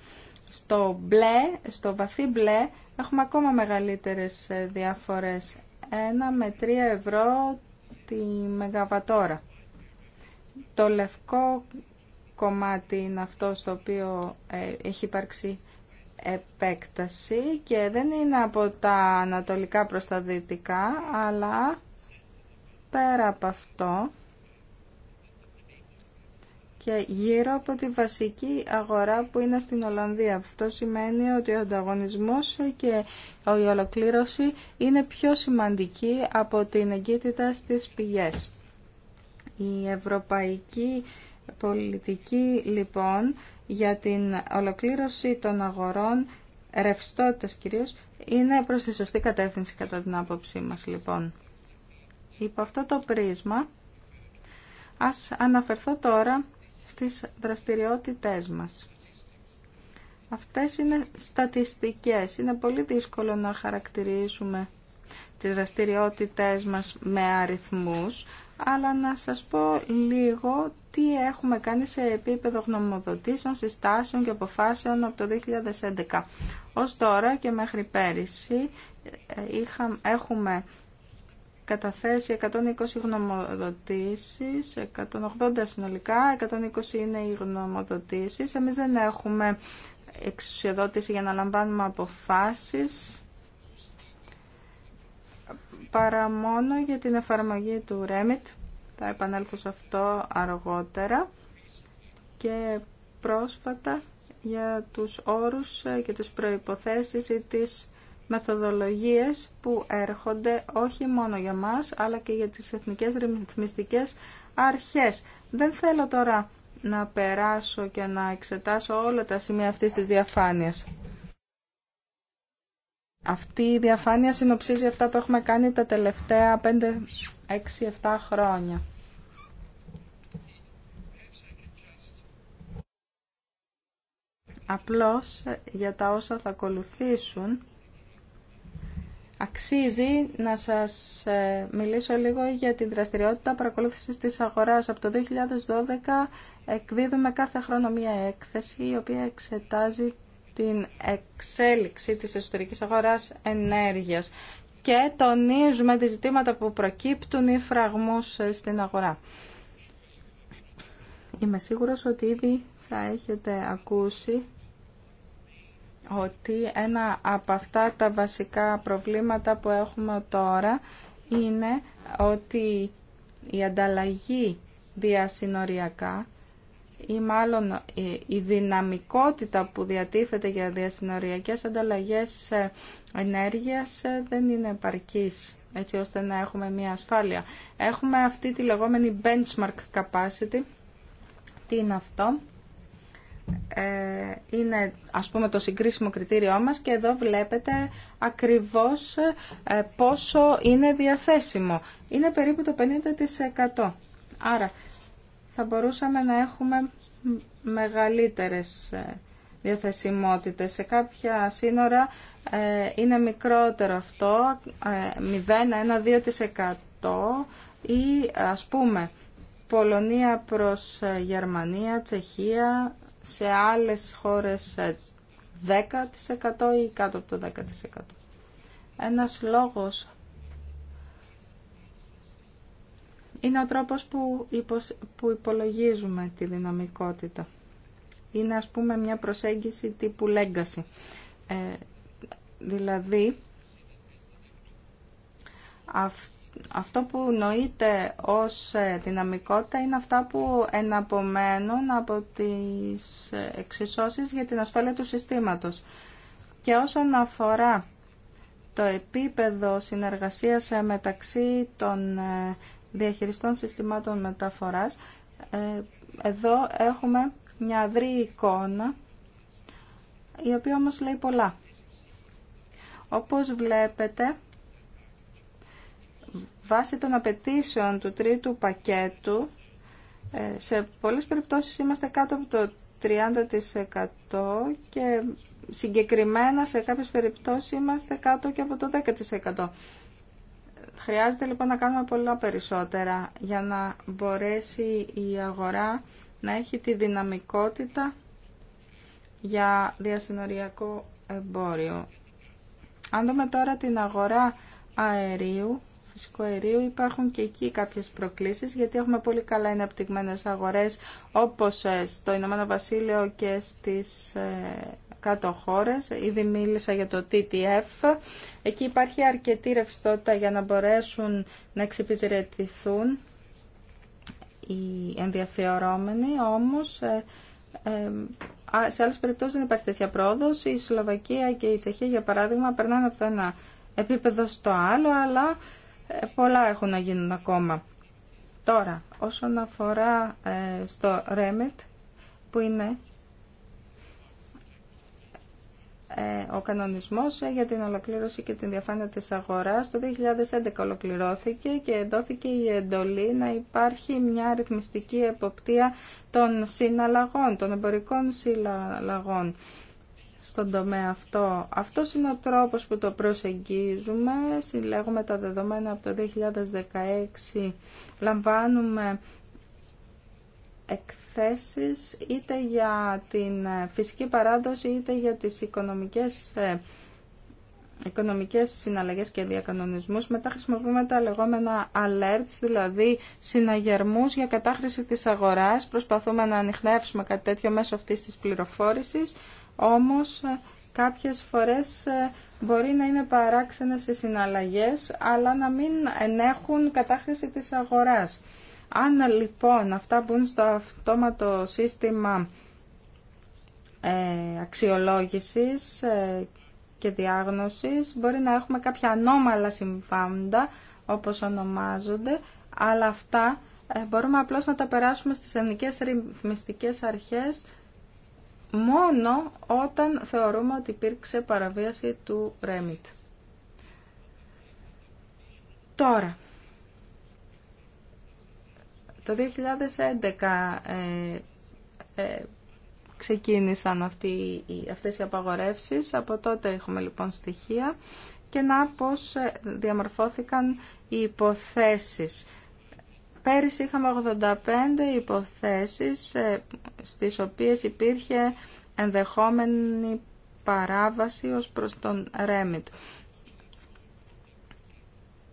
Στο μπλε, στο βαθύ μπλε, έχουμε ακόμα μεγαλύτερες ε, διαφορές. 1 με 3 ευρώ τη μεγαβατόρα. Το λευκό κομμάτι είναι αυτό στο οποίο έχει υπάρξει επέκταση και δεν είναι από τα ανατολικά προς τα δυτικά, αλλά πέρα από αυτό και γύρω από τη βασική αγορά που είναι στην Ολλανδία. Αυτό σημαίνει ότι ο ανταγωνισμός και η ολοκλήρωση είναι πιο σημαντική από την εγκύτητα στις πηγές. Η ευρωπαϊκή πολιτική λοιπόν για την ολοκλήρωση των αγορών ρευστότητας κυρίως είναι προς τη σωστή κατεύθυνση κατά την άποψή μας λοιπόν. Υπό αυτό το πρίσμα ας αναφερθώ τώρα στις δραστηριότητές μας. Αυτές είναι στατιστικές. Είναι πολύ δύσκολο να χαρακτηρίσουμε τις δραστηριότητές μας με αριθμούς, αλλά να σας πω λίγο τι έχουμε κάνει σε επίπεδο γνωμοδοτήσεων, συστάσεων και αποφάσεων από το 2011. Ως τώρα και μέχρι πέρυσι ε, είχα, έχουμε καταθέσει 120 γνωμοδοτήσεις, 180 συνολικά, 120 είναι οι γνωμοδοτήσεις. Εμείς δεν έχουμε εξουσιοδότηση για να λαμβάνουμε αποφάσεις παρά μόνο για την εφαρμογή του REMIT θα επανέλθω σε αυτό αργότερα. Και πρόσφατα για τους όρους ε, και τις προϋποθέσεις ή τις μεθοδολογίες που έρχονται όχι μόνο για μας αλλά και για τις εθνικές ρυθμιστικές αρχές. Δεν θέλω τώρα να περάσω και να εξετάσω όλα τα σημεία αυτής της διαφάνειας. Αυτή η διαφάνεια συνοψίζει αυτά που έχουμε κάνει τα τελευταία 5, 6, 7 χρόνια. Απλώς για τα όσα θα ακολουθήσουν αξίζει να σας ε, μιλήσω λίγο για την δραστηριότητα παρακολούθησης της αγοράς. Από το 2012 εκδίδουμε κάθε χρόνο μία έκθεση η οποία εξετάζει την εξέλιξη της εσωτερικής αγοράς ενέργειας και τονίζουμε τις ζητήματα που προκύπτουν ή φραγμούς ε, στην αγορά. Είμαι σίγουρος ότι ήδη θα έχετε ακούσει ότι ένα από αυτά τα βασικά προβλήματα που έχουμε τώρα είναι ότι η ανταλλαγή διασυνοριακά ή μάλλον ε, η δυναμικότητα που διατίθεται για διασυνοριακές ανταλλαγές ε, ενέργειας ε, δεν είναι επαρκής έτσι ώστε να έχουμε μια ασφάλεια. Έχουμε αυτή τη λεγόμενη benchmark capacity. Τι είναι αυτό. είναι ας πούμε το συγκρίσιμο κριτήριό μας και εδώ βλέπετε ακριβώς πόσο είναι διαθέσιμο. Είναι περίπου το 50%. Άρα θα μπορούσαμε να έχουμε μεγαλύτερες ε, διαθεσιμότητες. Σε κάποια σύνορα ε, είναι μικρότερο αυτό, 0-1-2% ε, ή ας πούμε Πολωνία προς Γερμανία, Τσεχία, σε άλλες χώρες 10% ή κάτω από το 10%. Ένας λόγος είναι ο τρόπος που, υπολογίζουμε τη δυναμικότητα. Είναι ας πούμε μια προσέγγιση τύπου λέγκαση. Ε, δηλαδή, αυτό που νοείται ως ε, δυναμικότητα είναι αυτά που εναπομένουν από τις ε, εξισώσεις για την ασφάλεια του συστήματος. Και όσον αφορά το επίπεδο συνεργασίας ε, μεταξύ των διαχειριστών συστημάτων μεταφοράς. Ε, εδώ έχουμε μια αδρή εικόνα, η οποία όμως λέει πολλά. Όπως βλέπετε, βάσει των απαιτήσεων του τρίτου πακέτου, ε, σε πολλές περιπτώσεις είμαστε κάτω από το 30% και συγκεκριμένα σε κάποιες περιπτώσεις είμαστε κάτω και από το 10%. Χρειάζεται λοιπόν να κάνουμε πολλά περισσότερα για να μπορέσει η αγορά να έχει τη δυναμικότητα για διασυνοριακό εμπόριο. Αν δούμε τώρα την αγορά αερίου, φυσικού αερίου, υπάρχουν και εκεί κάποιες προκλήσεις, γιατί έχουμε πολύ καλά ενεπτυγμένες αγορές, όπως ε, στο Ηνωμένο Βασίλειο και στις ε, κάτω χώρες. Ήδη μίλησα για το TTF. Εκεί υπάρχει αρκετή ρευστότητα για να μπορέσουν να εξυπηρετηθούν οι ενδιαφερόμενοι, όμως ε, ε, σε άλλες περιπτώσεις δεν υπάρχει τέτοια πρόοδος. Η Σλοβακία και η Τσεχία, για παράδειγμα, περνάνε από το ένα επίπεδο στο άλλο, αλλά ε, πολλά έχουν να γίνουν ακόμα. Τώρα, όσον αφορά στο REMIT, που είναι Ε, ο κανονισμός ε, για την ολοκλήρωση και την διαφάνεια της αγοράς το 2011 ολοκληρώθηκε και δόθηκε η εντολή να υπάρχει μια ρυθμιστική εποπτεία των συναλλαγών, των εμπορικών συναλλαγών στον τομέα αυτό. Αυτό είναι ο τρόπος που το προσεγγίζουμε. Συλλέγουμε τα δεδομένα από το 2016, λαμβάνουμε εκθέσεις είτε για την ε, φυσική παράδοση είτε για τις οικονομικές, ε, οικονομικές συναλλαγές και διακανονισμούς. Μετά χρησιμοποιούμε τα λεγόμενα alerts, δηλαδή συναγερμούς για κατάχρηση της αγοράς. Προσπαθούμε να ανοιχνεύσουμε κάτι τέτοιο μέσω αυτής της πληροφόρησης, όμως ε, κάποιες φορές μπορεί να είναι παράξενες οι συναλλαγές, αλλά να μην ενέχουν κατάχρηση της αγοράς. Αν λοιπόν αυτά μπουν στο αυτόματο σύστημα ε, αξιολόγησης ε, και διάγνωσης, μπορεί να έχουμε κάποια ανώμαλα συμβάντα, όπως ονομάζονται, αλλά αυτά ε, μπορούμε απλώς να τα περάσουμε στις ελληνικές ρυθμιστικές αρχές μόνο όταν θεωρούμε ότι υπήρξε παραβίαση του REMIT. Τώρα, το 2011 ε, ε, ξεκίνησαν αυτοί, αυτές οι απαγορεύσεις, από τότε έχουμε λοιπόν στοιχεία και να πώς ε, διαμορφώθηκαν οι υποθέσεις. Πέρυσι είχαμε 85 υποθέσεις ε, στις οποίες υπήρχε ενδεχόμενη παράβαση ως προς τον Ρέμιτ.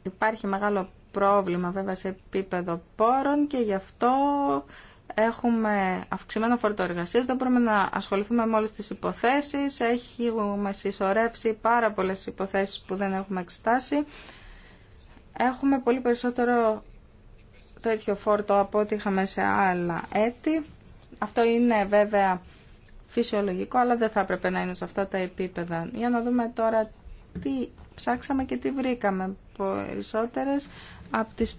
Υπάρχει μεγάλο πρόβλημα βέβαια σε επίπεδο πόρων και γι' αυτό έχουμε αυξημένο φορτό εργασία, δεν μπορούμε να ασχοληθούμε με όλε τι υποθέσει. έχουμε συσσωρεύσει πάρα πολλέ υποθέσει που δεν έχουμε εξετάσει. Έχουμε πολύ περισσότερο τέτοιο φόρτο από ό,τι είχαμε σε άλλα έτη. Αυτό είναι βέβαια φυσιολογικό, αλλά δεν θα έπρεπε να είναι σε αυτά τα επίπεδα. Για να δούμε τώρα τι ψάξαμε και τι βρήκαμε. Περισσότερες από τις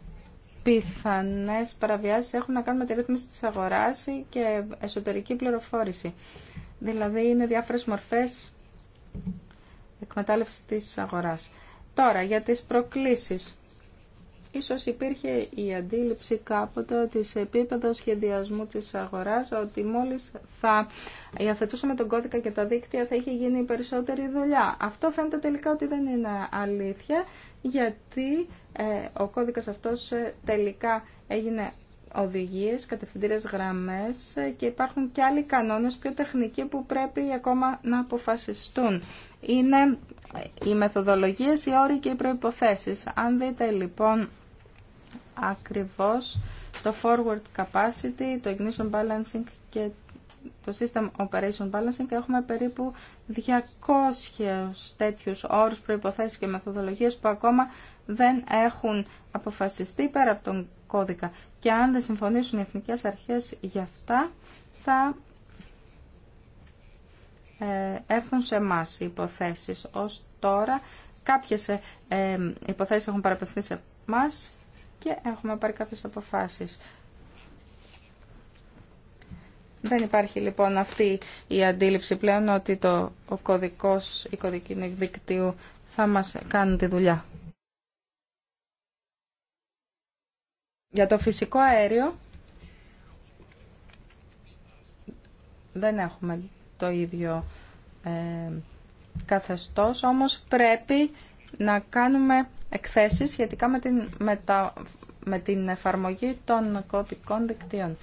πιθανές παραβιάσεις έχουν να κάνουν με τη ρύθμιση της αγοράς και εσωτερική πληροφόρηση. Δηλαδή είναι διάφορες μορφές εκμετάλλευσης της αγοράς. Τώρα για τις προκλήσεις. Ίσως υπήρχε η αντίληψη κάποτε ότι σε επίπεδο σχεδιασμού της αγοράς ότι μόλις θα υιοθετούσαμε τον κώδικα και τα δίκτυα θα είχε γίνει περισσότερη δουλειά. Αυτό φαίνεται τελικά ότι δεν είναι αλήθεια γιατί ε, ο κώδικας αυτός ε, τελικά έγινε οδηγίες, κατευθυντήρες γραμμές ε, και υπάρχουν και άλλοι κανόνες πιο τεχνικοί που πρέπει ακόμα να αποφασιστούν. Είναι οι μεθοδολογίες, οι όροι και οι προϋποθέσεις. Αν δείτε λοιπόν ακριβώς το forward capacity, το ignition balancing και το System Operation Balancing και έχουμε περίπου 200 τέτοιους όρους, προϋποθέσεις και μεθοδολογίες που ακόμα δεν έχουν αποφασιστεί πέρα από τον κώδικα. Και αν δεν συμφωνήσουν οι εθνικές αρχές για αυτά, θα ε, έρθουν σε εμά οι υποθέσεις. Ως τώρα κάποιες ε, ε, υποθέσεις έχουν παραπευθεί σε εμάς και έχουμε πάρει κάποιες αποφάσεις. Δεν υπάρχει λοιπόν αυτή η αντίληψη πλέον ότι το, ο κωδικός, η κωδική δικτύου θα μας κάνουν τη δουλειά. Για το φυσικό αέριο δεν έχουμε το ίδιο ε, καθεστώς, όμως πρέπει να κάνουμε εκθέσεις σχετικά με την, με, τα, με την εφαρμογή των κωδικών δικτύων.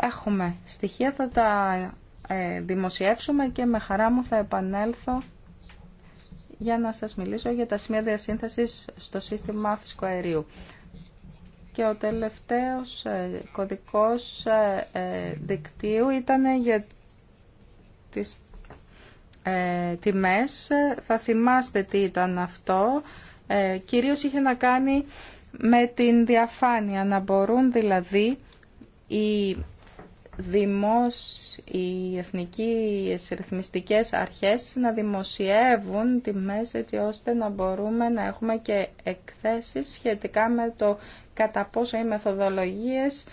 Έχουμε στοιχεία, θα τα ε, δημοσιεύσουμε και με χαρά μου θα επανέλθω για να σας μιλήσω για τα σημεία διασύνθεσης στο σύστημα αερίου Και ο τελευταίος ε, κωδικός ε, δικτύου ήταν για τις ε, τιμές. Θα θυμάστε τι ήταν αυτό. Ε, κυρίως είχε να κάνει με την διαφάνεια. Να μπορούν δηλαδή οι δημός οι εθνικοί ρυθμιστικές αρχές να δημοσιεύουν τιμές έτσι ώστε να μπορούμε να έχουμε και εκθέσεις σχετικά με το κατά πόσο οι μεθοδολογίες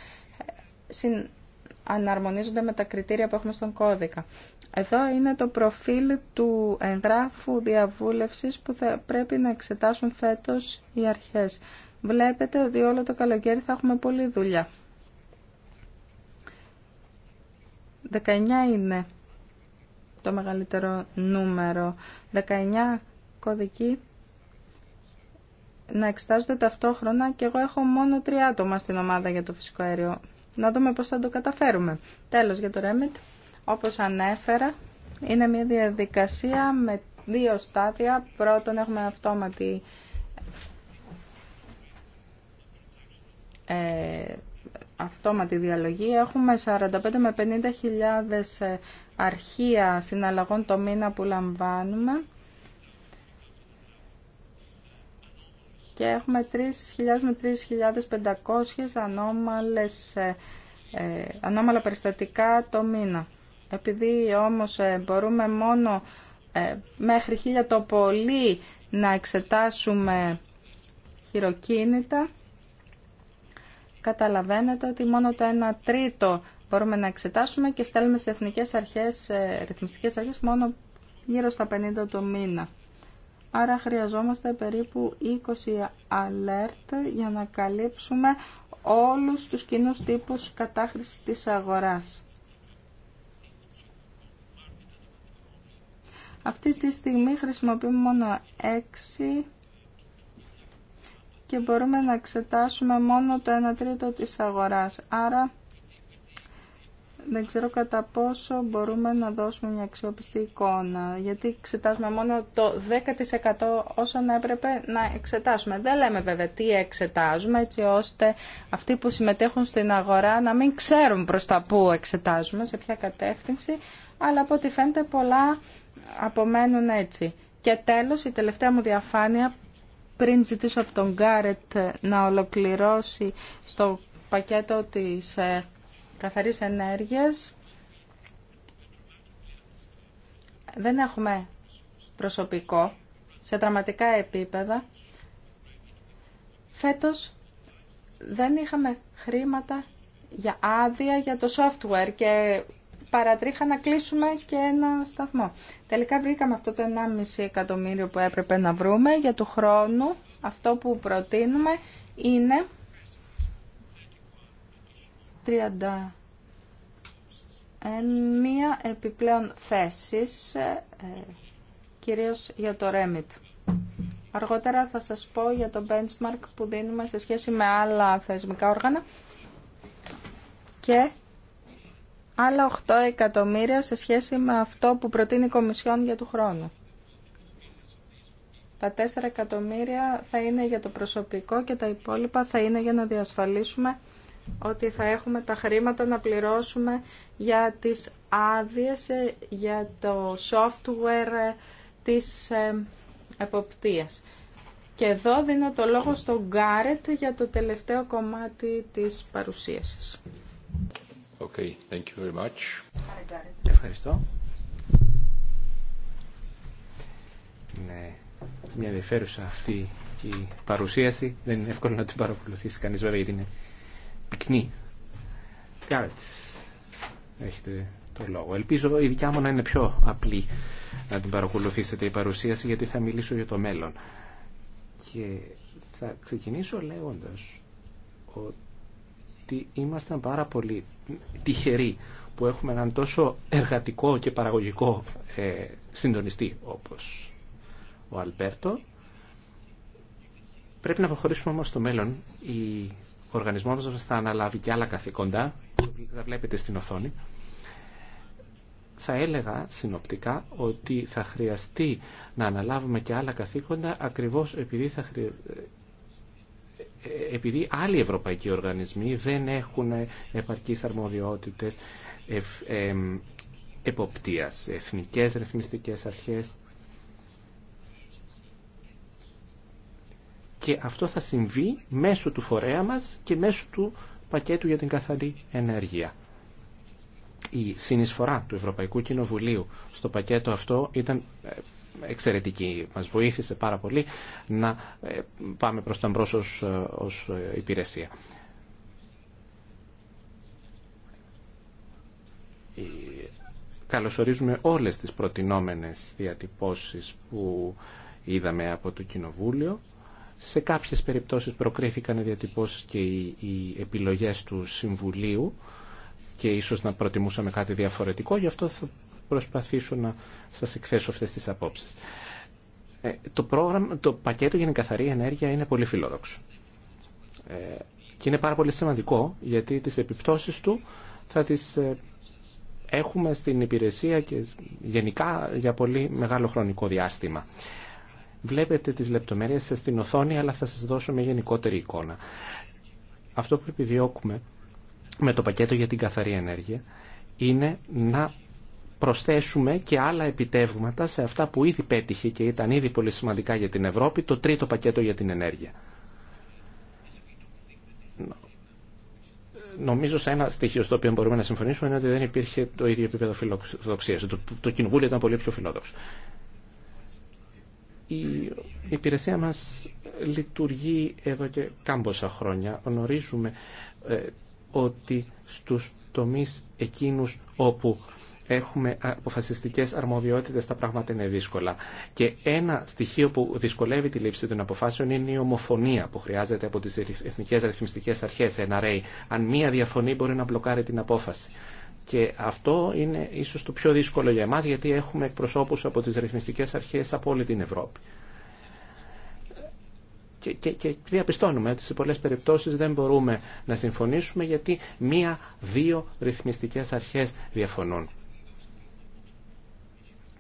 αναρμονίζονται με τα κριτήρια που έχουμε στον κώδικα. Εδώ είναι το προφίλ του εγγράφου διαβούλευσης που θα πρέπει να εξετάσουν φέτος οι αρχές. Βλέπετε ότι όλο το καλοκαίρι θα έχουμε πολλή δουλειά. 19 είναι το μεγαλύτερο νούμερο. 19 κωδικοί να εξετάζονται ταυτόχρονα και εγώ έχω μόνο τρία άτομα στην ομάδα για το φυσικό αέριο να δούμε πώς θα το καταφέρουμε. Τέλος για το REMIT, όπως ανέφερα, είναι μια διαδικασία με δύο στάδια. Πρώτον έχουμε αυτόματη ε, αυτόματη διαλογή. Έχουμε 45 με 50 χιλιάδες αρχεία συναλλαγών το μήνα που λαμβάνουμε και έχουμε 3.000 με 3.500 ε, ε, ανώμαλα περιστατικά το μήνα. Επειδή όμως ε, μπορούμε μόνο μέχρι 1.000 το πολύ να εξετάσουμε χειροκίνητα, καταλαβαίνετε ότι μόνο το 1 τρίτο μπορούμε να εξετάσουμε και στέλνουμε στις εθνικές αρχές, ρυθμιστικές αρχές μόνο γύρω στα 50 το μήνα. Άρα χρειαζόμαστε περίπου 20 alert για να καλύψουμε όλους τους κοινούς τύπους κατάχρησης της αγοράς. Αυτή τη στιγμή χρησιμοποιούμε μόνο 6 και μπορούμε να εξετάσουμε μόνο το 1 τρίτο της αγοράς. Άρα δεν ξέρω κατά πόσο μπορούμε να δώσουμε μια αξιοπιστή εικόνα, γιατί εξετάζουμε μόνο το 10% όσων έπρεπε να εξετάσουμε. Δεν λέμε βέβαια τι εξετάζουμε, έτσι ώστε αυτοί που συμμετέχουν στην αγορά να μην ξέρουν προς τα πού εξετάζουμε, σε ποια κατεύθυνση, αλλά από ό,τι φαίνεται πολλά απομένουν έτσι. Και τέλος, η τελευταία μου διαφάνεια, πριν ζητήσω από τον Γκάρετ να ολοκληρώσει στο πακέτο της ε, καθαρής ενέργειας δεν έχουμε προσωπικό σε δραματικά επίπεδα. Φέτος δεν είχαμε χρήματα για άδεια για το software και παρατρίχα να κλείσουμε και ένα σταθμό. Τελικά βρήκαμε αυτό το 1,5 εκατομμύριο που έπρεπε να βρούμε για του χρόνου. Αυτό που προτείνουμε είναι 31 ε, μία επιπλέον θέσεις, ε, ε, κυρίως για το REMIT. Αργότερα θα σας πω για το benchmark που δίνουμε σε σχέση με άλλα θεσμικά όργανα και άλλα 8 εκατομμύρια σε σχέση με αυτό που προτείνει η Κομισιόν για του χρόνου. Τα 4 εκατομμύρια θα είναι για το προσωπικό και τα υπόλοιπα θα είναι για να διασφαλίσουμε ότι θα έχουμε τα χρήματα να πληρώσουμε για τις άδειες, ε, για το software ε, της ε, εποπτείας. Και εδώ δίνω το λόγο στον Γκάρετ για το τελευταίο κομμάτι της παρουσίασης. Okay, thank you very much. Ευχαριστώ. Ναι, μια ενδιαφέρουσα αυτή η παρουσίαση. Δεν είναι εύκολο να την παρακολουθήσει κανείς βέβαια γιατί είναι πυκνή. έχετε το λόγο. Ελπίζω η δικιά μου να είναι πιο απλή να την παρακολουθήσετε η παρουσίαση γιατί θα μιλήσω για το μέλλον. Και θα ξεκινήσω λέγοντας ότι ήμασταν πάρα πολύ τυχεροί που έχουμε έναν τόσο εργατικό και παραγωγικό ε, συντονιστή όπως ο Αλμπέρτο. Πρέπει να προχωρήσουμε όμως στο μέλλον οργανισμός μας θα αναλάβει και άλλα καθήκοντα, τα βλέπετε στην οθόνη. Θα έλεγα συνοπτικά ότι θα χρειαστεί να αναλάβουμε και άλλα καθήκοντα ακριβώς επειδή θα ε, άλλοι ευρωπαϊκοί οργανισμοί δεν έχουν επαρκείς αρμοδιότητες εποπτείας, εθνικές ρυθμιστικές αρχές Και αυτό θα συμβεί μέσω του φορέα μας και μέσω του πακέτου για την καθαρή ενέργεια. Η συνεισφορά του Ευρωπαϊκού Κοινοβουλίου στο πακέτο αυτό ήταν ε, εξαιρετική. Μας βοήθησε πάρα πολύ να ε, πάμε προς τα μπρος ως, ε, ως υπηρεσία. Καλωσορίζουμε όλες τις προτινόμενες διατυπώσεις που είδαμε από το Κοινοβούλιο σε κάποιες περιπτώσεις προκρίθηκαν οι διατυπώσεις και οι επιλογές του Συμβουλίου και ίσως να προτιμούσαμε κάτι διαφορετικό, γι' αυτό θα προσπαθήσω να σας εκθέσω αυτές τις απόψεις. Ε, το, πρόγραμμα, το πακέτο για την καθαρή ενέργεια είναι πολύ φιλόδοξο. Ε, και είναι πάρα πολύ σημαντικό, γιατί τις επιπτώσεις του θα τις ε, έχουμε στην υπηρεσία και γενικά για πολύ μεγάλο χρονικό διάστημα. Βλέπετε τις λεπτομέρειες σας στην οθόνη, αλλά θα σας δώσω μια γενικότερη εικόνα. Αυτό που επιδιώκουμε με το πακέτο για την καθαρή ενέργεια είναι να προσθέσουμε και άλλα επιτεύγματα σε αυτά που ήδη πέτυχε και ήταν ήδη πολύ σημαντικά για την Ευρώπη, το τρίτο πακέτο για την ενέργεια. Νομίζω σε ένα στοιχείο στο οποίο μπορούμε να συμφωνήσουμε είναι ότι δεν υπήρχε το ίδιο επίπεδο φιλοδοξία. Το, το Κοινοβούλιο ήταν πολύ πιο φιλόδοξο. Η υπηρεσία μας λειτουργεί εδώ και κάμποσα χρόνια. Γνωρίζουμε ε, ότι στους τομείς εκείνους όπου έχουμε αποφασιστικές αρμοδιότητες τα πράγματα είναι δύσκολα. Και ένα στοιχείο που δυσκολεύει τη λήψη των αποφάσεων είναι η ομοφωνία που χρειάζεται από τις εθνικές ρυθμιστικές αρχές, ΡΕΙ. Αν μία διαφωνή μπορεί να μπλοκάρει την απόφαση. Και αυτό είναι ίσως το πιο δύσκολο για εμάς γιατί έχουμε εκπροσώπους από τις ρυθμιστικές αρχές από όλη την Ευρώπη. Και, και, και διαπιστώνουμε ότι σε πολλές περιπτώσεις δεν μπορούμε να συμφωνήσουμε γιατί μία-δύο ρυθμιστικές αρχές διαφωνούν.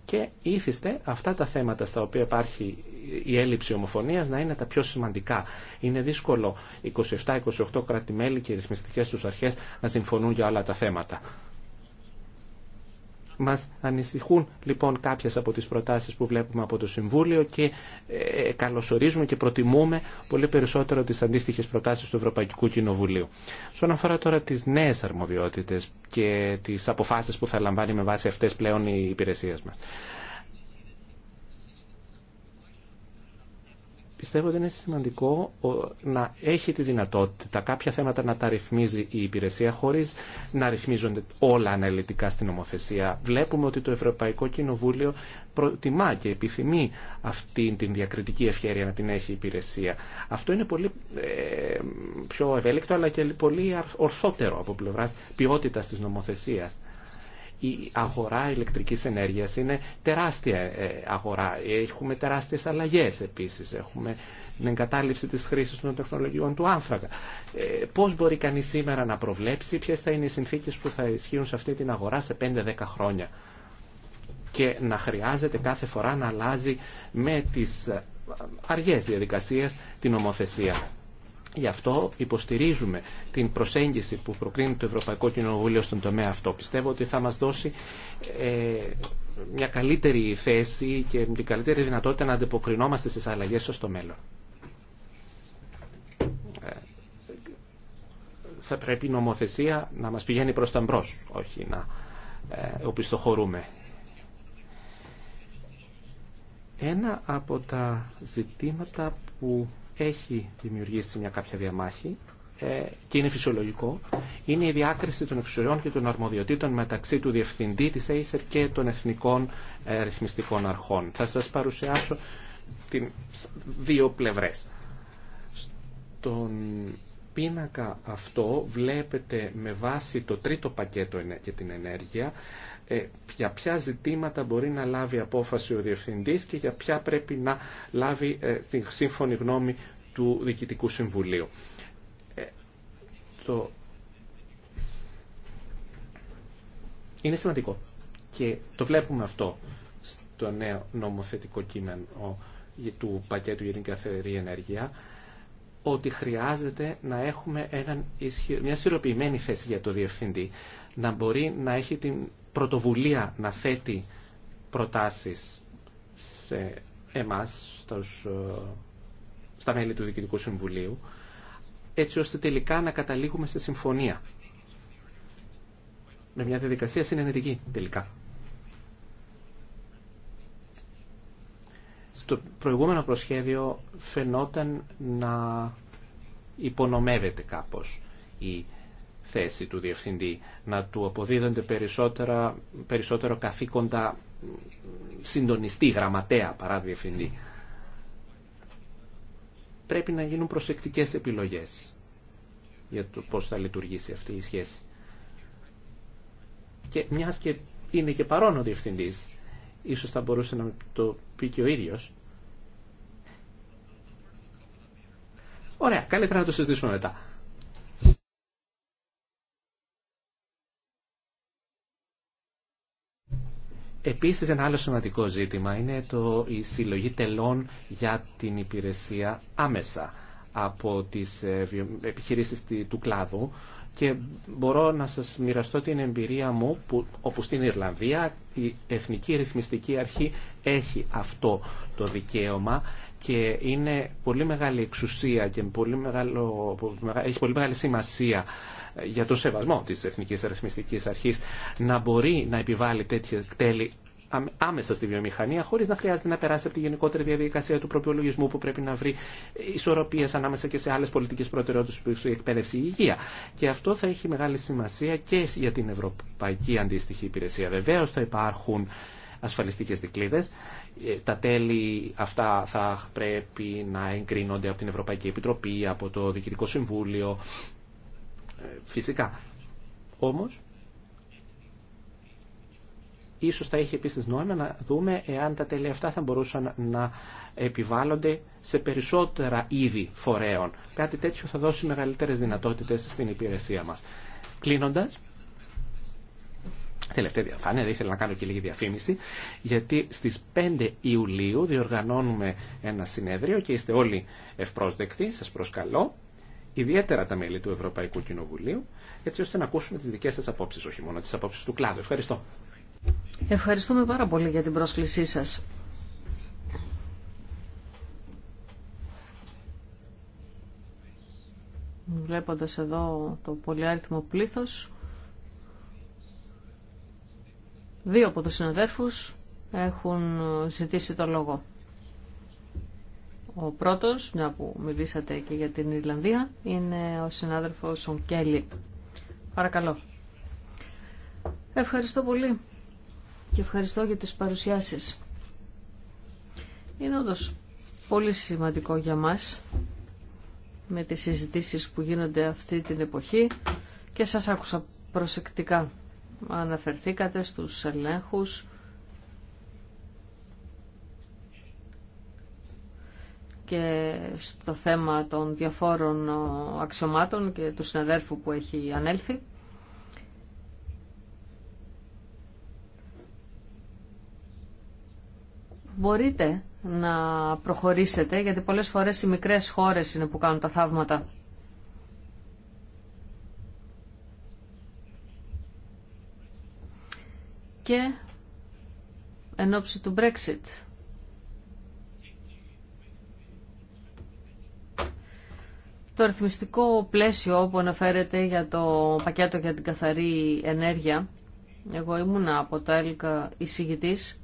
Και ήθιστε αυτά τα θέματα στα οποία υπάρχει η έλλειψη ομοφωνίας να είναι τα πιο σημαντικά. Είναι δύσκολο 27-28 κράτη-μέλη και οι ρυθμιστικές τους αρχές να συμφωνούν για όλα τα θέματα. Μας ανησυχούν λοιπόν κάποιες από τις προτάσεις που βλέπουμε από το Συμβούλιο και ε, καλωσορίζουμε και προτιμούμε πολύ περισσότερο τις αντίστοιχες προτάσεις του Ευρωπαϊκού Κοινοβουλίου. Σε αφορά τώρα τις νέες αρμοδιότητες και τις αποφάσεις που θα λαμβάνει με βάση αυτές πλέον η υπηρεσία μας. Πιστεύω ότι είναι σημαντικό να έχει τη δυνατότητα κάποια θέματα να τα ρυθμίζει η υπηρεσία χωρίς να ρυθμίζονται όλα αναλυτικά στην νομοθεσία. Βλέπουμε ότι το Ευρωπαϊκό Κοινοβούλιο προτιμά και επιθυμεί αυτή την διακριτική ευχαίρεια να την έχει η υπηρεσία. Αυτό είναι πολύ ε, πιο ευέλικτο αλλά και πολύ ορθότερο από πλευράς ποιότητας της νομοθεσίας η αγορά ηλεκτρικής ενέργειας είναι τεράστια ε, αγορά. Έχουμε τεράστιες αλλαγές επίσης. Έχουμε την εγκατάλειψη της χρήσης των τεχνολογιών του άνθρακα. Ε, πώς μπορεί κανείς σήμερα να προβλέψει ποιες θα είναι οι συνθήκες που θα ισχύουν σε αυτή την αγορά σε 5-10 χρόνια και να χρειάζεται κάθε φορά να αλλάζει με τις ε, αργές διαδικασίες την ομοθεσία. Γι' αυτό υποστηρίζουμε την προσέγγιση που προκρίνει το Ευρωπαϊκό Κοινοβούλιο στον τομέα αυτό. Πιστεύω ότι θα μας δώσει ε, μια καλύτερη θέση και την καλύτερη δυνατότητα να αντιποκρινόμαστε στις αλλαγές στο μέλλον. Ε, θα πρέπει η νομοθεσία να μας πηγαίνει προς τα μπρος, όχι να ε, οπισθοχωρούμε. Ένα από τα ζητήματα που έχει δημιουργήσει μια κάποια διαμάχη ε, και είναι φυσιολογικό, είναι η διάκριση των εξουσιών και των αρμοδιοτήτων μεταξύ του Διευθυντή της Acer και των Εθνικών ε, Ρυθμιστικών Αρχών. Θα σας παρουσιάσω την δύο πλευρές. Στον πίνακα αυτό βλέπετε με βάση το τρίτο πακέτο και την ενέργεια ε, για ποια ζητήματα μπορεί να λάβει απόφαση ο Διευθυντής και για ποια πρέπει να λάβει ε, την σύμφωνη γνώμη του Διοικητικού Συμβουλίου. Ε, το... Είναι σημαντικό και το βλέπουμε αυτό στο νέο νομοθετικό κείμενο του πακέτου για την καθαρή ενέργεια ότι χρειάζεται να έχουμε έναν, μια ισχυροποιημένη θέση για το διευθυντή, να μπορεί να έχει την πρωτοβουλία να θέτει προτάσεις σε εμάς, ε, στα μέλη του Διοικητικού Συμβουλίου, έτσι ώστε τελικά να καταλήγουμε σε συμφωνία. Με μια διαδικασία συνενετική τελικά. Στο προηγούμενο προσχέδιο φαινόταν να υπονομεύεται κάπως η θέση του Διευθυντή, να του αποδίδονται περισσότερα, περισσότερο καθήκοντα συντονιστή, γραμματέα παρά Διευθυντή. Πρέπει να γίνουν προσεκτικές επιλογές για το πώς θα λειτουργήσει αυτή η σχέση. Και μιας και είναι και παρόν ο Διευθυντής, ίσως θα μπορούσε να το πει και ο ίδιος, Ωραία, καλύτερα να το συζητήσουμε μετά. Επίσης ένα άλλο σημαντικό ζήτημα είναι το, η συλλογή τελών για την υπηρεσία άμεσα από τις ε, επιχειρήσεις του κλάδου και μπορώ να σας μοιραστώ την εμπειρία μου που, όπου στην Ιρλανδία η Εθνική Ρυθμιστική Αρχή έχει αυτό το δικαίωμα και είναι πολύ μεγάλη εξουσία και πολύ μεγάλο, έχει πολύ μεγάλη σημασία για το σεβασμό της Εθνικής Ρυθμιστικής Αρχής να μπορεί να επιβάλλει τέτοια τέλη άμεσα στη βιομηχανία, χωρί να χρειάζεται να περάσει από τη γενικότερη διαδικασία του προπολογισμού που πρέπει να βρει ισορροπίε ανάμεσα και σε άλλε πολιτικέ προτεραιότητε που έχει η εκπαίδευση η υγεία. Και αυτό θα έχει μεγάλη σημασία και για την Ευρωπαϊκή Αντίστοιχη Υπηρεσία. Βεβαίω θα υπάρχουν ασφαλιστικές δικλείδες. Ε, τα τέλη αυτά θα πρέπει να εγκρίνονται από την Ευρωπαϊκή Επιτροπή, από το Διοικητικό Συμβούλιο, φυσικά. Όμως, ίσως θα είχε επίσης νόημα να δούμε εάν τα τέλη αυτά θα μπορούσαν να επιβάλλονται σε περισσότερα είδη φορέων. Κάτι τέτοιο θα δώσει μεγαλύτερες δυνατότητες στην υπηρεσία μας. Κλείνοντας, τελευταία διαφάνεια, ήθελα να κάνω και λίγη διαφήμιση, γιατί στις 5 Ιουλίου διοργανώνουμε ένα συνέδριο και είστε όλοι ευπρόσδεκτοι, σας προσκαλώ ιδιαίτερα τα μέλη του Ευρωπαϊκού Κοινοβουλίου, έτσι ώστε να ακούσουμε τις δικέ σας απόψει όχι μόνο τι απόψει του κλάδου. Ευχαριστώ. Ευχαριστούμε πάρα πολύ για την πρόσκλησή σας. Βλέποντας εδώ το πολυάριθμο πλήθος, δύο από τους συναδέρφους έχουν ζητήσει το λόγο. Ο πρώτος, μια που μιλήσατε και για την Ιρλανδία, είναι ο συνάδελφος Σον Κέλλη. Παρακαλώ. Ευχαριστώ πολύ και ευχαριστώ για τις παρουσιάσεις. Είναι όντως πολύ σημαντικό για μας με τις συζητήσεις που γίνονται αυτή την εποχή και σας άκουσα προσεκτικά. Αναφερθήκατε στους ελέγχους και στο θέμα των διαφόρων αξιωμάτων και του συναδέρφου που έχει ανέλθει. Μπορείτε να προχωρήσετε, γιατί πολλές φορές οι μικρές χώρες είναι που κάνουν τα θαύματα. Και εν ώψη του Brexit το ρυθμιστικό πλαίσιο που αναφέρεται για το πακέτο για την καθαρή ενέργεια. Εγώ ήμουνα από το ΕΛΚΑ εισηγητής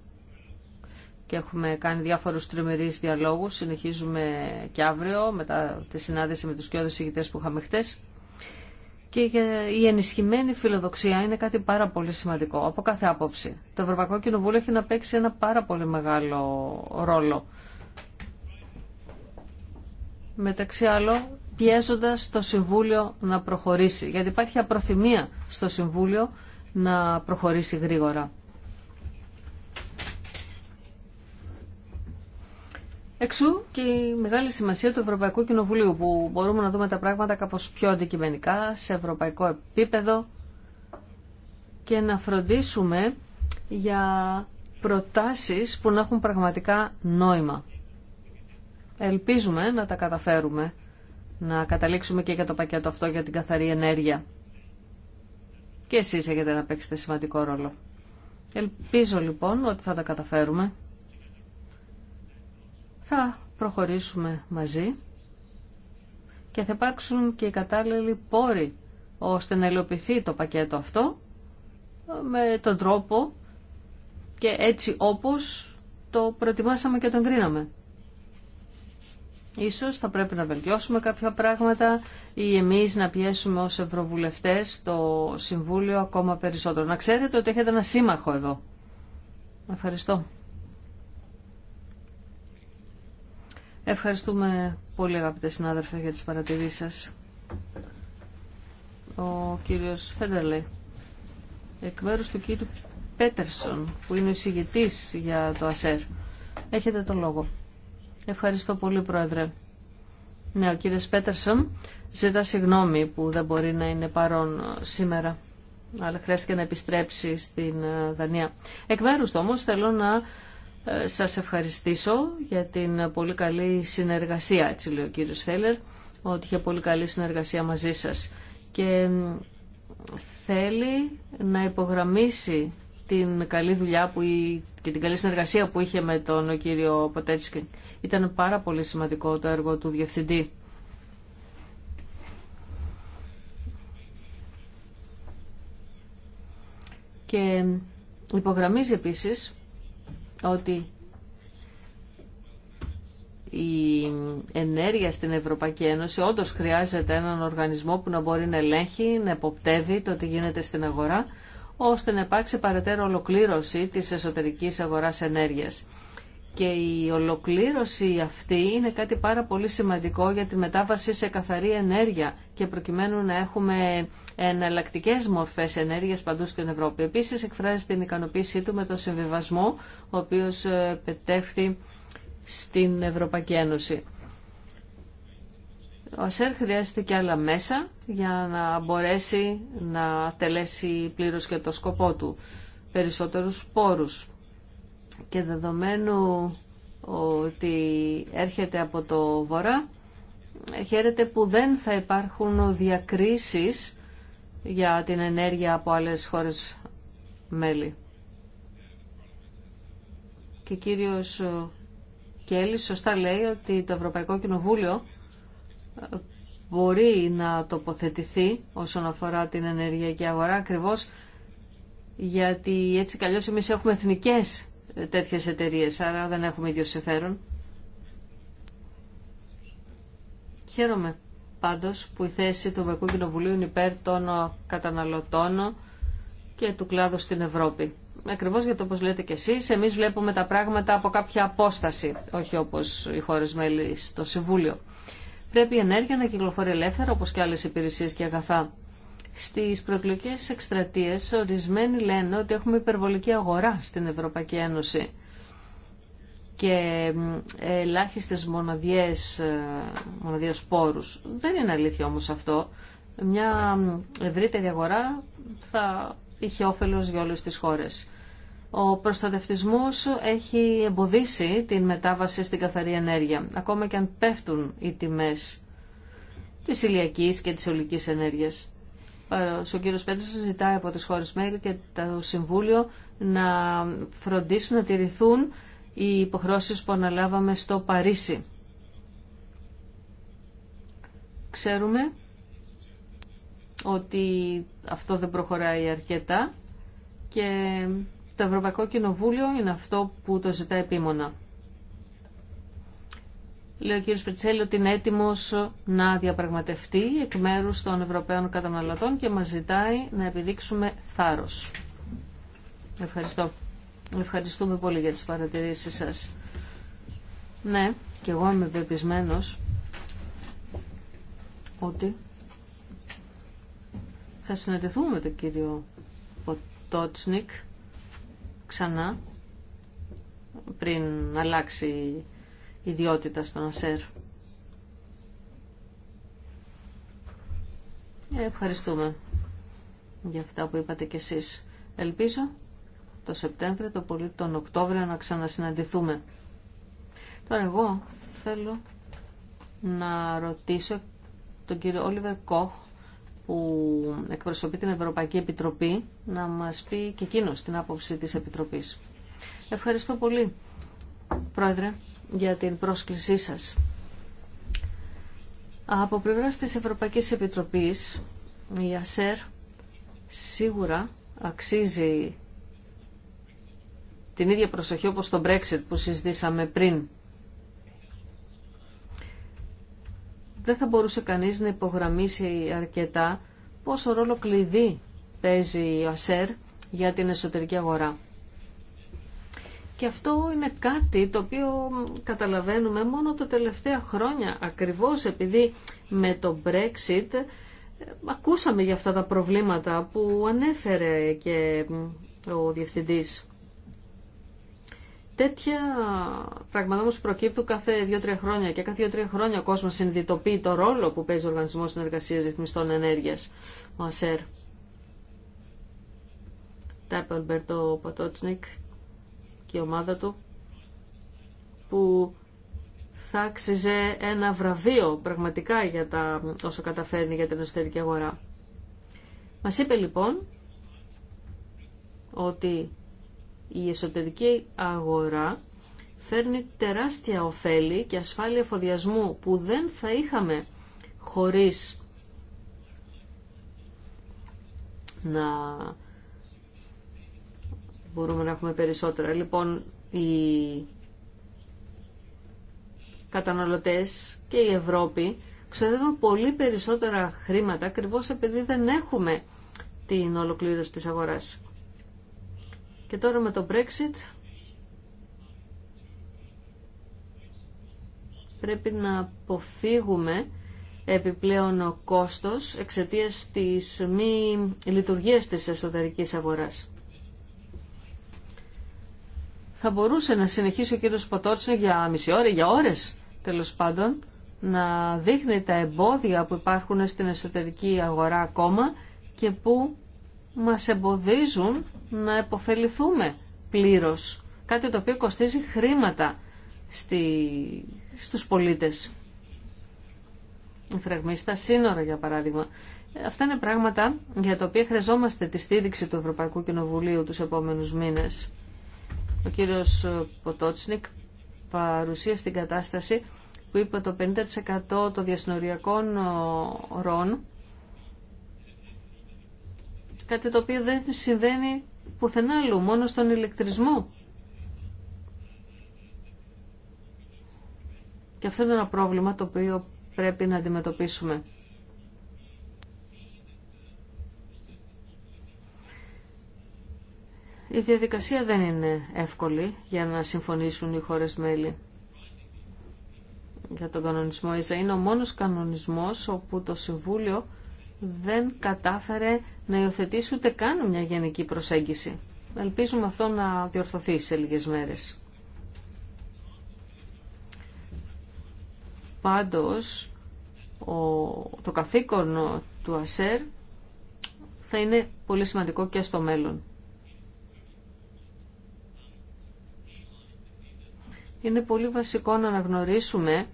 και έχουμε κάνει διάφορους τριμερείς διαλόγους. Συνεχίζουμε και αύριο μετά τη συνάντηση με τους κοιόδες εισηγητές που είχαμε χτες. Και η ενισχυμένη φιλοδοξία είναι κάτι πάρα πολύ σημαντικό από κάθε άποψη. Το Ευρωπαϊκό Κοινοβούλιο έχει να παίξει ένα πάρα πολύ μεγάλο ρόλο. Μεταξύ άλλων, πιέζοντας το Συμβούλιο να προχωρήσει. Γιατί υπάρχει απροθυμία στο Συμβούλιο να προχωρήσει γρήγορα. Εξού και η μεγάλη σημασία του Ευρωπαϊκού Κοινοβουλίου που μπορούμε να δούμε τα πράγματα κάπως πιο αντικειμενικά σε ευρωπαϊκό επίπεδο και να φροντίσουμε για προτάσεις που να έχουν πραγματικά νόημα. Ελπίζουμε να τα καταφέρουμε να καταλήξουμε και για το πακέτο αυτό για την καθαρή ενέργεια. Και εσείς έχετε να παίξετε σημαντικό ρόλο. Ελπίζω λοιπόν ότι θα τα καταφέρουμε. Θα προχωρήσουμε μαζί και θα υπάρξουν και οι κατάλληλοι πόροι ώστε να υλοποιηθεί το πακέτο αυτό με τον τρόπο και έτσι όπως το προετοιμάσαμε και τον κρίναμε. Ίσως θα πρέπει να βελτιώσουμε κάποια πράγματα ή εμείς να πιέσουμε ως ευρωβουλευτές το Συμβούλιο ακόμα περισσότερο. Να ξέρετε ότι έχετε ένα σύμμαχο εδώ. Ευχαριστώ. Ευχαριστούμε πολύ αγαπητές συνάδελφε για τις παρατηρήσεις σας. Ο κύριος Φέντερλε, εκ μέρους του κύριου Πέτερσον, που είναι ο εισηγητής για το ΑΣΕΡ. Έχετε τον λόγο. Ευχαριστώ πολύ, Πρόεδρε. Ναι, ο κύριος Πέτερσον ζητά συγγνώμη που δεν μπορεί να είναι παρόν σήμερα, αλλά χρειάστηκε να επιστρέψει στην ε, Δανία. Εκ μέρους του όμως θέλω να ε, σας ευχαριστήσω για την πολύ καλή συνεργασία, έτσι λέει ο κύριος Φέλλερ, ότι είχε πολύ καλή συνεργασία μαζί σας. Και θέλει να υπογραμμίσει την καλή δουλειά που, και την καλή συνεργασία που είχε με τον κύριο ήταν πάρα πολύ σημαντικό το έργο του Διευθυντή. Και υπογραμμίζει επίσης ότι η ενέργεια στην Ευρωπαϊκή Ένωση όντω χρειάζεται έναν οργανισμό που να μπορεί να ελέγχει, να εποπτεύει το τι γίνεται στην αγορά, ώστε να υπάρξει παρετέρω ολοκλήρωση της εσωτερικής αγοράς ενέργειας και η ολοκλήρωση αυτή είναι κάτι πάρα πολύ σημαντικό για τη μετάβαση σε καθαρή ενέργεια και προκειμένου να έχουμε εναλλακτικέ μορφές ενέργειας παντού στην Ευρώπη. Επίσης εκφράζει την ικανοποίησή του με τον συμβιβασμό ο οποίο ε, πετεύχθη στην Ευρωπαϊκή Ένωση. Ο ΑΣΕΡ χρειάζεται και άλλα μέσα για να μπορέσει να τελέσει πλήρως και το σκοπό του. Περισσότερους πόρους, και δεδομένου ότι έρχεται από το βορρά, χαίρεται που δεν θα υπάρχουν διακρίσεις για την ενέργεια από άλλες χώρες μέλη. Και κύριος Κέλλη σωστά λέει ότι το Ευρωπαϊκό Κοινοβούλιο μπορεί να τοποθετηθεί όσον αφορά την ενεργειακή αγορά ακριβώς γιατί έτσι καλώς εμείς έχουμε εθνικές τέτοιες εταιρείες, άρα δεν έχουμε ίδιο συμφέρον. Χαίρομαι πάντως που η θέση του Ευρωπαϊκού Κοινοβουλίου είναι υπέρ των καταναλωτών και του κλάδου στην Ευρώπη. Ακριβώς για το όπως λέτε και εσείς, εμείς βλέπουμε τα πράγματα από κάποια απόσταση, όχι όπως οι χώρες μέλη στο Συμβούλιο. Πρέπει η ενέργεια να κυκλοφορεί ελεύθερα όπως και άλλες υπηρεσίες και αγαθά. Στις προεκλογικές εκστρατείες ορισμένοι λένε ότι έχουμε υπερβολική αγορά στην Ευρωπαϊκή Ένωση και ελάχιστες μοναδιές, ε, μοναδιές πόρους. Δεν είναι αλήθεια όμως αυτό. Μια ευρύτερη αγορά θα είχε όφελος για όλες τις χώρες. Ο προστατευτισμός έχει εμποδίσει την μετάβαση στην καθαρή ενέργεια, ακόμα και αν πέφτουν οι τιμές της ηλιακής και της ολικής ενέργειας ο κύριος Πέτρος ζητάει από τις χώρες μέλη και το Συμβούλιο να φροντίσουν να τηρηθούν οι υποχρώσεις που αναλάβαμε στο Παρίσι. Ξέρουμε ότι αυτό δεν προχωράει αρκετά και το Ευρωπαϊκό Κοινοβούλιο είναι αυτό που το ζητάει επίμονα λέει ο κύριος Πετσέλη ότι είναι έτοιμο να διαπραγματευτεί εκ μέρους των Ευρωπαίων καταναλωτών και μας ζητάει να επιδείξουμε θάρρος. Ευχαριστώ. Ευχαριστούμε πολύ για τις παρατηρήσεις σας. Ναι, και εγώ είμαι πεπισμένος ότι θα συναντηθούμε με τον κύριο Ποτότσνικ ξανά πριν αλλάξει ιδιότητα στον ΑΣΕΡ. Ε, ευχαριστούμε για αυτά που είπατε κι εσείς. Ελπίζω το Σεπτέμβριο, το πολύ τον Οκτώβριο να ξανασυναντηθούμε. Τώρα εγώ θέλω να ρωτήσω τον κύριο Όλιβερ Κόχ που εκπροσωπεί την Ευρωπαϊκή Επιτροπή να μας πει και εκείνο την άποψη της Επιτροπής. Ευχαριστώ πολύ, Πρόεδρε για την πρόσκλησή σας. Από πλευράς της Ευρωπαϊκής Επιτροπής, η ΑΣΕΡ σίγουρα αξίζει την ίδια προσοχή όπως το Brexit που συζητήσαμε πριν. Δεν θα μπορούσε κανείς να υπογραμμίσει αρκετά πόσο ρόλο κλειδί παίζει η ΑΣΕΡ για την εσωτερική αγορά. Και αυτό είναι κάτι το οποίο καταλαβαίνουμε μόνο τα τελευταία χρόνια, ακριβώς επειδή με το Brexit ε, ακούσαμε για αυτά τα προβλήματα που ανέφερε και ο Διευθυντής. Τέτοια πράγματα όμως προκύπτουν κάθε 2-3 χρόνια και κάθε 2-3 χρόνια ο κόσμος συνειδητοποιεί το ρόλο που παίζει ο Οργανισμός Συνεργασίας Ρυθμιστών Ενέργειας, ο ΑΣΕΡ. Τα Πατότσνικ και η ομάδα του που θα άξιζε ένα βραβείο πραγματικά για τα όσο καταφέρνει για την εσωτερική αγορά. Μας είπε λοιπόν ότι η εσωτερική αγορά φέρνει τεράστια ωφέλη και ασφάλεια εφοδιασμού που δεν θα είχαμε χωρίς να μπορούμε να έχουμε περισσότερα. Λοιπόν, οι καταναλωτές και η Ευρώπη ξοδεύουν πολύ περισσότερα χρήματα ακριβώς επειδή δεν έχουμε την ολοκλήρωση της αγοράς. Και τώρα με το Brexit πρέπει να αποφύγουμε επιπλέον ο κόστος εξαιτίας της μη λειτουργίας της εσωτερικής αγοράς. Θα μπορούσε να συνεχίσει ο κύριος Ποτότσιν για μισή ώρα, για ώρες τέλος πάντων, να δείχνει τα εμπόδια που υπάρχουν στην εσωτερική αγορά ακόμα και που μας εμποδίζουν να επωφεληθούμε πλήρως. Κάτι το οποίο κοστίζει χρήματα στη... στους πολίτες. Φραγμή στα σύνορα, για παράδειγμα. Ε, αυτά είναι πράγματα για τα οποία χρειαζόμαστε τη στήριξη του Ευρωπαϊκού Κοινοβουλίου τους επόμενους μήνες. Ο κύριος Ποτότσνικ παρουσίασε την κατάσταση που είπε το 50% των διασυνοριακών ροών κάτι το οποίο δεν συμβαίνει πουθενά αλλού, μόνο στον ηλεκτρισμό. Και αυτό είναι ένα πρόβλημα το οποίο πρέπει να αντιμετωπίσουμε. Η διαδικασία δεν είναι εύκολη για να συμφωνήσουν οι χώρες μέλη για τον κανονισμό ΙΖΑ. Είναι ο μόνος κανονισμός όπου το Συμβούλιο δεν κατάφερε να υιοθετήσει ούτε καν μια γενική προσέγγιση. Ελπίζουμε αυτό να διορθωθεί σε λίγες μέρες. Πάντως, ο, το καθήκον του ΑΣΕΡ θα είναι πολύ σημαντικό και στο μέλλον. είναι πολύ βασικό να αναγνωρίσουμε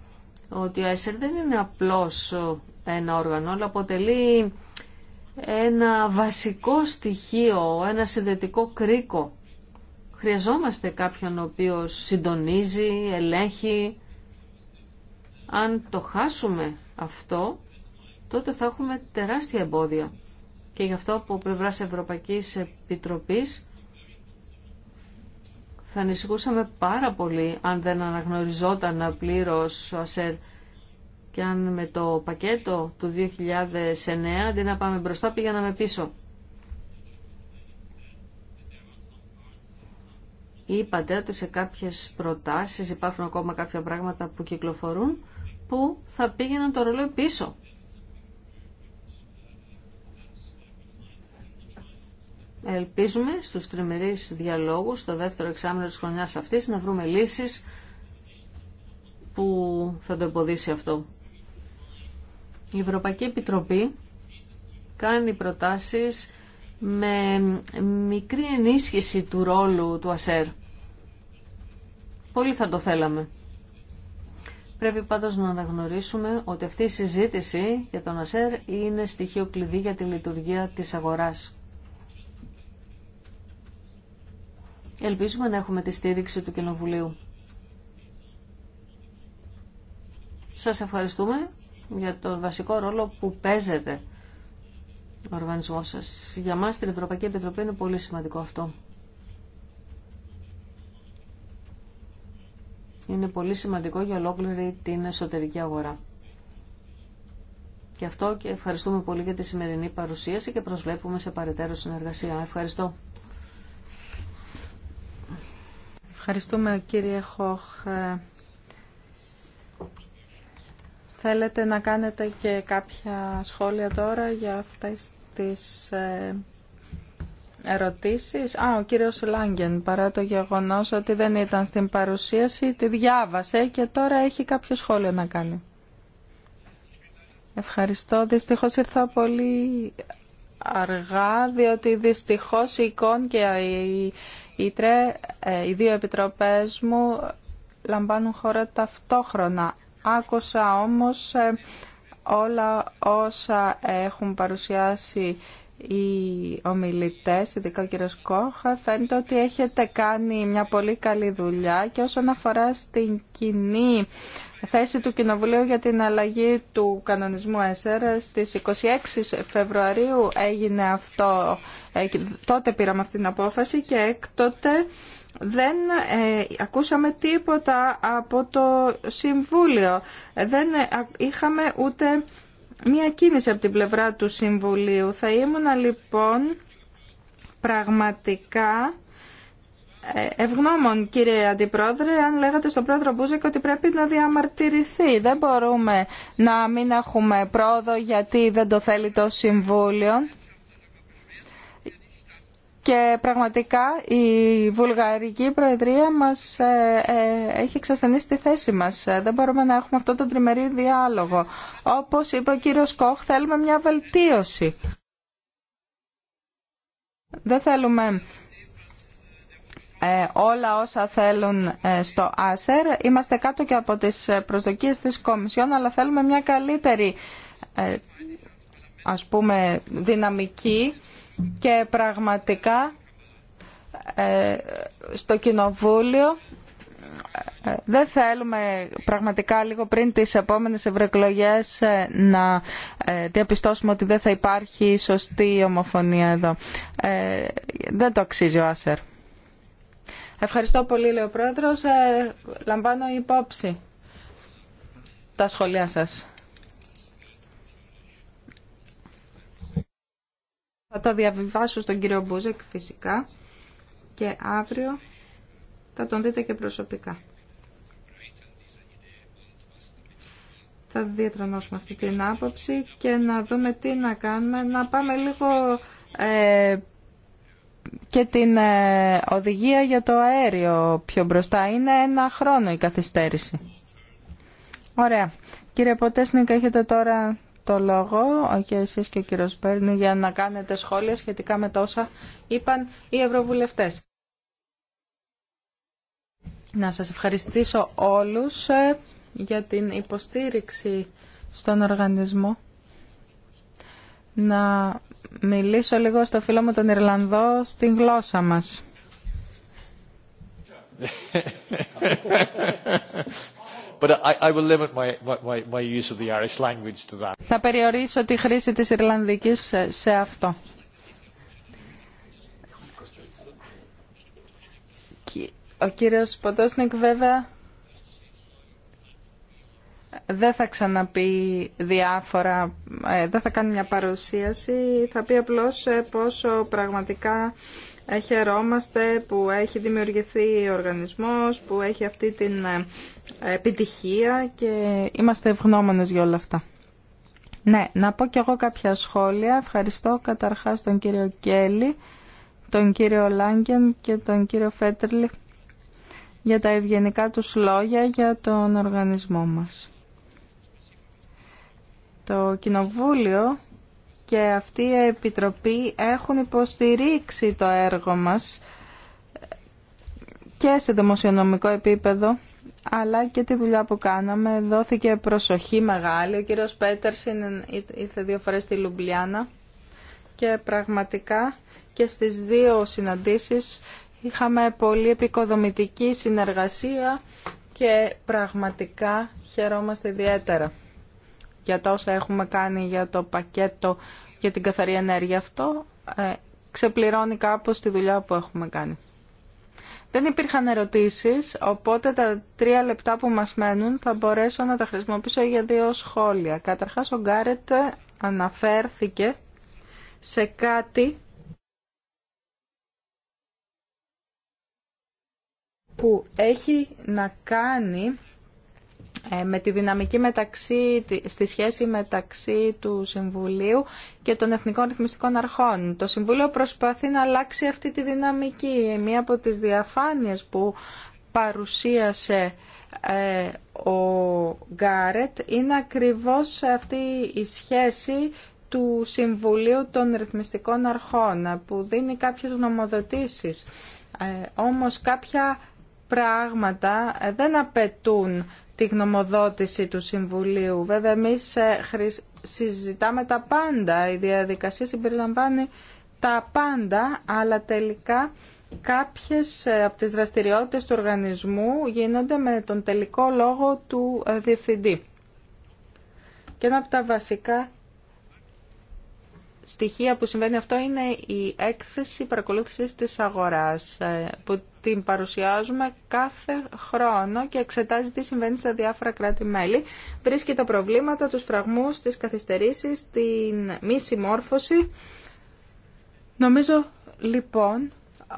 ότι ο ΆΙΣΕΡ δεν είναι απλώς ένα όργανο, αλλά αποτελεί ένα βασικό στοιχείο, ένα συνδετικό κρίκο. Χρειαζόμαστε κάποιον ο οποίος συντονίζει, ελέγχει. Αν το χάσουμε αυτό, τότε θα έχουμε τεράστια εμπόδια. Και γι' αυτό από πλευρά Ευρωπαϊκής Επιτροπής θα ανησυχούσαμε πάρα πολύ αν δεν αναγνωριζόταν πλήρως ο ΑΣΕΡ και αν με το πακέτο του 2009 αντί να πάμε μπροστά πήγαμε πίσω. Είπατε ότι σε κάποιες προτάσεις υπάρχουν ακόμα κάποια πράγματα που κυκλοφορούν που θα πήγαιναν το ρολόι πίσω. Ελπίζουμε στους τριμερείς διαλόγους, στο δεύτερο εξάμεινο της χρονιάς αυτής, να βρούμε λύσεις που θα το εμποδίσει αυτό. Η Ευρωπαϊκή Επιτροπή κάνει προτάσεις με μικρή ενίσχυση του ρόλου του ΑΣΕΡ. Πολύ θα το θέλαμε. Πρέπει πάντως να αναγνωρίσουμε ότι αυτή η συζήτηση για τον ΑΣΕΡ είναι στοιχείο κλειδί για τη λειτουργία της αγοράς. Ελπίζουμε να έχουμε τη στήριξη του Κοινοβουλίου. Σας ευχαριστούμε για τον βασικό ρόλο που παίζετε ο οργανισμός σας. Για μας την Ευρωπαϊκή Επιτροπή είναι πολύ σημαντικό αυτό. Είναι πολύ σημαντικό για ολόκληρη την εσωτερική αγορά. Και αυτό και ευχαριστούμε πολύ για τη σημερινή παρουσίαση και προσβλέπουμε σε παρετέρω συνεργασία. Ευχαριστώ. Ευχαριστούμε κύριε Χοχ. Θέλετε να κάνετε και κάποια σχόλια τώρα για αυτές τις ε, ερωτήσεις. Α, ο κύριος Λάγκεν, παρά το γεγονός ότι δεν ήταν στην παρουσίαση, τη διάβασε και τώρα έχει κάποιο σχόλιο να κάνει. Ευχαριστώ. Δυστυχώς ήρθα πολύ αργά, διότι δυστυχώς η εικόν και η ε, οι δύο επιτροπές μου λαμβάνουν χώρα ταυτόχρονα. Άκουσα όμως ε, όλα όσα έχουν παρουσιάσει οι ομιλητές, ειδικά ο κύριος Κόχα, φαίνεται ότι έχετε κάνει μια πολύ καλή δουλειά και όσον αφορά στην κοινή θέση του Κοινοβουλίου για την αλλαγή του κανονισμού ΕΣΕΡ στις 26 Φεβρουαρίου έγινε αυτό, ε, τότε πήραμε αυτή την απόφαση και έκτοτε δεν ε, ακούσαμε τίποτα από το Συμβούλιο. Δεν ε, είχαμε ούτε μία κίνηση από την πλευρά του Συμβουλίου. Θα ήμουνα λοιπόν πραγματικά ε, ευγνώμων κύριε Αντιπρόεδρε αν λέγατε στον πρόεδρο Μπούζεκ ότι πρέπει να διαμαρτυρηθεί. Δεν μπορούμε να μην έχουμε πρόοδο γιατί δεν το θέλει το Συμβούλιο και πραγματικά η Βουλγαρική Προεδρία μας ε, ε, έχει εξασθενήσει τη θέση μας. Ε, δεν μπορούμε να έχουμε αυτό το τριμερή διάλογο. Όπως είπε ο κύριος Κοχ, θέλουμε μια βελτίωση. Δεν θέλουμε όλα όσα θέλουν στο ΆΣΕΡ. Είμαστε κάτω και από τις προσδοκίες της Κομισιόν, αλλά θέλουμε μια καλύτερη ας πούμε, δυναμική και πραγματικά ε, στο Κοινοβούλιο ε, δεν θέλουμε πραγματικά λίγο πριν τις επόμενες ευρωεκλογέ ε, να διαπιστώσουμε ότι δεν θα υπάρχει σωστή ομοφωνία εδώ. δεν το αξίζει ο Άσερ. Ευχαριστώ πολύ, λέει ο Πρόεδρος. λαμβάνω υπόψη τα σχολεία σας. Θα τα διαβιβάσω στον κύριο Μπούζεκ φυσικά και αύριο θα τον δείτε και προσωπικά. Θα διατρανώσουμε αυτή την άποψη και να δούμε τι να κάνουμε. Να πάμε λίγο ε, και την ε, οδηγία για το αέριο πιο μπροστά. Είναι ένα χρόνο η καθυστέρηση. Ωραία. Κύριε Ποτέσνικα, έχετε τώρα το λόγο και εσείς και ο κύριος Μπέρνου για να κάνετε σχόλια σχετικά με τόσα είπαν οι ευρωβουλευτές. Να σας ευχαριστήσω όλους ε, για την υποστήριξη στον οργανισμό. Να μιλήσω λίγο στο φίλο μου τον Ιρλανδό στην γλώσσα μας. Θα περιορίσω τη χρήση της Ιρλανδικής σε αυτό. Ο κύριος Ποτόσνικ βέβαια δεν θα ξαναπεί διάφορα, ε, δεν θα κάνει μια παρουσίαση, θα πει απλώς ε, πόσο πραγματικά Χαιρόμαστε που έχει δημιουργηθεί ο οργανισμός, που έχει αυτή την ε, επιτυχία και είμαστε ευγνώμονες για όλα αυτά. Ναι, να πω κι εγώ κάποια σχόλια. Ευχαριστώ καταρχάς τον κύριο Κέλλη, τον κύριο Λάγκεν και τον κύριο Φέτερλη για τα ευγενικά τους λόγια για τον οργανισμό μας. Το Κοινοβούλιο και αυτή η Επιτροπή έχουν υποστηρίξει το έργο μας και σε δημοσιονομικό επίπεδο αλλά και τη δουλειά που κάναμε δόθηκε προσοχή μεγάλη. Ο κύριος Πέτερσιν ήρθε δύο φορές στη Λουμπλιάνα και πραγματικά και στις δύο συναντήσεις είχαμε πολύ επικοδομητική συνεργασία και πραγματικά χαιρόμαστε ιδιαίτερα για τα όσα έχουμε κάνει για το πακέτο για την καθαρή ενέργεια αυτό ε, ξεπληρώνει κάπως τη δουλειά που έχουμε κάνει. Δεν υπήρχαν ερωτήσεις, οπότε τα τρία λεπτά που μας μένουν θα μπορέσω να τα χρησιμοποιήσω για δύο σχόλια. Καταρχάς ο Γκάρετ αναφέρθηκε σε κάτι που έχει να κάνει ε, με τη δυναμική μεταξύ, στη σχέση μεταξύ του Συμβουλίου και των Εθνικών Ρυθμιστικών Αρχών. Το Συμβούλιο προσπαθεί να αλλάξει αυτή τη δυναμική. Μία από τις διαφάνειες που παρουσίασε ε, ο Γκάρετ είναι ακριβώς αυτή η σχέση του Συμβουλίου των Ρυθμιστικών Αρχών που δίνει κάποιες γνωμοδοτήσεις. Ε, όμως κάποια πράγματα δεν απαιτούν τη γνωμοδότηση του Συμβουλίου. Βέβαια, εμείς ε, συζητάμε τα πάντα. Η διαδικασία συμπεριλαμβάνει τα πάντα, αλλά τελικά κάποιες ε, από τις δραστηριότητες του οργανισμού γίνονται με τον τελικό λόγο του ε, διευθυντή. Και ένα από τα βασικά στοιχεία που συμβαίνει αυτό είναι η έκθεση παρακολούθησης της αγοράς ε, που την παρουσιάζουμε κάθε χρόνο και εξετάζει τι συμβαίνει στα διάφορα κράτη-μέλη. Βρίσκει τα προβλήματα, τους φραγμούς, τις καθυστερήσεις, την μη συμμόρφωση. Νομίζω λοιπόν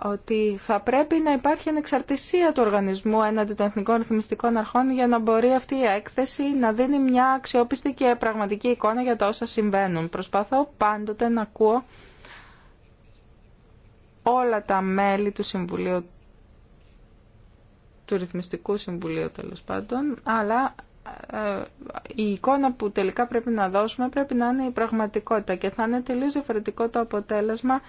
ότι θα πρέπει να υπάρχει ανεξαρτησία του οργανισμού έναντι των εθνικών ρυθμιστικών αρχών για να μπορεί αυτή η έκθεση να δίνει μια αξιόπιστη και πραγματική εικόνα για τα όσα συμβαίνουν. Προσπαθώ πάντοτε να ακούω όλα τα μέλη του Συμβουλίου του Ρυθμιστικού Συμβουλίου τέλο πάντων, αλλά ε, η εικόνα που τελικά πρέπει να δώσουμε πρέπει να είναι η πραγματικότητα και θα είναι τελείως διαφορετικό το αποτέλεσμα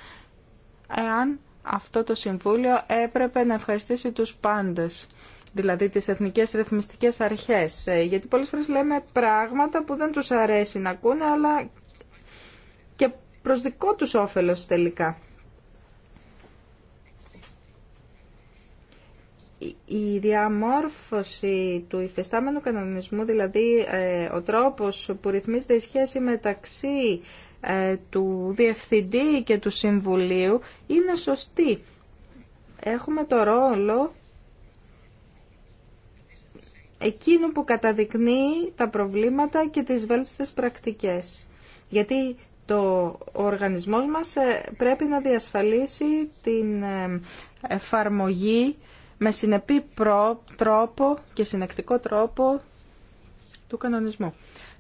εάν αυτό το Συμβούλιο έπρεπε να ευχαριστήσει τους πάντες, δηλαδή τις εθνικές ρυθμιστικές αρχές. Ε, γιατί πολλές φορές λέμε πράγματα που δεν τους αρέσει να ακούνε, αλλά και προς δικό τους όφελος τελικά. Η διαμόρφωση του υφεστάμενου κανονισμού, δηλαδή ε, ο τρόπος που ρυθμίζεται η σχέση μεταξύ ε, του Διευθυντή και του Συμβουλίου είναι σωστή. Έχουμε το ρόλο εκείνου που καταδεικνύει τα προβλήματα και τις βέλτιστες πρακτικές. Γιατί το ο οργανισμός μας ε, πρέπει να διασφαλίσει την ε, εφαρμογή με συνεπή τρόπο και συνεκτικό τρόπο του κανονισμού.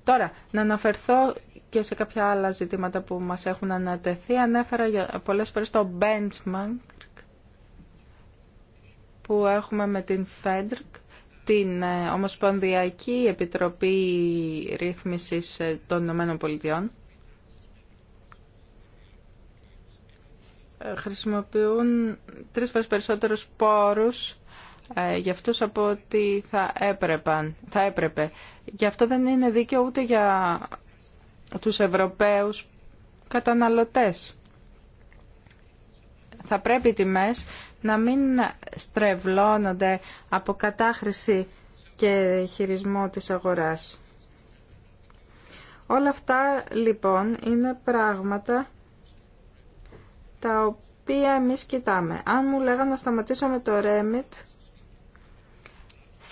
Τώρα, να αναφερθώ και σε κάποια άλλα ζητήματα που μας έχουν ανατεθεί. Ανέφερα για πολλές φορές το benchmark που έχουμε με την FEDRC, την ε, Ομοσπονδιακή Επιτροπή Ρύθμισης ε, των Ηνωμένων Πολιτειών. Ε, χρησιμοποιούν τρεις φορές περισσότερους πόρους για αυτούς από ότι θα, έπρεπαν, θα έπρεπε. Γι' αυτό δεν είναι δίκαιο ούτε για τους Ευρωπαίους καταναλωτές. Θα πρέπει οι τιμές να μην στρεβλώνονται από κατάχρηση και χειρισμό της αγοράς. Όλα αυτά λοιπόν είναι πράγματα τα οποία εμείς κοιτάμε. Αν μου λέγανε να σταματήσω με το Remit,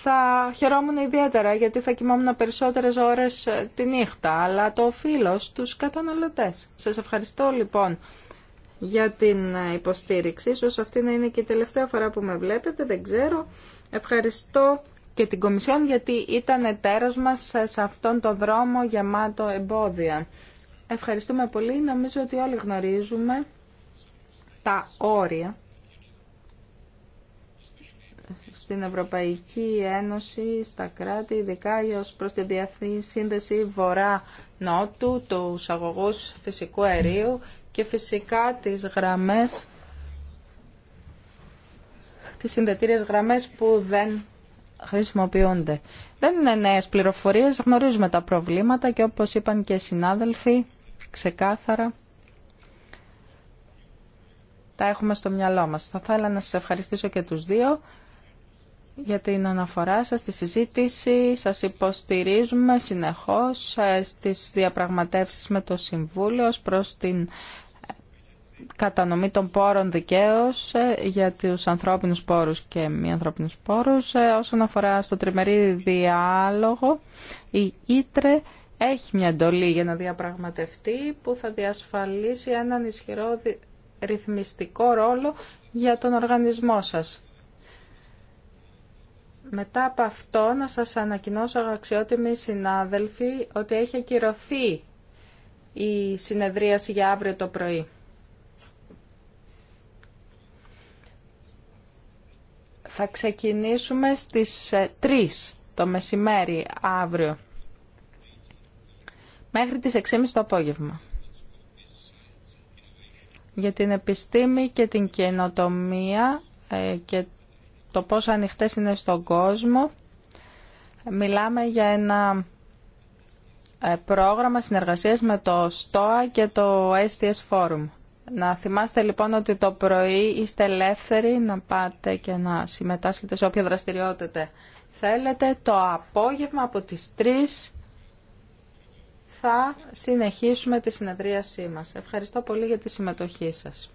θα χαιρόμουν ιδιαίτερα γιατί θα κοιμόμουν περισσότερες ώρες ε, τη νύχτα, αλλά το οφείλω στους καταναλωτές. Σας ευχαριστώ λοιπόν για την ε, υποστήριξη. Ίσως αυτή να είναι και η τελευταία φορά που με βλέπετε, δεν ξέρω. Ευχαριστώ και την Κομισιόν γιατί ήταν εταίρος μας ε, σε αυτόν τον δρόμο γεμάτο εμπόδια. Ευχαριστούμε πολύ. Νομίζω ότι όλοι γνωρίζουμε τα όρια στην Ευρωπαϊκή Ένωση, στα κράτη, ειδικά ως προς τη διαθήκη βορρα βορρά-νότου, του αγωγούς φυσικού αερίου και φυσικά τις γραμμές, τις συνδετήριες γραμμές που δεν χρησιμοποιούνται. Δεν είναι νέες πληροφορίες, γνωρίζουμε τα προβλήματα και όπως είπαν και οι συνάδελφοι, ξεκάθαρα, τα έχουμε στο μυαλό μας. Θα ήθελα να σας ευχαριστήσω και τους δύο για την αναφορά σας, στη συζήτηση. Σας υποστηρίζουμε συνεχώς ε, στις διαπραγματεύσεις με το Συμβούλιο προς την ε, κατανομή των πόρων δικαίως ε, για τους ανθρώπινους πόρους και μη ανθρώπινους πόρους. Όσον αφορά στο τριμερή διάλογο, η Ήτρε έχει μια εντολή για να διαπραγματευτεί που θα διασφαλίσει έναν ισχυρό ρυθμιστικό ρόλο για τον οργανισμό σας. Μετά από αυτό να σας ανακοινώσω αγαξιότιμοι συνάδελφοι ότι έχει ακυρωθεί η συνεδρίαση για αύριο το πρωί. Θα ξεκινήσουμε στις 3 ε, το μεσημέρι αύριο μέχρι τις 6.30 το απόγευμα για την επιστήμη και την καινοτομία ε, και το πόσο ανοιχτές είναι στον κόσμο. Μιλάμε για ένα ε, πρόγραμμα συνεργασίας με το ΣΤΟΑ και το STS Forum. Να θυμάστε λοιπόν ότι το πρωί είστε ελεύθεροι να πάτε και να συμμετάσχετε σε όποια δραστηριότητα θέλετε. Το απόγευμα από τις 3 θα συνεχίσουμε τη συνεδρίασή μας. Ευχαριστώ πολύ για τη συμμετοχή σας.